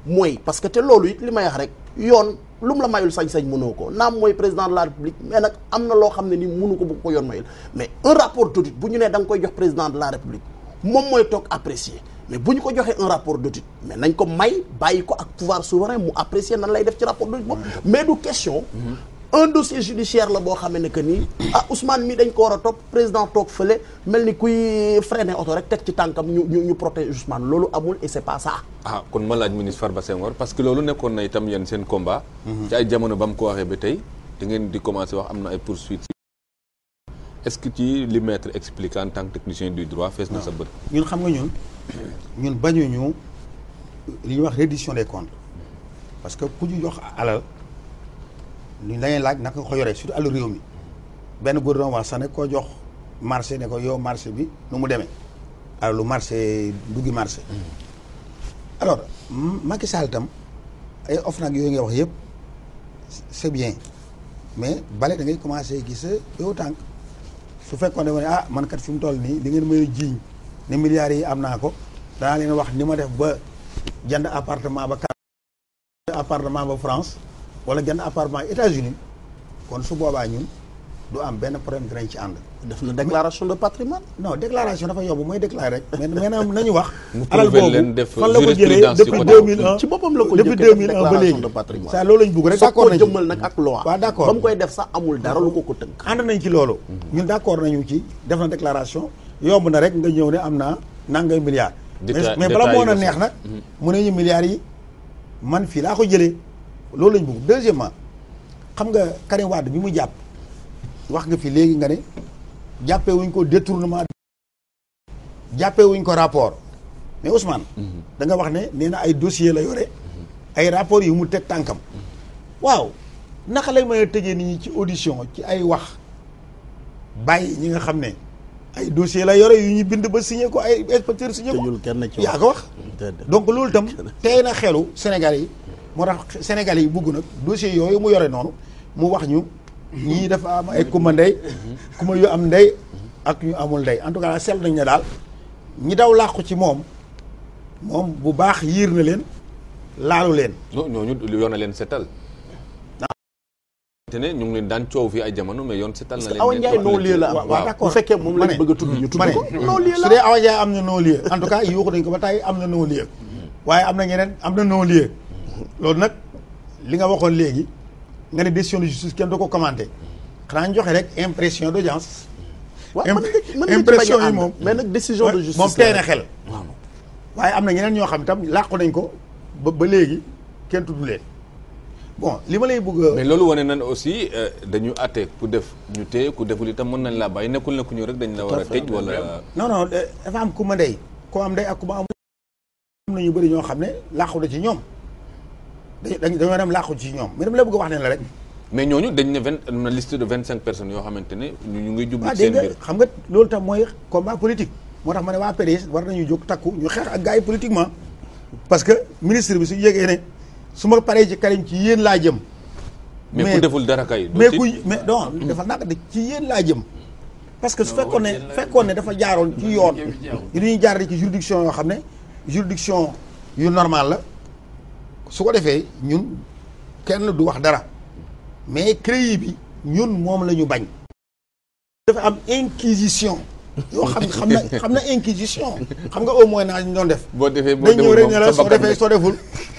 mooy parce que te loolu it li may wax rek yoon. lu mu la mayul sañ-sañ mënoo ko naam mooy président de la république mais nag am na loo xam ne ni mënu ko bu ko yoon mayul mais un rapport d'audit bu ñu nee da nga koy jox président de la république moom mooy toog apprécier mais bu ñu ko joxee un rapport d'audit mais nañ ko may bàyyi ko ak pouvoir souverain mu apprécier nan lay def ci rapport d'audit boobu mm-hmm. mais du question mm-hmm. un dossier judiciaire la boo xamee ne que nii ah Ousmane mi dañ ko war a topp président toog fële mel ni kuy freiné oto rek teg ci tànkam ñu ñu ñu protéger Ousmane loolu amul et c'est ah kon ma laaj ministre Farba Senghor parce que loolu nekkoon na itam yéen seen combat. Mhm. ci ay jamono ba ko waxee ba tey da ngeen di commencé wax am na ay poursuites. est-ce que ci li maître explique en tant technicien du droit fees na sa bët. Ah, ñun xam nga ñun ñun bañuñu li ñuy wax reddition des que ku luñ la laaj nag nga ko yoree surtout àll réew mi benn góor doon wax sax ne koo jox marché ne ko yow marché bi nu mu demee alalu marché duggi marché. Mm. alors Macky Sall itam ay OFNAC yooyu nga wax yëpp c'est bien mais bale da ngay commencer gis yow tànk su fekkoon ne ah man kat fi mu toll nii li ngeen may jiiñ ne milliards yi am naa ko danaa leen wax ni ma def ba jënd appartement ba appartement ba France. wala jënd appartement États-Unis kon su boobaa ñun du am benn problème dinañ ci ànd. def na déclaration de patrimoine non déclaration dafa yobbu mooy déclarer rek. mais maintenant nañu wax. ci boppam la ko depuis koy def sax amul dara lu ko ko tënk. ànd nañ ci loolu. Mhm. ñun d' nañu ci def na déclaration yomb na rek nga ñëw ne am na nangay milliards. mais bala moo na neex nag. Mhm. mu ne ñu milliards yi man fii laa ko jëlee. loolu lañ bëgg deuxièmement xam nga Karim Wade bi mu jàpp wax nga fi léegi nga ne jàppee wuñ ko détournement jàppee wuñ ko rapport mais Ousmane mhm. da nga wax ne nee na ay dossier la yore mhm. ay rapport yu mu teg tànkam mhm. waaw naka lay mën a tëjee nit ñi ci audition ci ay wax bàyyi ñi nga xam ne ay dossier la yore yu ñuy bind ba signé ko ay inspecteur signé ko yaa ko wax donc loolu tam [laughs] tey na xelu Sénégal yi moo tax Sénégalais yi bugg nag dossier yooyu mu yore noonu mu wax ñu. ñii dafa am ay kumba ndey. kumba yu am ndey. ak ñu amul ndey en tout cas seetlu nañ ne daal ñi daw làqu ci moom moom bu baax yiir na leen laalu leen. non ñooñu yoon na leen setal. te ne ñu ngi leen daan coow fii jamono yoon setal na fekkee moom lañ bëgg a tudd ñu tudd ko non am na non lieu en tout cas yuuxu nañ ko ba tey am na non lieu waaye am na ñeneen am na noo lieu loolu nag li nga waxoon léegi nga ne décision de justice kenn du ko commenté xanaa ñu joxe rek impression d'audience. waaw mën impression yi moom mais nag décision de justice xel. waaye am na ñeneen ñoo xam itam làqu nañ ko ba ba léegi kenn tuddu leen bon li ma lay bëgg mais loolu wane nañ aussi euh, dañu àtte ku def ñu téye ku deful itam mën nañ laa bàyyi nekkul na ku ñëw rek dañ la war a tëj wala. non non euh, dafa am ku ma ndey koo am ndey ak ku ma am. am na ñu bëri ñoo xam ne làqu na ci ñoom. dañu dañoo dem làqu ci ñoom mais dama la bëgg a wax ne la rek. mais ñooñu dañ ne vingt na liste de vingt cinq personnes yoo xamante ne ñu ñu ngi jublu ah, seen biir xam nga loolu tam mooy combat politique moo tax ma ne waa PDS war nañu jóg takku ñu xeex ak gars yi politiquement parce que ministre bi su yégee ne su ma paree ci Karim ci yéen laa jëm. mais ku deful dara kay. mais ku mais non defal naa de ci yéen laa jëm. parce que su fekkoon ne fekkoon ne dafa jaaroon ci yoon. yu [laughs] ñuy jaar ci juridiction yoo xam ne juridiction normal la. su ko defee ñun kenn du wax dara mais CREI bi ñun moom la ñu bañ. dafa am inquisition. yoo xam ne na xam na inquisition xam nga au moins naa ñu doon def. boo defee boo demul moom la soo defee soo deful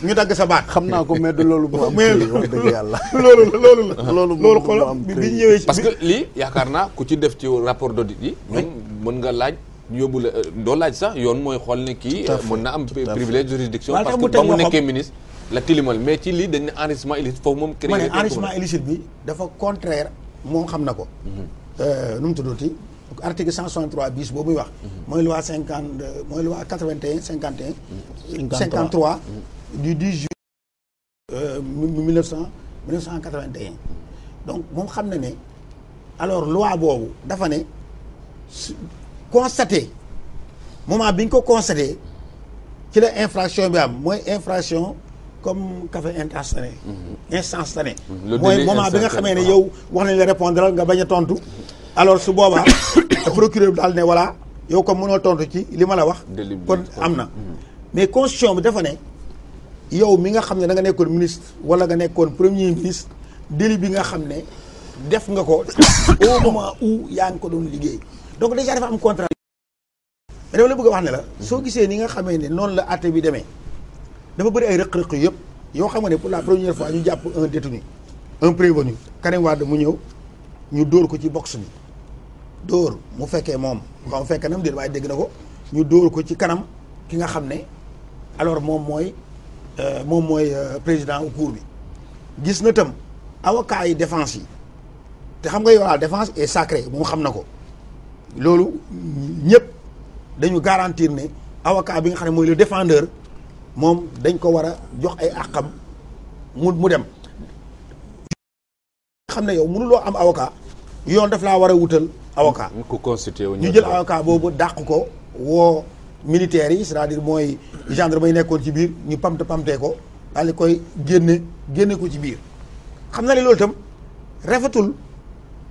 ñu dagg sa baat. xam naa ko mais loolu moo am wax dëgg yàlla. loolu la loolu la loolu loolu xool bi ñu ñëwee. parce que lii yaakaar naa ku ci def ci rapport d'audit yi. ñun mën nga laaj yóbbu la doo laaj sax yoon mooy xool ne kii. mën na am privilège juridiction parce que ba mu nekkee ministre. la tilimal mais ci lii dañ ne enrichissement illicite foofu moom. créé ma bi dafa contraire moom xam na ko. Mhm. Euh, nu mu tuddati article 163 bis boobu muy wax. Mhm. mooy loi cinquante mooy loi quatre vingt et un cinquante et un. cinquante trois mhm. du 10 juillet. Euh, mille neuf cent mille neuf cent quatre vingt et donc moom xam na ne alors loi boobu dafa ne constaté moment bi ñu ko constaté ci la infraction bi am mooy infraction. comme café instantané. Mhm. instantané. Mhm. mooy moment bi nga xamee ne yow wax nañ la répondre nga bañ a tontu. alors su boobaa [coughs] procureur daal ne voilà yow comme mënoo tontu ci li ma la wax. kon am na. Mhm. mais constitution bi dafa ne yow mi nga xam ne da nga nekkoon ministre wala nga nekkoon premier ministre délit bi nga xam ne def nga ko [coughs] au moment où yaa ngi ko doon liggéey donc déjà dafa am contre mais dama la bëgg a wax ne la. soo gisee ni nga xamee ne noonu la àtte bi demee. dafa bëri ay rëq-rëq yëpp yoo xam nga ne pour la première fois ñu jàpp un détenu un prévenu Karim Wade mu ñëw ñu dóor ko ci box bi dóor mu fekkee moom xam fekkee nam déet waaye dégg na ko ñu dóor ko ci kanam ki nga xam ne alors moom mooy euh, moom mooy euh, président au cour bi gis na tam avocats yi défense yi te xam nga yow la défense est sacrée moom xam na ko loolu ñëpp dañu garantir ne avocat bi nga xam ne mooy le défendeur moom dañ ko war a jox ay àqam mu mu dem xam ne yow mënuloo am avocat yoon daf laa war a wutal avocat ñu jël avocat boobu dàq ko woo militaires yi c'est-à-dire mooy gendarme yi nekkoon ci biir ñu pamte pamtee ko daal koy génne génne ko ci biir xam na ne loolu tam rafetul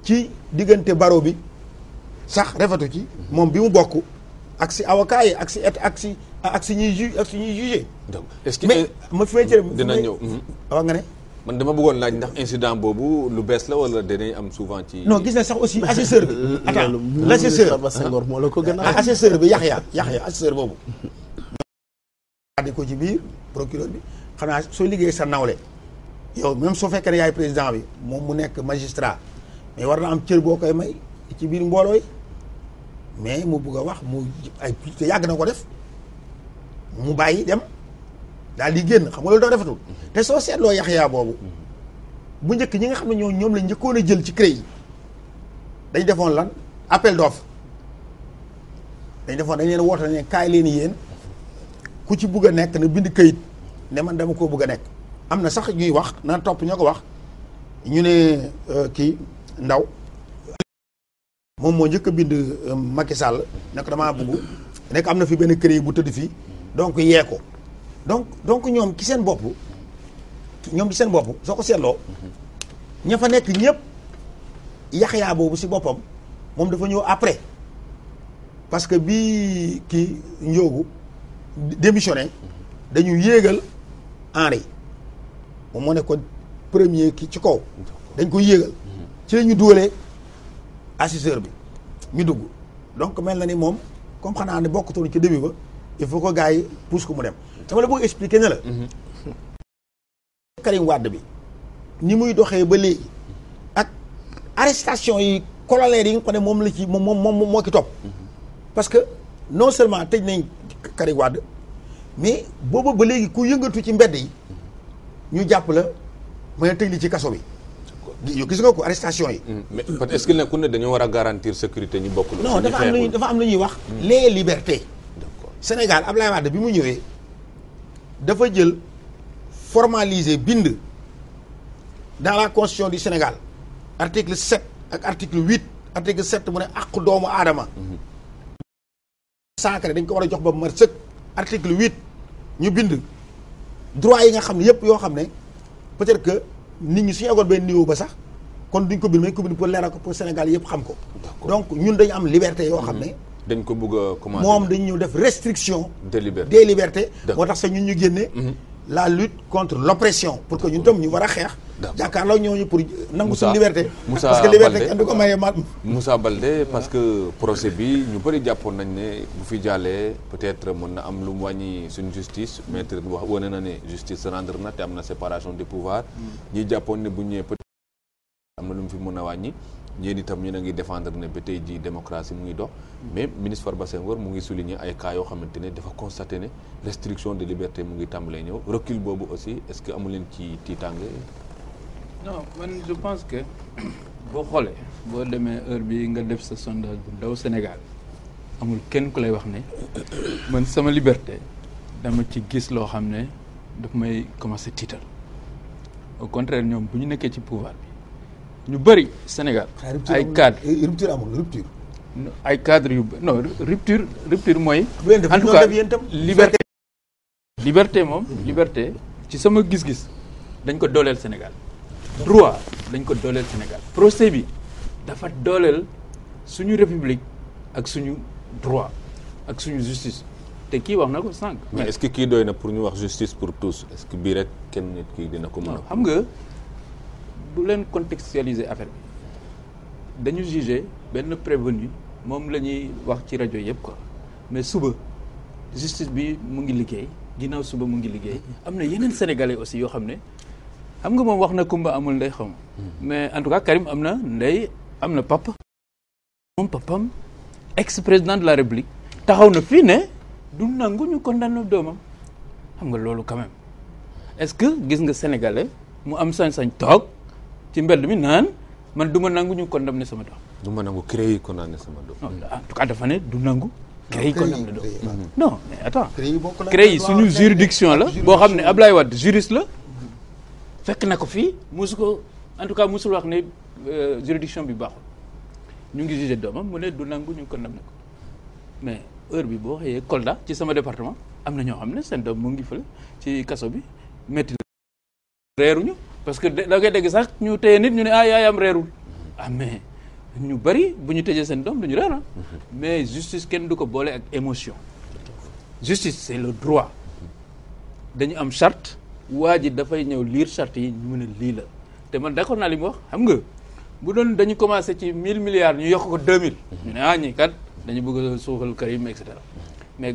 ci diggante baro bi sax rafetu ci moom bi mu bokk ak si avocat yi ak si et ak si ak suñuy ju ak suñuy jugé. donc est-ce que mais euh, ma fi may cere. dina ñëw hmm? wax nga ne. man dama buggoon laaj ndax incident boobu lu bees la wala danay am souvent ci. non gis na sax aussi assesseur bi. [laughs] attends l'assesseur moo la ko gën a. Ah, assesseur bi Yaxya Yaxya assesseur boobu. [laughs] di ko ci biir procureur soo liggéey sa nawle yow même soo fekkee ne yaay président bi moom mu nekk magistrat mais war na am cër boo koy may ci biir mboolooy mais mu bëgg a wax mu ay yàgg na ko def. mu bàyyi dem daal di génn xam nga loolu dafa defatul te soo seetloo yaxyaa boobu bu njëkk ñi nga xam ne ñoo ñoom la njëkkoon a jël ci CREI yi dañ defoon lan appel d'offre dañ defoon dañ leen woote ne kaay leen yéen ku ci bugg a nekk na bind kayit ne man dama koo bugg a nekk am na sax ñuy wax na topp ñoo ko wax ñu ne euh, kii ndaw moom moo njëkk a bind euh, Macky sàll ne ko damaa bugg nekk am na fi benn CREI bu tëdd fii donc yee ko donc donc ñoom ki seen bopp ñoom ci seen bopp soo ko seetloo ña fa nekk ñëpp yaxyaa boobu si boppam moom dafa ñëw après parce que bii kii njóogu démissionné dañu yéegal Henri moom moo nekkoon premier ki ci kaw dañ ko yéegal ci la ñu dugalee assesseur bi ñu dugg donc mel na ni moom comme xanaa ne bokkatoon ci début ba il faut que gars yi pousse ko mu dem dama la bëgg expliquer ne la Karim Wade bi ni muy doxee ba léegi ak arrestation yi corollaire yi nga xam ne moom la ci moom moom moom moo ki topp parce que non seulement tëj nañ Karim Wade mais booba ba léegi ku yëngatu ci mbedd yi ñu jàpp la mën a tëj li ci kaso bi yow gis nga ko arrestation yi. Mm, mais est-ce que ne dañoo war a garantir sécurité ñu bokk. non dafa am lu ñuy dafa am lu wax. les liberté Sénégal Ablaye Wade bi mu ñëwee dafa jël formaliser bind dans la constitution du Sénégal article 7 ak article 8 article 7 mu ne àqu doomu aadama. sacré dañ ko war a jox ba mu mat sëkk. article 8 ñu bind droit yi nga xam ne yëpp yoo xam ne peut-être que nit ñi suñu eggoon benn niveau ba sax kon duñ ko bind mais ko bind pour leeral ko pour Sénégal yëpp xam ko. donc ñun dañu am liberté yoo xam ne. Mm-hmm. dañ ko bugg a commencé moom dañ ñu def restriction. des libertés des libertés. moo tax sax ñun ñu génne. Mhm. la lutte contre l'oppression pour que ñun tam ñu war a xeex. jàkkaarloo ñooñu pour nangu suñu liberté. Moussa parce que liberté kenn du ko maye parce que projet bi ñu bëri jàppoon nañ ne bu fi jàllee peut-être mën na am lu mu wàññi suñu justice maître wax wane na ne justice rendre na te am na séparation des pouvoirs. Mm. ñi jàppoon ne bu ñëwee peut-être na lu fi mën a wàññi. yéen tam ñu ne ngi défendre ne ba tey jii démocratie mu ngi dox mais ministre Farba Senghor mu ngi souligner ay cas yoo xamante ne dafa constaté ne restriction de liberté mu ngi tàmbalee ñëw recul boobu aussi est-ce que amu leen ci tiitaange non man je pense que [coughs] boo xoolee boo demee heure bi nga def sa sondage bu ndaw Sénégal amul kenn ku lay wax ne [coughs] man sama liberté dama ci gis loo xam ne daf may commencer tiital au contraire ñoom bu ñu nekkee ci pouvoir bi ñu bëri Sénégal. Ah, ay cadre eh, eh, rupture amul rupture. ay cadre yu non rupture rupture mooy. en tout cas liberté. liberté moom liberté ci sama gis-gis dañ ko dooleel Sénégal. droit dañ ko dooleel Sénégal procès bi dafa dooleel suñu république ak suñu droit ak suñu justice te kii wax na ko sànq. mais est-ce que kii doy na pour ñu wax justice pour tous est-ce que bii rek kenn nit kii dina ko mën a. xam nga. bu leen contextualiser affaire bi dañu juger benn prévenu moom la ñuy wax ci rajo yëpp quoi mais suba justice bi mu ngi liggéey ginnaaw suba mu ngi liggéey am na yeneen sénégalais aussi yoo xam ne xam nga moom wax na kumba amul nday xaw mais en tout cas Karim am na ndey am na papa moom papam ex président de la république taxaw na fii ne du nangu ñu condamné doomam xam nga loolu quand même est-ce que gis nga sénégalais mu am sañ-sañ toog ci mbedd mi naan man du ma nangu ñu condamné sama doom. du ma nangu CREI condamné sama doom. en tout cas dafa ne du nangu. CREI condamné doom non mais attends. suñu juridiction la. boo xam ne Ablaye Wade juriste la. fekk na ko fii mosu ko en tout cas mosul wax ne euh, juridiction bi baaxul ñu ngi jugé doomam mu ne du nangu ñu condamné ko mais heure bi boo xëyee Kolda ci sama département am na ñoo xam ne seen doom mu ngi fële ci kaso bi métti parce que da ngay dégg sax ñu téye nit ñu ne ah yaayam reerul ah ñu bari bu ñu tejee seen doom du ñu reer ah mais justice kenn du ko boole ak émotion justice c'est le droit dañu am charte waa ji dafay ñëw liir charte yi ñu mën lii la te man d'accord naa li mu wax xam nga bu doon dañu commencé ci mille milliards ñu yokk ko deux mille ñu ne ah ñi kat dañu bëgg a suuxal Karim et mais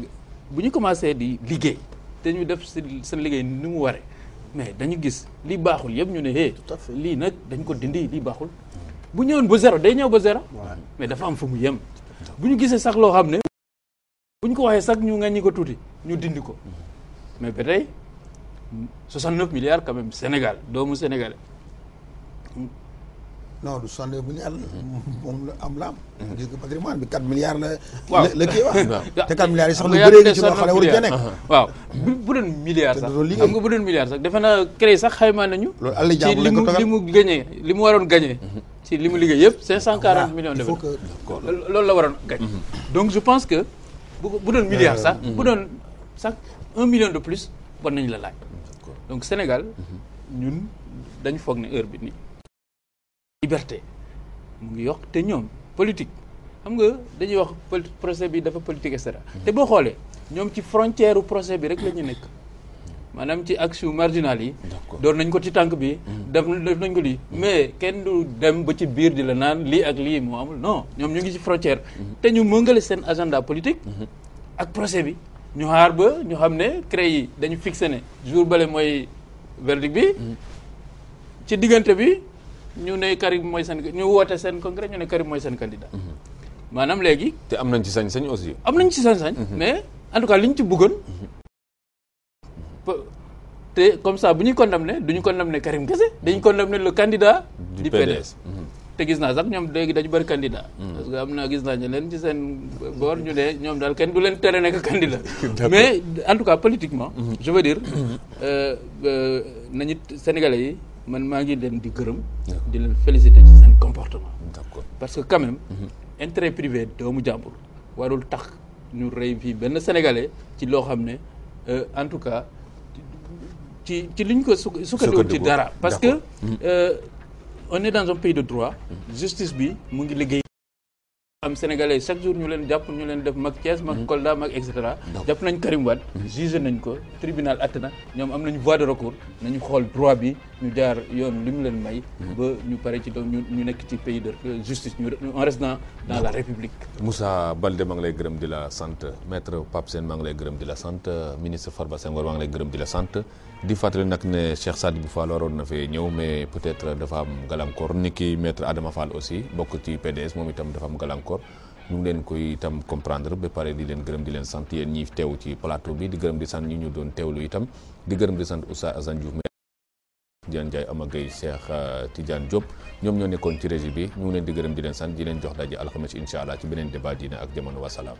bu ñu commencé di liggéey te ñu def seen liggéey ni mu waree mais dañu gis li baaxul yëpp ñu ne hé lii nag dañ ko dindi lii baaxul bu ñëwoon ba zéro day ñëw ba zéro mais dafa am fu mu yem bu ñu gisee sac loo xam ne bu ñu ko waxee sax ñu nga ñi ko tuuti ñu dindi ko mm-hmm. mais ba tey 69 milliards quand même Sénégal doomu Sénégalais non du soixante deux milliards la. Mm-hmm. moom la am la am. Mm-hmm. gis nga patrimoine bi quatre milliards la. waaw la kii wax. [laughs] te quatre milliards yi sax lu bëree ngi ci loo xam ne waru cee nekk. bu doon milliard sax. bu doon milliard sax defe naa sax xaymaa nañu. loolu àll jàmbur lañ li mu li mu gagné li mm-hmm. li mu liggéey yëpp cinq cent quarante millions. de loolu la waroon donc je pense que bu bu doon milliard euh, sax. bu doon sax un million de plus war nañ la laaj. donc Sénégal ñun dañu foog ne heure bi nii. liberté mu ngi yokk te ñoom politique xam nga dañuy wax procès bi dafa politique et mm-hmm. te boo xoolee ñoom ci frontière u procès bi rek la ñu nekk mm-hmm. maanaam ci action marginale yi doon nañ ko ci tànk bi mm-hmm. def def nañ ko li mais kenn du dem ba ci biir di la naan lii ak lii moo amul non ñoom ñu ngi ci frontière te ñu mëngale seen agenda politique ak procès bi ñu xaar ba ñu xam ne CREI yi dañu fixe ne jour bale mooy verdict bi ci diggante bi ñu ne Karim mooy seen ñu woote seen congrès ñu ne Karim mooy seen candidat. maanaam léegi. te am nañ ci sañ-sañ aussi. am nañ ci sañ-sañ. Mhm. mais en tout cas ñu ci bëggoon. te comme ça bu ñuy condamné du ñu condamné Karim Kese dañu condamné le candidat. du PDS mhm. te gis naa sax ñoom léegi dañu bëri candidat. Mhm. parce que am na gis naa ñu leen ci seen boor ñu ne ñoom daal kenn du leen tere nekk candidat. [laughs] mais en tout cas politiquement. je veux dire euh, euh, nañu sénégale yi. man maa ngi leen di gërëm. di leen féliciter ci seen comportement. d'accord parce que quand même. intérêt privé doomu jàmbur warul tax ñu rey fii benn sénégalais ci loo xam ne euh, en tout cas ci ci liñ ko sukkandiku ci dara. parce que euh, on pays de droit. Mm. justice bi mu ngi liggéey. am sénégalais chaque jour ñu leen jàpp ñu leen def mag Thiès mag mhm. Kolda mag et cetera jàpp nañ Karim Wade mhm. jugé nañ ko tribunal atte na ñoom am nañu voie de recours nañu xool droit bi ñu jaar yoon li mu leen may mhm. ba ñu pare ci doom ñu nekk ci pays de euh, justice ñu en restant dans la république Moussa Baldé maa ngi lay gërëm di la sant maître Pape Sène maa ngi lay gërëm di la sant ministre Farba Senghor maa ngi lay gërëm di la sant di fàttali nag ne Cheikh Sadibou Fall waroon na fee ñëw mais peut-être dafa am gàllankoor ni ki maître Adama Fall aussi bokk ci PDS moom itam dafa am gàllankoor ñu ngi leen koy itam comprendre ba pare di leen gërëm di leen sant yéen ñi teew ci plateau bi di gërëm di sant ñi ñu doon teewlu itam di gërëm di sant Oustaz Assane Diouf Diane Ndiaye Ama Gueye Cheikh euh, Tidiane Diop ñoom ñoo nekkoon ci régie bi ñu ngi leen di gërëm di leen sant di leen jox daje alxames incha allah ci beneen débat diine ak jamono wasalaam